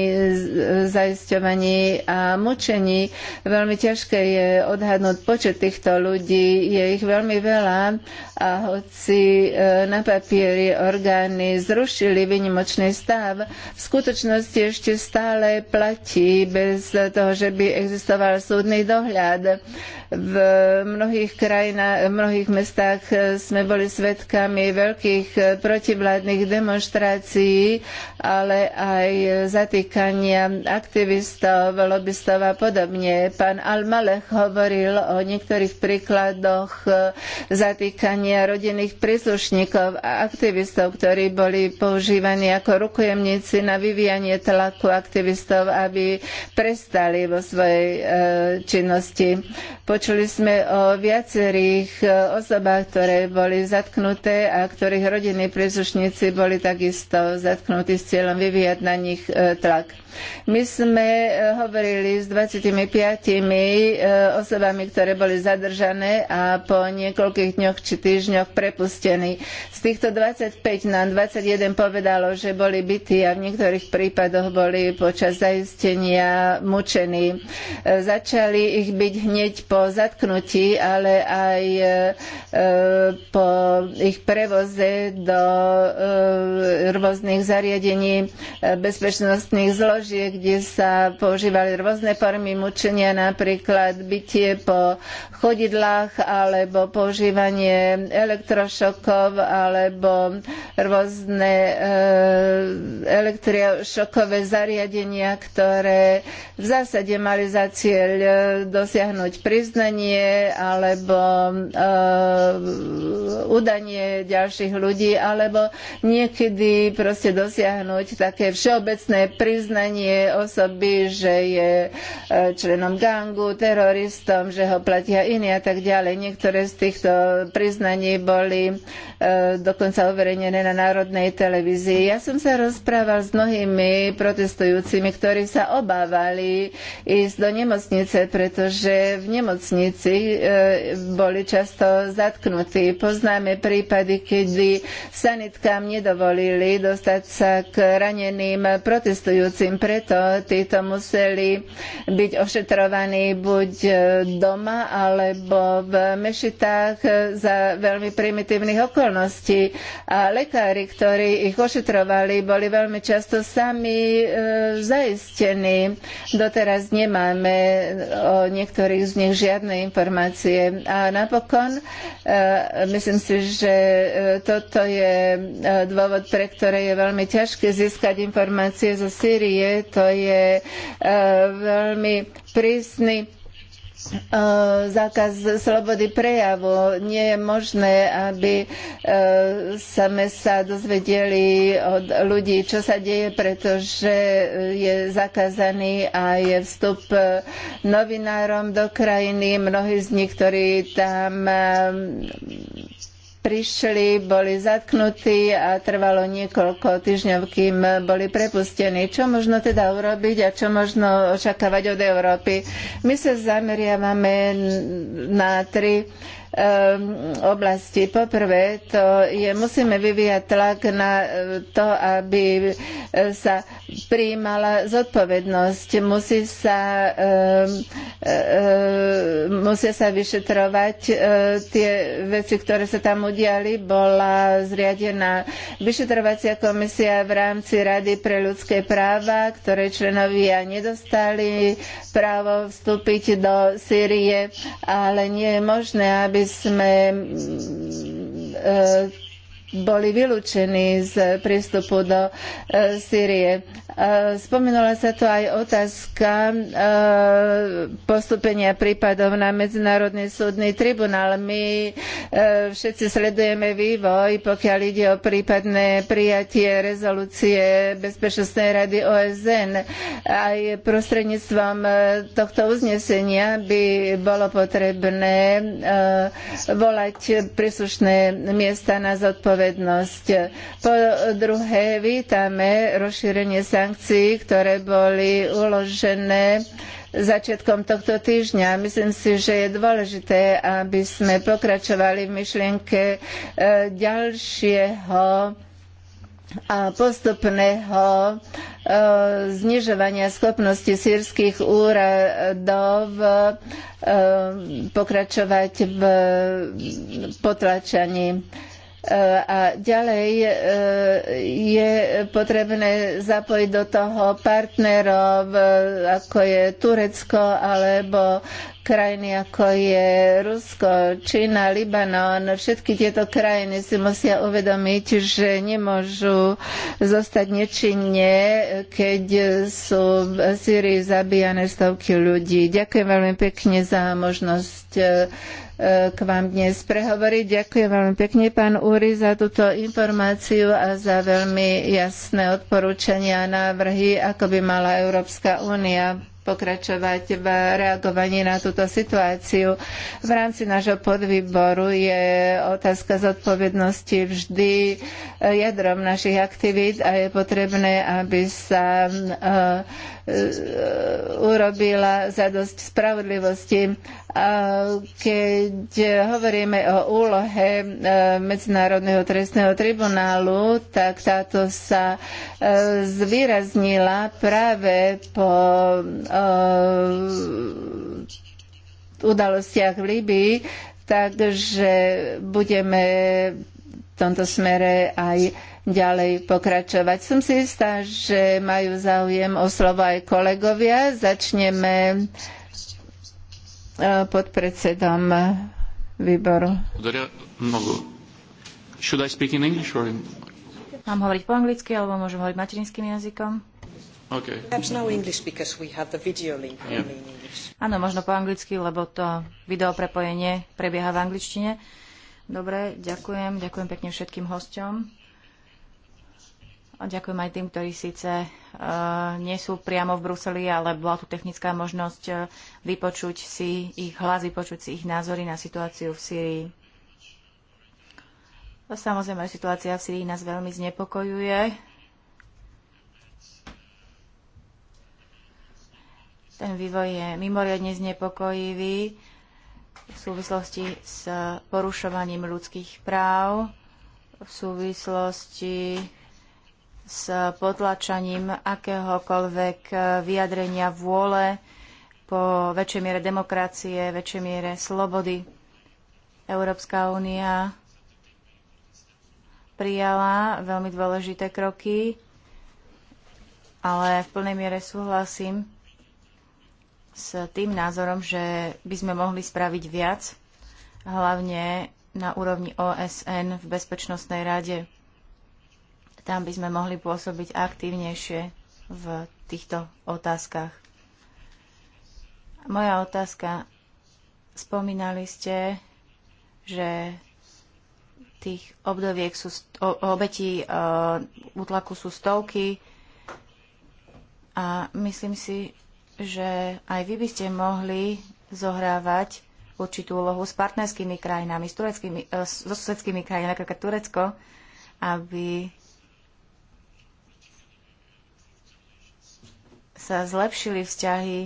zaisťovaní a mučení. Veľmi ťažké je odhadnúť počet týchto ľudí, je ich veľmi veľa a hoci e, na papieri orgány zrušili vynimočný stav, v skutočnosti ešte stále platí bez toho, že by existoval súdny dohľad. V mnohých krajinách aj na mnohých mestách e, sme boli svedkami veľkých e, protivládnych demonštrácií, ale aj e, zatýkania aktivistov, lobbystov a podobne. Pán Almalech hovoril o niektorých príkladoch zatýkania rodinných príslušníkov a aktivistov, ktorí boli používaní ako rukojemníci na vyvíjanie tlaku aktivistov, aby prestali vo svojej činnosti. Počuli sme o viacerých niektorých e, osobách, ktoré boli zatknuté a ktorých rodinní príslušníci boli takisto zatknutí s cieľom vyvíjať na nich e, tlak. My sme e, hovorili s 25 osobami, ktoré boli zadržané a po niekoľkých dňoch či týždňoch prepustení. Z týchto 25 nám 21 povedalo, že boli bytí a v niektorých prípadoch boli počas zaistenia mučení. Začali ich byť hneď po zatknutí, ale aj e, e, po ich prevoze do e, rôznych zariadení bezpečnostných zložiek, kde sa používali rôzne formy mučenia, napríklad bytie po chodidlách alebo používanie elektrošokov alebo rôzne elektrošokové zariadenia, ktoré v zásade mali za cieľ dosiahnuť priznanie alebo Um, uh, udanie ďalších ľudí, alebo niekedy proste dosiahnuť také všeobecné priznanie osoby, že je uh, členom gangu, teroristom, že ho platia iní a tak ďalej. Niektoré z týchto priznaní boli E, dokonca overejnené na národnej televízii. Ja som sa rozprával s mnohými protestujúcimi, ktorí sa obávali ísť do nemocnice, pretože v nemocnici e, boli často zatknutí. Poznáme prípady, kedy sanitkám nedovolili dostať sa k raneným protestujúcim, preto títo museli byť ošetrovaní buď e, doma alebo v mešitách za veľmi primitívnych okolností okolnosti a lekári, ktorí ich ošetrovali, boli veľmi často sami e, zaistení. Doteraz nemáme e, o niektorých z nich žiadne informácie. A napokon e, myslím si, že e, toto je e, dôvod, pre ktoré je veľmi ťažké získať informácie zo Sýrie. To je e, veľmi prísny zákaz slobody prejavu. Nie je možné, aby e, sme sa dozvedeli od ľudí, čo sa deje, pretože e, je zakázaný aj vstup e, novinárom do krajiny. Mnohí z nich, ktorí tam prišli, boli zatknutí a trvalo niekoľko týždňov, kým boli prepustení. Čo možno teda urobiť a čo možno očakávať od Európy? My sa zameriavame na tri oblasti. Poprvé, to je, musíme vyvíjať tlak na eh, to, aby eh, sa prijímala zodpovednosť. Musí sa, eh, musia sa vyšetrovať tie veci, ktoré sa tam udiali. Bola zriadená vyšetrovacia komisia v rámci Rady pre ľudské práva, ktoré členovia nedostali právo vstúpiť do Sýrie, ale nie je možné, aby aby sme mm, e, boli vylúčení z prístupu do e, Sýrie. E, spomenula sa tu aj otázka e, postupenia prípadov na Medzinárodný súdny tribunál. My všetci sledujeme vývoj, pokiaľ ide o prípadné prijatie rezolúcie Bezpečnostnej rady OSN. Aj prostredníctvom tohto uznesenia by bolo potrebné volať príslušné miesta na zodpovednosť zodpovednosť. Po druhé, vítame rozšírenie sankcií, ktoré boli uložené začiatkom tohto týždňa. Myslím si, že je dôležité, aby sme pokračovali v myšlienke e, ďalšieho a postupného e, znižovania schopnosti sírskych úradov e, pokračovať v potlačaní a ďalej e, je potrebné zapojiť do toho partnerov, e, ako je Turecko alebo krajiny ako je Rusko, Čína, Libanon, všetky tieto krajiny si musia uvedomiť, že nemôžu zostať nečinne, keď sú v Syrii zabíjane stovky ľudí. Ďakujem veľmi pekne za možnosť e, k vám dnes prehovoriť. Ďakujem veľmi pekne, pán Úri, za túto informáciu a za veľmi jasné odporúčania a návrhy, ako by mala Európska únia pokračovať v reagovaní na túto situáciu. V rámci nášho podvýboru je otázka zodpovednosti vždy jadrom našich aktivít a je potrebné, aby sa e, e, urobila za dosť spravodlivosti. Keď hovoríme o úlohe e, Medzinárodného trestného tribunálu, tak táto sa zvýraznila práve po Eh, udalostiach v Líbii, takže budeme v tomto smere aj ďalej pokračovať. Som si istá, že majú záujem o slovo aj kolegovia. Začneme eh, pod predsedom výboru. Mám hovoriť po anglicky, alebo môžem hovoriť materinským jazykom? No Áno, možno po anglicky, lebo to video prepojenie prebieha v angličtine. Dobre, ďakujem. Ďakujem pekne všetkým hosťom. A ďakujem aj tým, ktorí síce uh, nie sú priamo v Bruseli, ale bola tu technická možnosť uh, vypočuť si ich hlas, vypočuť si ich názory na situáciu v Sýrii. Samozrejme, situácia v Sýrii nás veľmi znepokojuje Ten vývoj je mimoriadne znepokojivý v súvislosti s porušovaním ľudských práv, v súvislosti s potlačaním akéhokoľvek vyjadrenia vôle po väčšej miere demokracie, väčšej miere slobody. Európska únia prijala veľmi dôležité kroky, ale v plnej miere súhlasím s tým názorom, že by sme mohli spraviť viac, hlavne na úrovni OSN v Bezpečnostnej rade. Tam by sme mohli pôsobiť aktívnejšie v týchto otázkach. Moja otázka. Spomínali ste, že tých obdoviek sú, obetí e, útlaku sú stovky a myslím si, že aj vy by ste mohli zohrávať určitú úlohu s partnerskými krajinami, s tureckými, eh, so susedskými krajinami, ako Turecko, aby sa zlepšili vzťahy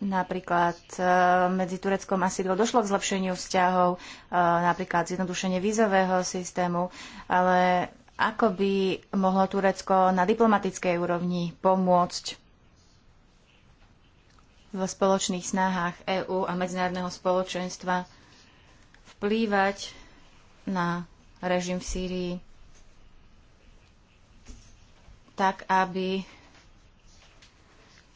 Napríklad eh, medzi Tureckom a Syriou došlo k zlepšeniu vzťahov, eh, napríklad zjednodušenie vízového systému, ale ako by mohlo Turecko na diplomatickej úrovni pomôcť v spoločných snahách EÚ a medzinárodného spoločenstva vplývať na režim v Sýrii tak, aby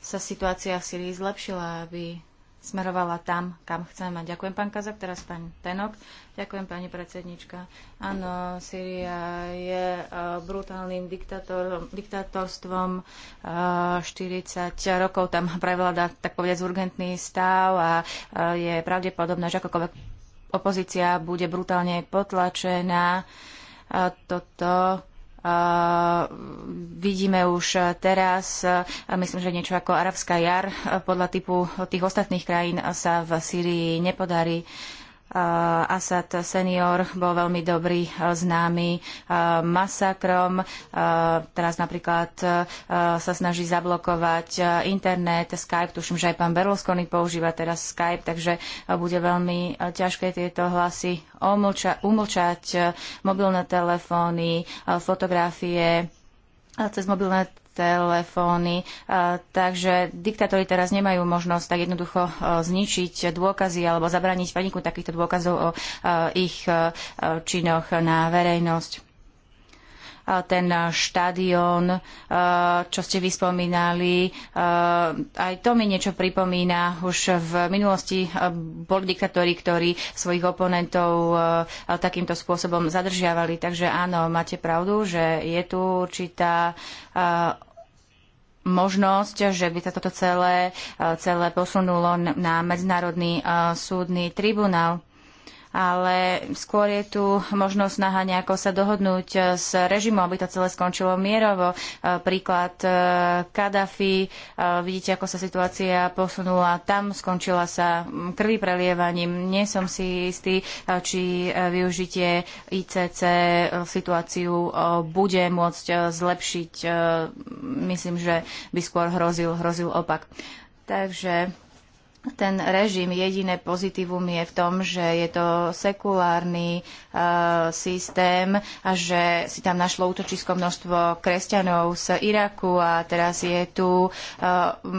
sa situácia v Sýrii zlepšila, aby smerovala tam, kam chcem. ďakujem, pán Kazak, teraz pán Tenok. Ďakujem, pani predsednička. Áno, Syria je e, brutálnym diktátor, diktátorstvom. 40 e, rokov tam prevláda, tak povedať, urgentný stav a e, je pravdepodobné, že akokoľvek opozícia bude brutálne potlačená. A toto vidíme už teraz, myslím, že niečo ako arabská jar podľa typu tých ostatných krajín sa v Sýrii nepodarí Asad senior bol veľmi dobrý e, známy e, masakrom. E, teraz napríklad sa snaží zablokovať internet, Skype, tuším, že aj pán Berlusconi používa teraz Skype, takže bude veľmi ťažké tieto hlasy omlča, umlčať. Mobilné telefóny, fotografie cez mobilné telefóny, takže diktátori teraz nemajú možnosť tak jednoducho zničiť dôkazy alebo zabrániť paniku takýchto dôkazov o ich činoch na verejnosť ten štadión, čo ste vyspomínali. Aj to mi niečo pripomína. Už v minulosti boli diktatóri, ktorí svojich oponentov takýmto spôsobom zadržiavali. Takže áno, máte pravdu, že je tu určitá možnosť, že by sa toto celé, celé posunulo na Medzinárodný súdny tribunál ale skôr je tu možnosť snaha nejako sa dohodnúť eh, s režimom, aby to celé skončilo mierovo. Eh, príklad eh, Kadafi, vidíte, ako sa situácia posunula tam, skončila sa mm, krvi prelievaním. Nie som si istý, či využitie ICC situáciu bude môcť zlepšiť. Myslím, že by skôr hrozil, hrozil opak. Takže ten režim, jediné pozitívum je v tom, že je to sekulárny e, systém a že si tam našlo útočisko množstvo kresťanov z Iraku a teraz je tu, e,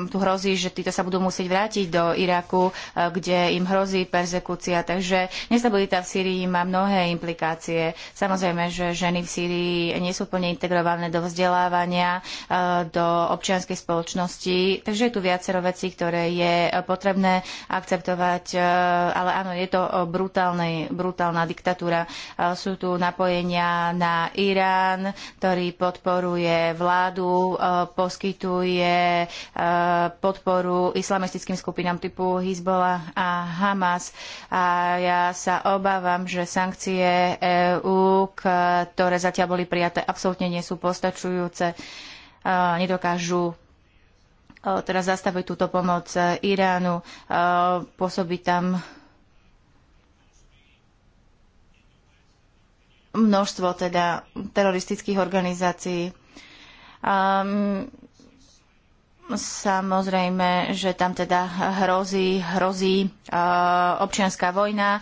tu hrozí, že títo sa budú musieť vrátiť do Iraku, e, kde im hrozí persekúcia. Takže nestabilita v Sýrii má mnohé implikácie. Samozrejme, že ženy v Sýrii nie sú plne integrované do vzdelávania, e, do občianskej spoločnosti. Takže je tu viacero vecí, ktoré je potrebné potrebné akceptovať, e, ale áno, je to e, brutálne, brutálna diktatúra. E, sú tu napojenia na Irán, ktorý podporuje vládu, poskytuje podporu islamistickým skupinám typu Hizbola a Hamas. A ja sa obávam, že sankcie EÚ, ktoré zatiaľ boli prijaté, absolútne nie sú postačujúce nedokážu E, teraz zastaviť túto pomoc e, Iránu, e, pôsobiť tam množstvo teda teroristických organizácií. Um, Samozrejme, že tam teda hrozí, hrozí e, občianská vojna. E,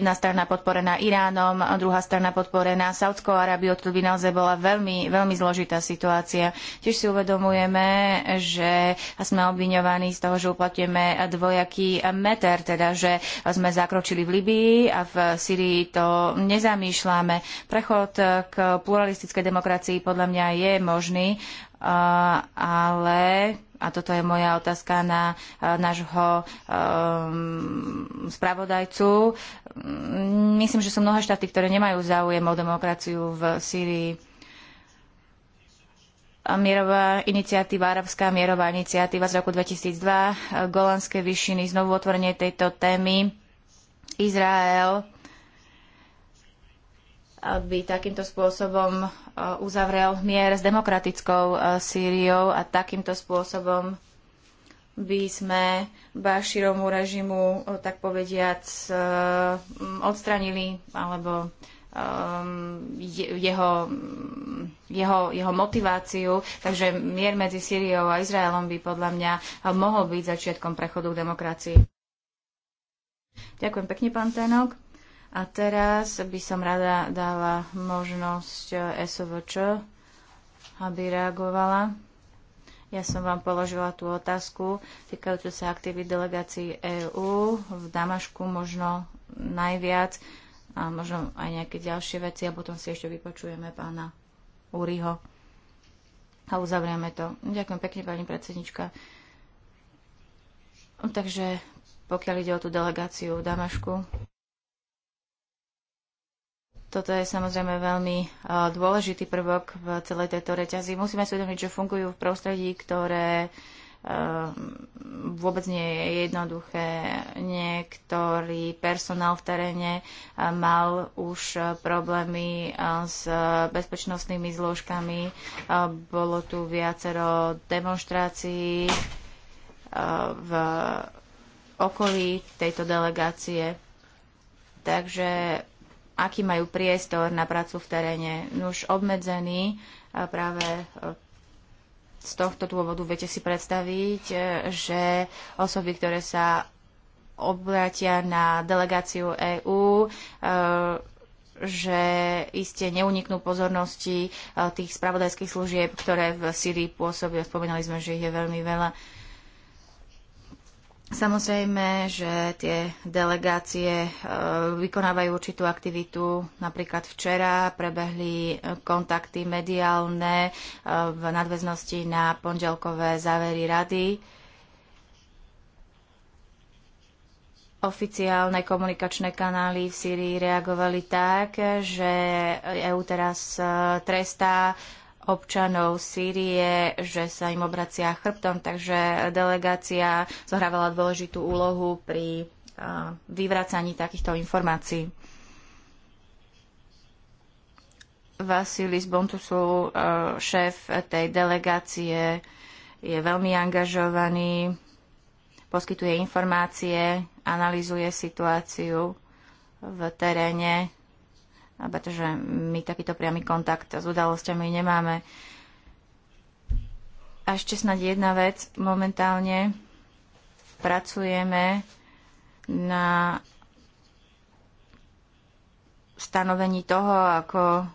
jedna strana podporená Iránom, druhá strana podporená Saudskou Arábiou. To by naozaj bola veľmi, veľmi zložitá situácia. Tiež si uvedomujeme, že sme obviňovaní z toho, že uplatíme dvojaký meter, teda že sme zakročili v Libii a v Syrii to nezamýšľame. Prechod k pluralistickej demokracii podľa mňa je možný, ale a toto je moja otázka na nášho um, spravodajcu. Myslím, že sú mnohé štáty, ktoré nemajú záujem o demokraciu v Sýrii. Mierová iniciatíva, arabská mierová iniciatíva z roku 2002, Golanské vyšiny, znovu otvorenie tejto témy, Izrael, aby takýmto spôsobom e, uzavrel mier s demokratickou e, Sýriou a takýmto spôsobom by sme Baširovmu režimu, e, tak povediac, odstranili alebo jeho, jeho, jeho motiváciu. Takže mier medzi Sýriou a Izraelom by podľa mňa mohol byť začiatkom prechodu k demokracii. Ďakujem pekne, pán Tenok. A teraz by som rada dala možnosť eh, SOVČ, aby reagovala. Ja som vám položila tú otázku týkajúcu sa aktivít delegácií EÚ v Damašku možno najviac a možno aj nejaké ďalšie veci a potom si ešte vypočujeme pána Úriho a uzavrieme to. Ďakujem pekne, pani predsednička. Takže pokiaľ ide o tú delegáciu v Damašku. Toto je samozrejme veľmi eh, dôležitý prvok v celej tejto reťazi. Musíme si uvedomiť, že fungujú v prostredí, ktoré eh, vôbec nie je jednoduché. Niektorý personál v teréne eh, mal už problémy s bezpečnostnými zložkami. Bolo tu viacero demonstrácií v okolí tejto delegácie. Takže aký majú priestor na prácu v teréne. Už obmedzený e, práve e, z tohto dôvodu viete si predstaviť, e, že osoby, ktoré sa obratia na delegáciu EÚ, že iste neuniknú pozornosti tých spravodajských služieb, ktoré v Syrii pôsobia. Spomínali sme, že ich je veľmi veľa. Samozrejme, že tie delegácie e, vykonávajú určitú aktivitu. Napríklad včera prebehli e, kontakty mediálne e, v nadväznosti na pondelkové závery rady. Oficiálne komunikačné kanály v Syrii reagovali tak, že EU teraz trestá občanov Sýrie, že sa im obracia chrbtom, takže delegácia zohrávala dôležitú úlohu pri eh, vyvracaní takýchto informácií. Vasilis Bontusu, eh, šéf tej delegácie, je veľmi angažovaný, poskytuje informácie, analizuje situáciu v teréne pretože my takýto priamy kontakt s udalosťami nemáme. A ešte snad jedna vec. Momentálne pracujeme na stanovení toho, ako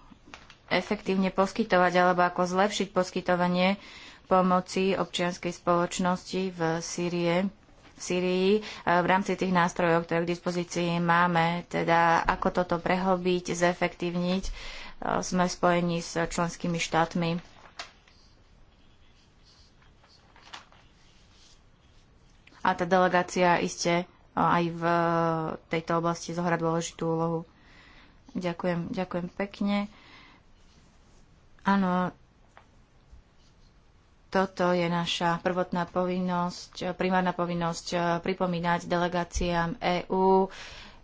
efektívne poskytovať alebo ako zlepšiť poskytovanie pomoci občianskej spoločnosti v Sýrie v Syrii e, v rámci tých nástrojov, ktoré k dispozícii máme, teda ako toto prehlbiť, zefektívniť. E, sme spojení s členskými štátmi. A tá delegácia iste e, aj v tejto oblasti zohra dôležitú úlohu. Ďakujem, ďakujem pekne. Áno, toto je naša prvotná povinnosť, eh, primárna povinnosť eh, pripomínať delegáciám EÚ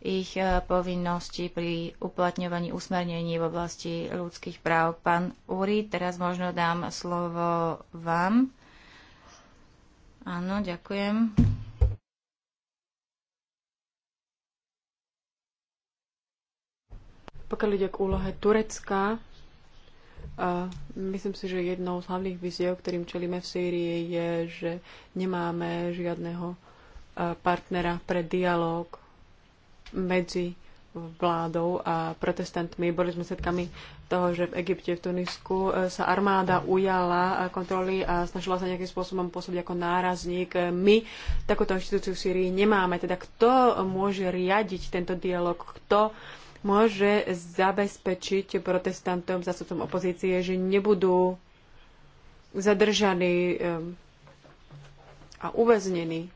ich eh, povinnosti pri uplatňovaní usmernení v oblasti ľudských práv. Pán Uri, teraz možno dám slovo vám. Áno, ďakujem. Pokiaľ ide k úlohe Turecka a myslím si, že jednou z hlavných víziev, ktorým čelíme v Sýrii, je, že nemáme žiadneho e, partnera pre dialog medzi vládou a protestantmi. Boli sme svedkami toho, že v Egypte, v Tunisku e, sa armáda ujala kontroly a snažila sa nejakým spôsobom pôsobiť ako nárazník. E, my takúto inštitúciu v Sýrii nemáme. Teda kto môže riadiť tento dialog? Kto uh, môže zabezpečiť protestantom, zástupcom opozície, že nebudú zadržaní a uväznení.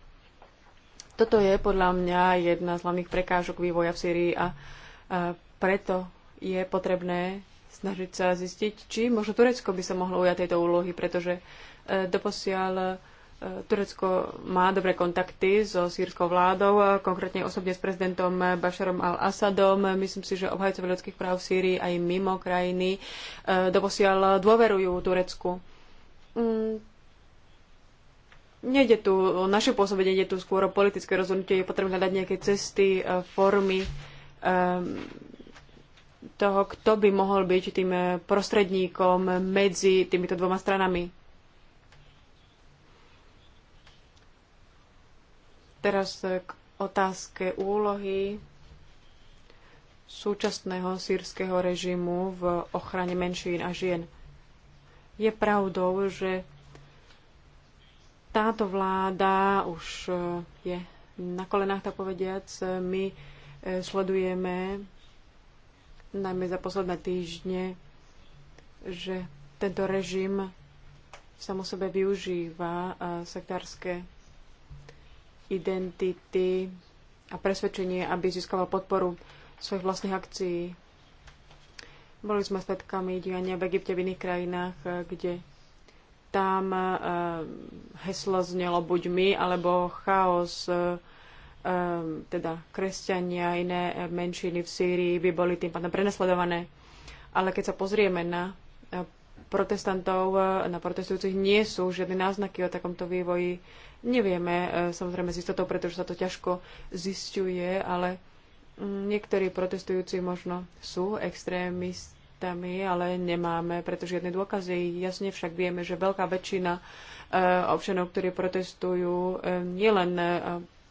Toto je podľa mňa jedna z hlavných prekážok vývoja v Syrii a, preto je potrebné snažiť sa zistiť, či možno Turecko by sa mohlo ujať tejto úlohy, pretože e, doposiaľ Turecko má dobré kontakty so sírskou vládou, konkrétne osobne s prezidentom Bašarom al-Assadom. Myslím si, že obhajcovia ľudských práv v Sýrii aj mimo krajiny e, doposiaľ dôverujú Turecku. Mm. Nejde tu o naše pôsobenie, nejde tu skôr o politické rozhodnutie. Je potrebné hľadať nejaké cesty, e, formy e, toho, kto by mohol byť tým prostredníkom medzi týmito dvoma stranami Teraz k otázke úlohy súčasného sírskeho režimu v ochrane menšín a žien. Je pravdou, že táto vláda už e, je na kolenách, tak povediac. My e, sledujeme, najmä za posledné týždne, že tento režim samo sebe využíva e, sektárske identity a presvedčenie, aby získala podporu svojich vlastných akcií. Boli sme svetkami diania v Egypte, v iných krajinách, eh, kde tam eh, heslo znelo buď my, alebo chaos, eh, teda kresťania, iné menšiny v Sýrii by boli tým pádom prenasledované. Ale keď sa pozrieme na protestantov, na protestujúcich, nie sú žiadne náznaky o takomto vývoji. Nevieme e, samozrejme z istotou, pretože sa to ťažko zistuje, ale mm, niektorí protestujúci možno sú extrémistami, ale nemáme pretože jedné dôkazy. Jasne však vieme, že veľká väčšina e, občanov, ktorí protestujú, e, nielen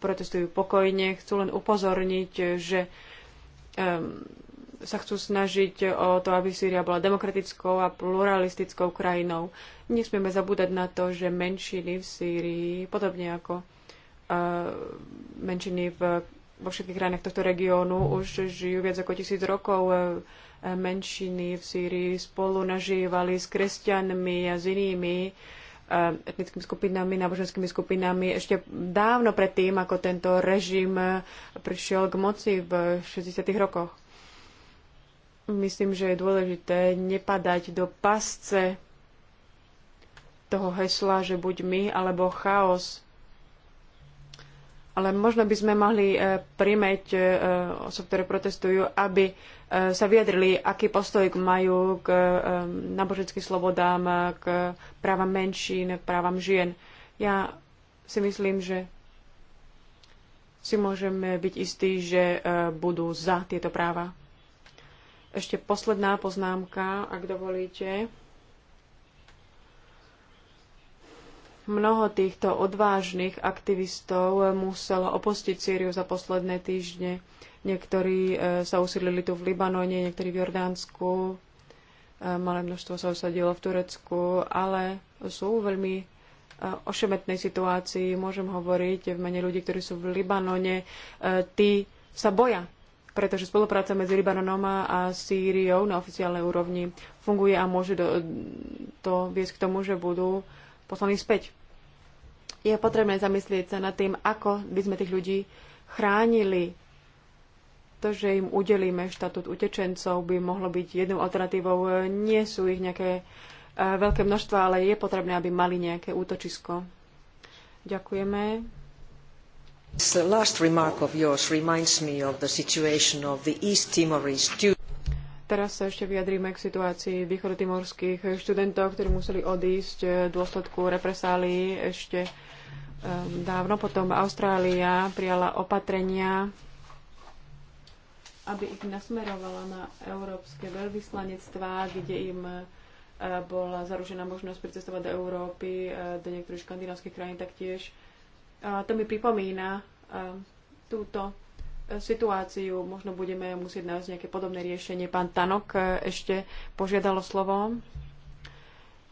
protestujú pokojne, chcú len upozorniť, že sa chcú snažiť o to, aby Sýria bola demokratickou a pluralistickou krajinou. Nesmieme zabúdať na to, že menšiny v Sýrii, podobne ako e, menšiny v, vo všetkých krajinách tohto regiónu, už žijú viac ako tisíc rokov. E, menšiny v Sýrii spolu nažívali s kresťanmi a s inými e, etnickými skupinami, náboženskými skupinami ešte dávno predtým, ako tento režim prišiel k moci v 60. rokoch. Myslím, že je dôležité nepadať do pasce toho hesla, že buď my alebo chaos. Ale možno by sme mohli e, primeť e, osob, ktoré protestujú, aby e, sa vyjadrili, aký postoj majú k náboženským slobodám, k právam menšín, k právam žien. Ja si myslím, že si môžeme byť istí, že budú za tieto práva. Ešte posledná poznámka, ak dovolíte. Mnoho týchto odvážnych aktivistov muselo opustiť Sýriu za posledné týždne. Niektorí e, sa usídlili tu v Libanone, niektorí v Jordánsku, e, malé množstvo sa usadilo v Turecku, ale sú veľmi e, ošemetnej situácii. Môžem hovoriť v mene ľudí, ktorí sú v Libanone. Tí sa boja pretože spolupráca medzi Libanonom a Sýriou na oficiálnej úrovni funguje a môže do, to viesť k tomu, že budú poslaní späť. Je potrebné zamyslieť sa nad tým, ako by sme tých ľudí chránili. To, že im udelíme štatút utečencov, by mohlo byť jednou alternatívou. Nie sú ich nejaké e, veľké množstva, ale je potrebné, aby mali nejaké útočisko. Ďakujeme. Teraz sa ešte vyjadríme k situácii východotimorských študentov, ktorí museli odísť eh, v dôsledku represálií ešte eh, dávno. Potom Austrália prijala opatrenia, aby ich nasmerovala na európske veľvyslanectvá, kde im eh, bola zaručená možnosť pricestovať do Európy, do niektorých škandinávskych krajín taktiež to mi pripomína túto e, situáciu. Možno budeme musieť nájsť nejaké podobné riešenie. Pán Tanok e, ešte požiadalo slovo.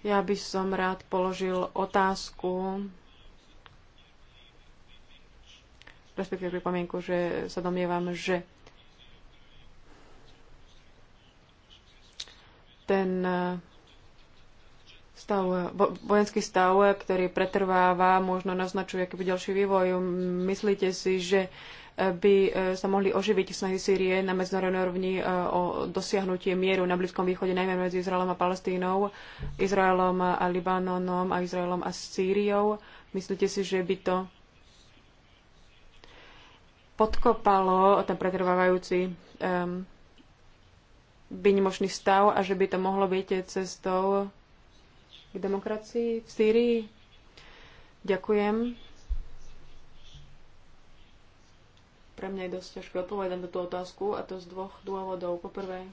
Ja by som rád položil otázku, respektíve pripomienku, že sa domnievam, že ten e, stav, vojenský stav, ktorý pretrváva, možno naznačuje, aký ďalší vývoj. Myslíte si, že eh, by eh, sa mohli oživiť snahy Sýrie na medzinárodnej úrovni eh, o dosiahnutie mieru na Blízkom východe, najmä medzi Izraelom a Palestínou, Izraelom a Libanonom a Izraelom a Sýriou. Myslíte si, že by to podkopalo ten pretrvávajúci um, ehm, výnimočný stav a že by to mohlo byť cestou k demokracii v Sýrii. Ďakujem. Pre mňa je dosť ťažké odpovedať na túto otázku a to z dvoch dôvodov. Poprvé,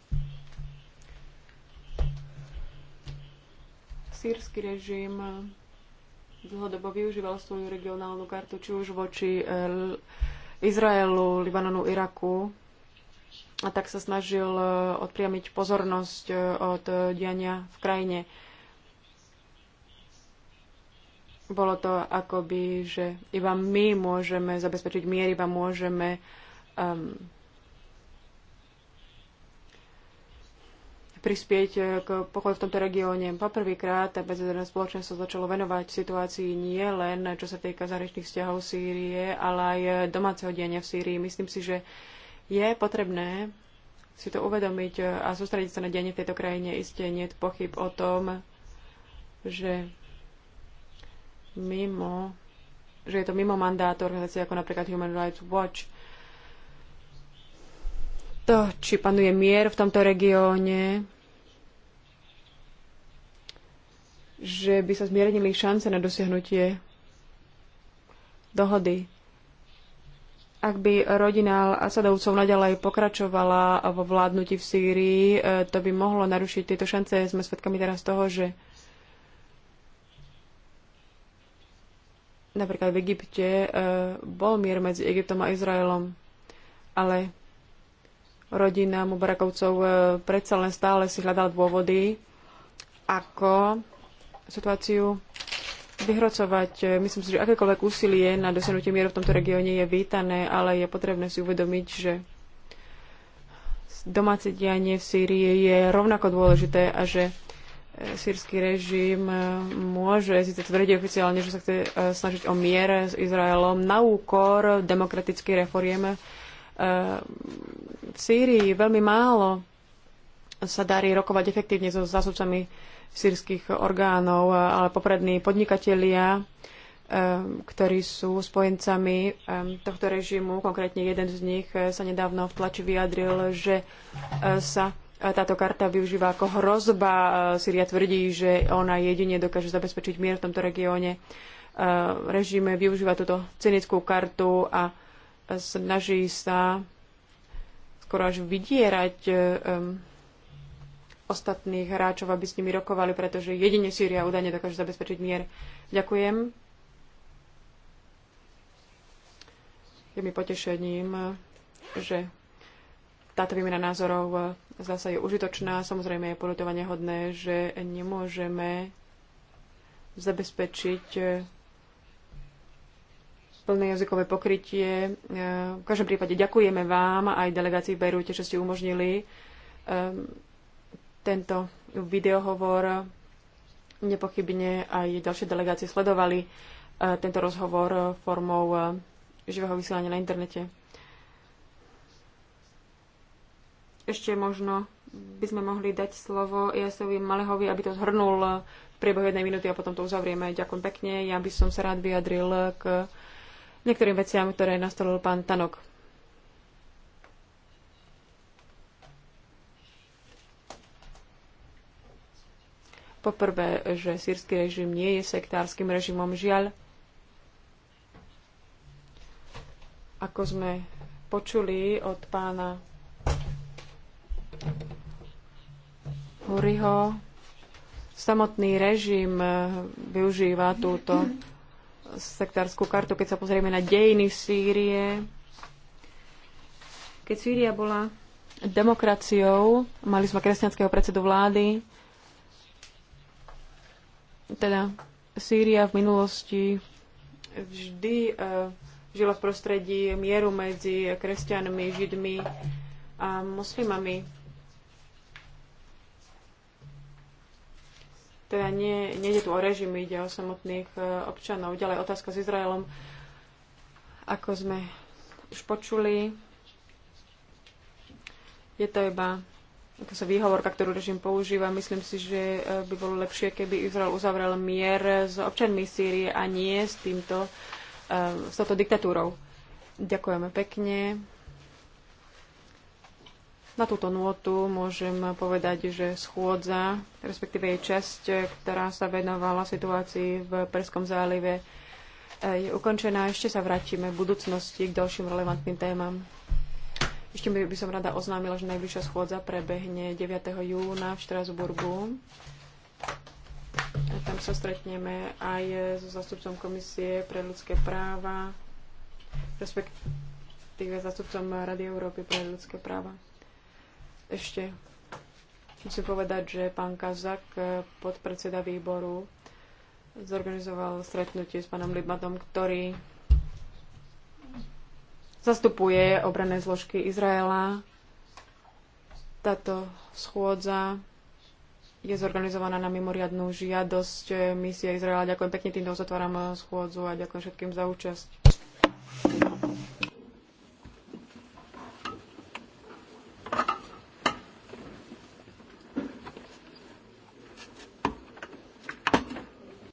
sírsky režim dlhodobo využíval svoju regionálnu kartu, či už voči e, Izraelu, Libanonu, Iraku. A tak sa snažil e, odpriamiť pozornosť e, od diania v krajine bolo to akoby, že iba my môžeme zabezpečiť mier, iba môžeme um, prispieť eh, k pochodu v tomto regióne. Poprvýkrát medzinárodné spoločenstvo začalo venovať situácii nie len čo sa týka zahraničných vzťahov Sýrie, ale aj eh, domáceho diania v Sýrii. Myslím si, že je potrebné si to uvedomiť eh, a sústrediť sa na dianie v tejto krajine. Isté nie je pochyb o tom, že mimo, že je to mimo mandát organizácie ako napríklad Human Rights Watch. To, či panuje mier v tomto regióne, že by sa zmiernili šance na dosiahnutie dohody. Ak by rodina Asadovcov naďalej pokračovala vo vládnutí v Sýrii, e, to by mohlo narušiť tieto šance. Sme svedkami teraz toho, že Napríklad v Egypte e, bol mier medzi Egyptom a Izraelom, ale rodina Mubarakovcov e, predsa len stále si hľadal dôvody, ako situáciu vyhrocovať. E, myslím si, že akékoľvek úsilie na dosiahnutie mieru v tomto regióne je vítané, ale je potrebné si uvedomiť, že domáce dianie v Sýrii je rovnako dôležité a že sírsky režim e, môže síce tvrdiť oficiálne, že sa chce e, snažiť o mier s Izraelom na úkor demokratických reforiem e, v Sýrii. Veľmi málo sa darí rokovať efektívne so zásobcami sírskych orgánov, ale poprední podnikatelia, ktorí sú spojencami tohto režimu, konkrétne jeden z nich sa nedávno v tlači vyjadril, že sa táto karta využíva ako hrozba. Syria tvrdí, že ona jedine dokáže zabezpečiť mier v tomto regióne. Režime využíva túto cynickú kartu a snaží sa skoro až vydierať e, ostatných hráčov, aby s nimi rokovali, pretože jedine Sýria údajne dokáže zabezpečiť mier. Ďakujem. Je mi potešením, že táto výmena názorov zase je užitočná. Samozrejme je polutovanie hodné, že nemôžeme zabezpečiť e, plné jazykové pokrytie. E, v každom prípade ďakujeme vám aj delegácii v Bejrúte, že ste umožnili e, tento videohovor. Nepochybne aj ďalšie delegácie sledovali tento rozhovor formou živého vysielania na internete. Ešte možno by sme mohli dať slovo Jasovi Malehovi, aby to zhrnul v priebehu jednej minúty a potom to uzavrieme. Ďakujem pekne. Ja by som sa rád vyjadril k niektorým veciam, ktoré nastolil pán Tanok. Poprvé, že sírsky režim nie je sektárskym režimom, žiaľ. Ako sme počuli od pána Huriho. Samotný režim eh, využíva túto sektárskú kartu, keď sa pozrieme na dejiny Sýrie. Keď Sýria bola demokraciou, mali sme kresťanského predsedu vlády, teda Sýria v minulosti vždy uh, žila v prostredí mieru medzi kresťanmi, židmi a moslimami Teda nie, ide tu o režim, ide o samotných e, občanov. Ďalej otázka s Izraelom. Ako sme už počuli, je to iba ako sa výhovorka, ktorú režim používa. Myslím si, že e, by bolo lepšie, keby Izrael uzavrel mier s občanmi Sýrie a nie s týmto, e, s touto diktatúrou. Ďakujeme pekne. Na túto nôtu môžem povedať, že schôdza, respektíve jej časť, ktorá sa venovala situácii v Perskom zálive, je ukončená. Ešte sa vrátime v budúcnosti k ďalším relevantným témam. Ešte by som rada oznámila, že najbližšia schôdza prebehne 9. júna v Štrasburgu. A tam sa stretneme aj so zastupcom Komisie pre ľudské práva, respektíve zastupcom Rady Európy pre ľudské práva. Ešte musím povedať, že pán Kazak, eh, podpredseda výboru, zorganizoval stretnutie s pánom Libmatom, ktorý zastupuje obrané zložky Izraela. Táto schôdza je zorganizovaná na mimoriadnú žiadosť misie Izraela. Ďakujem pekne, týmto uzatváram eh, schôdzu a ďakujem všetkým za účasť.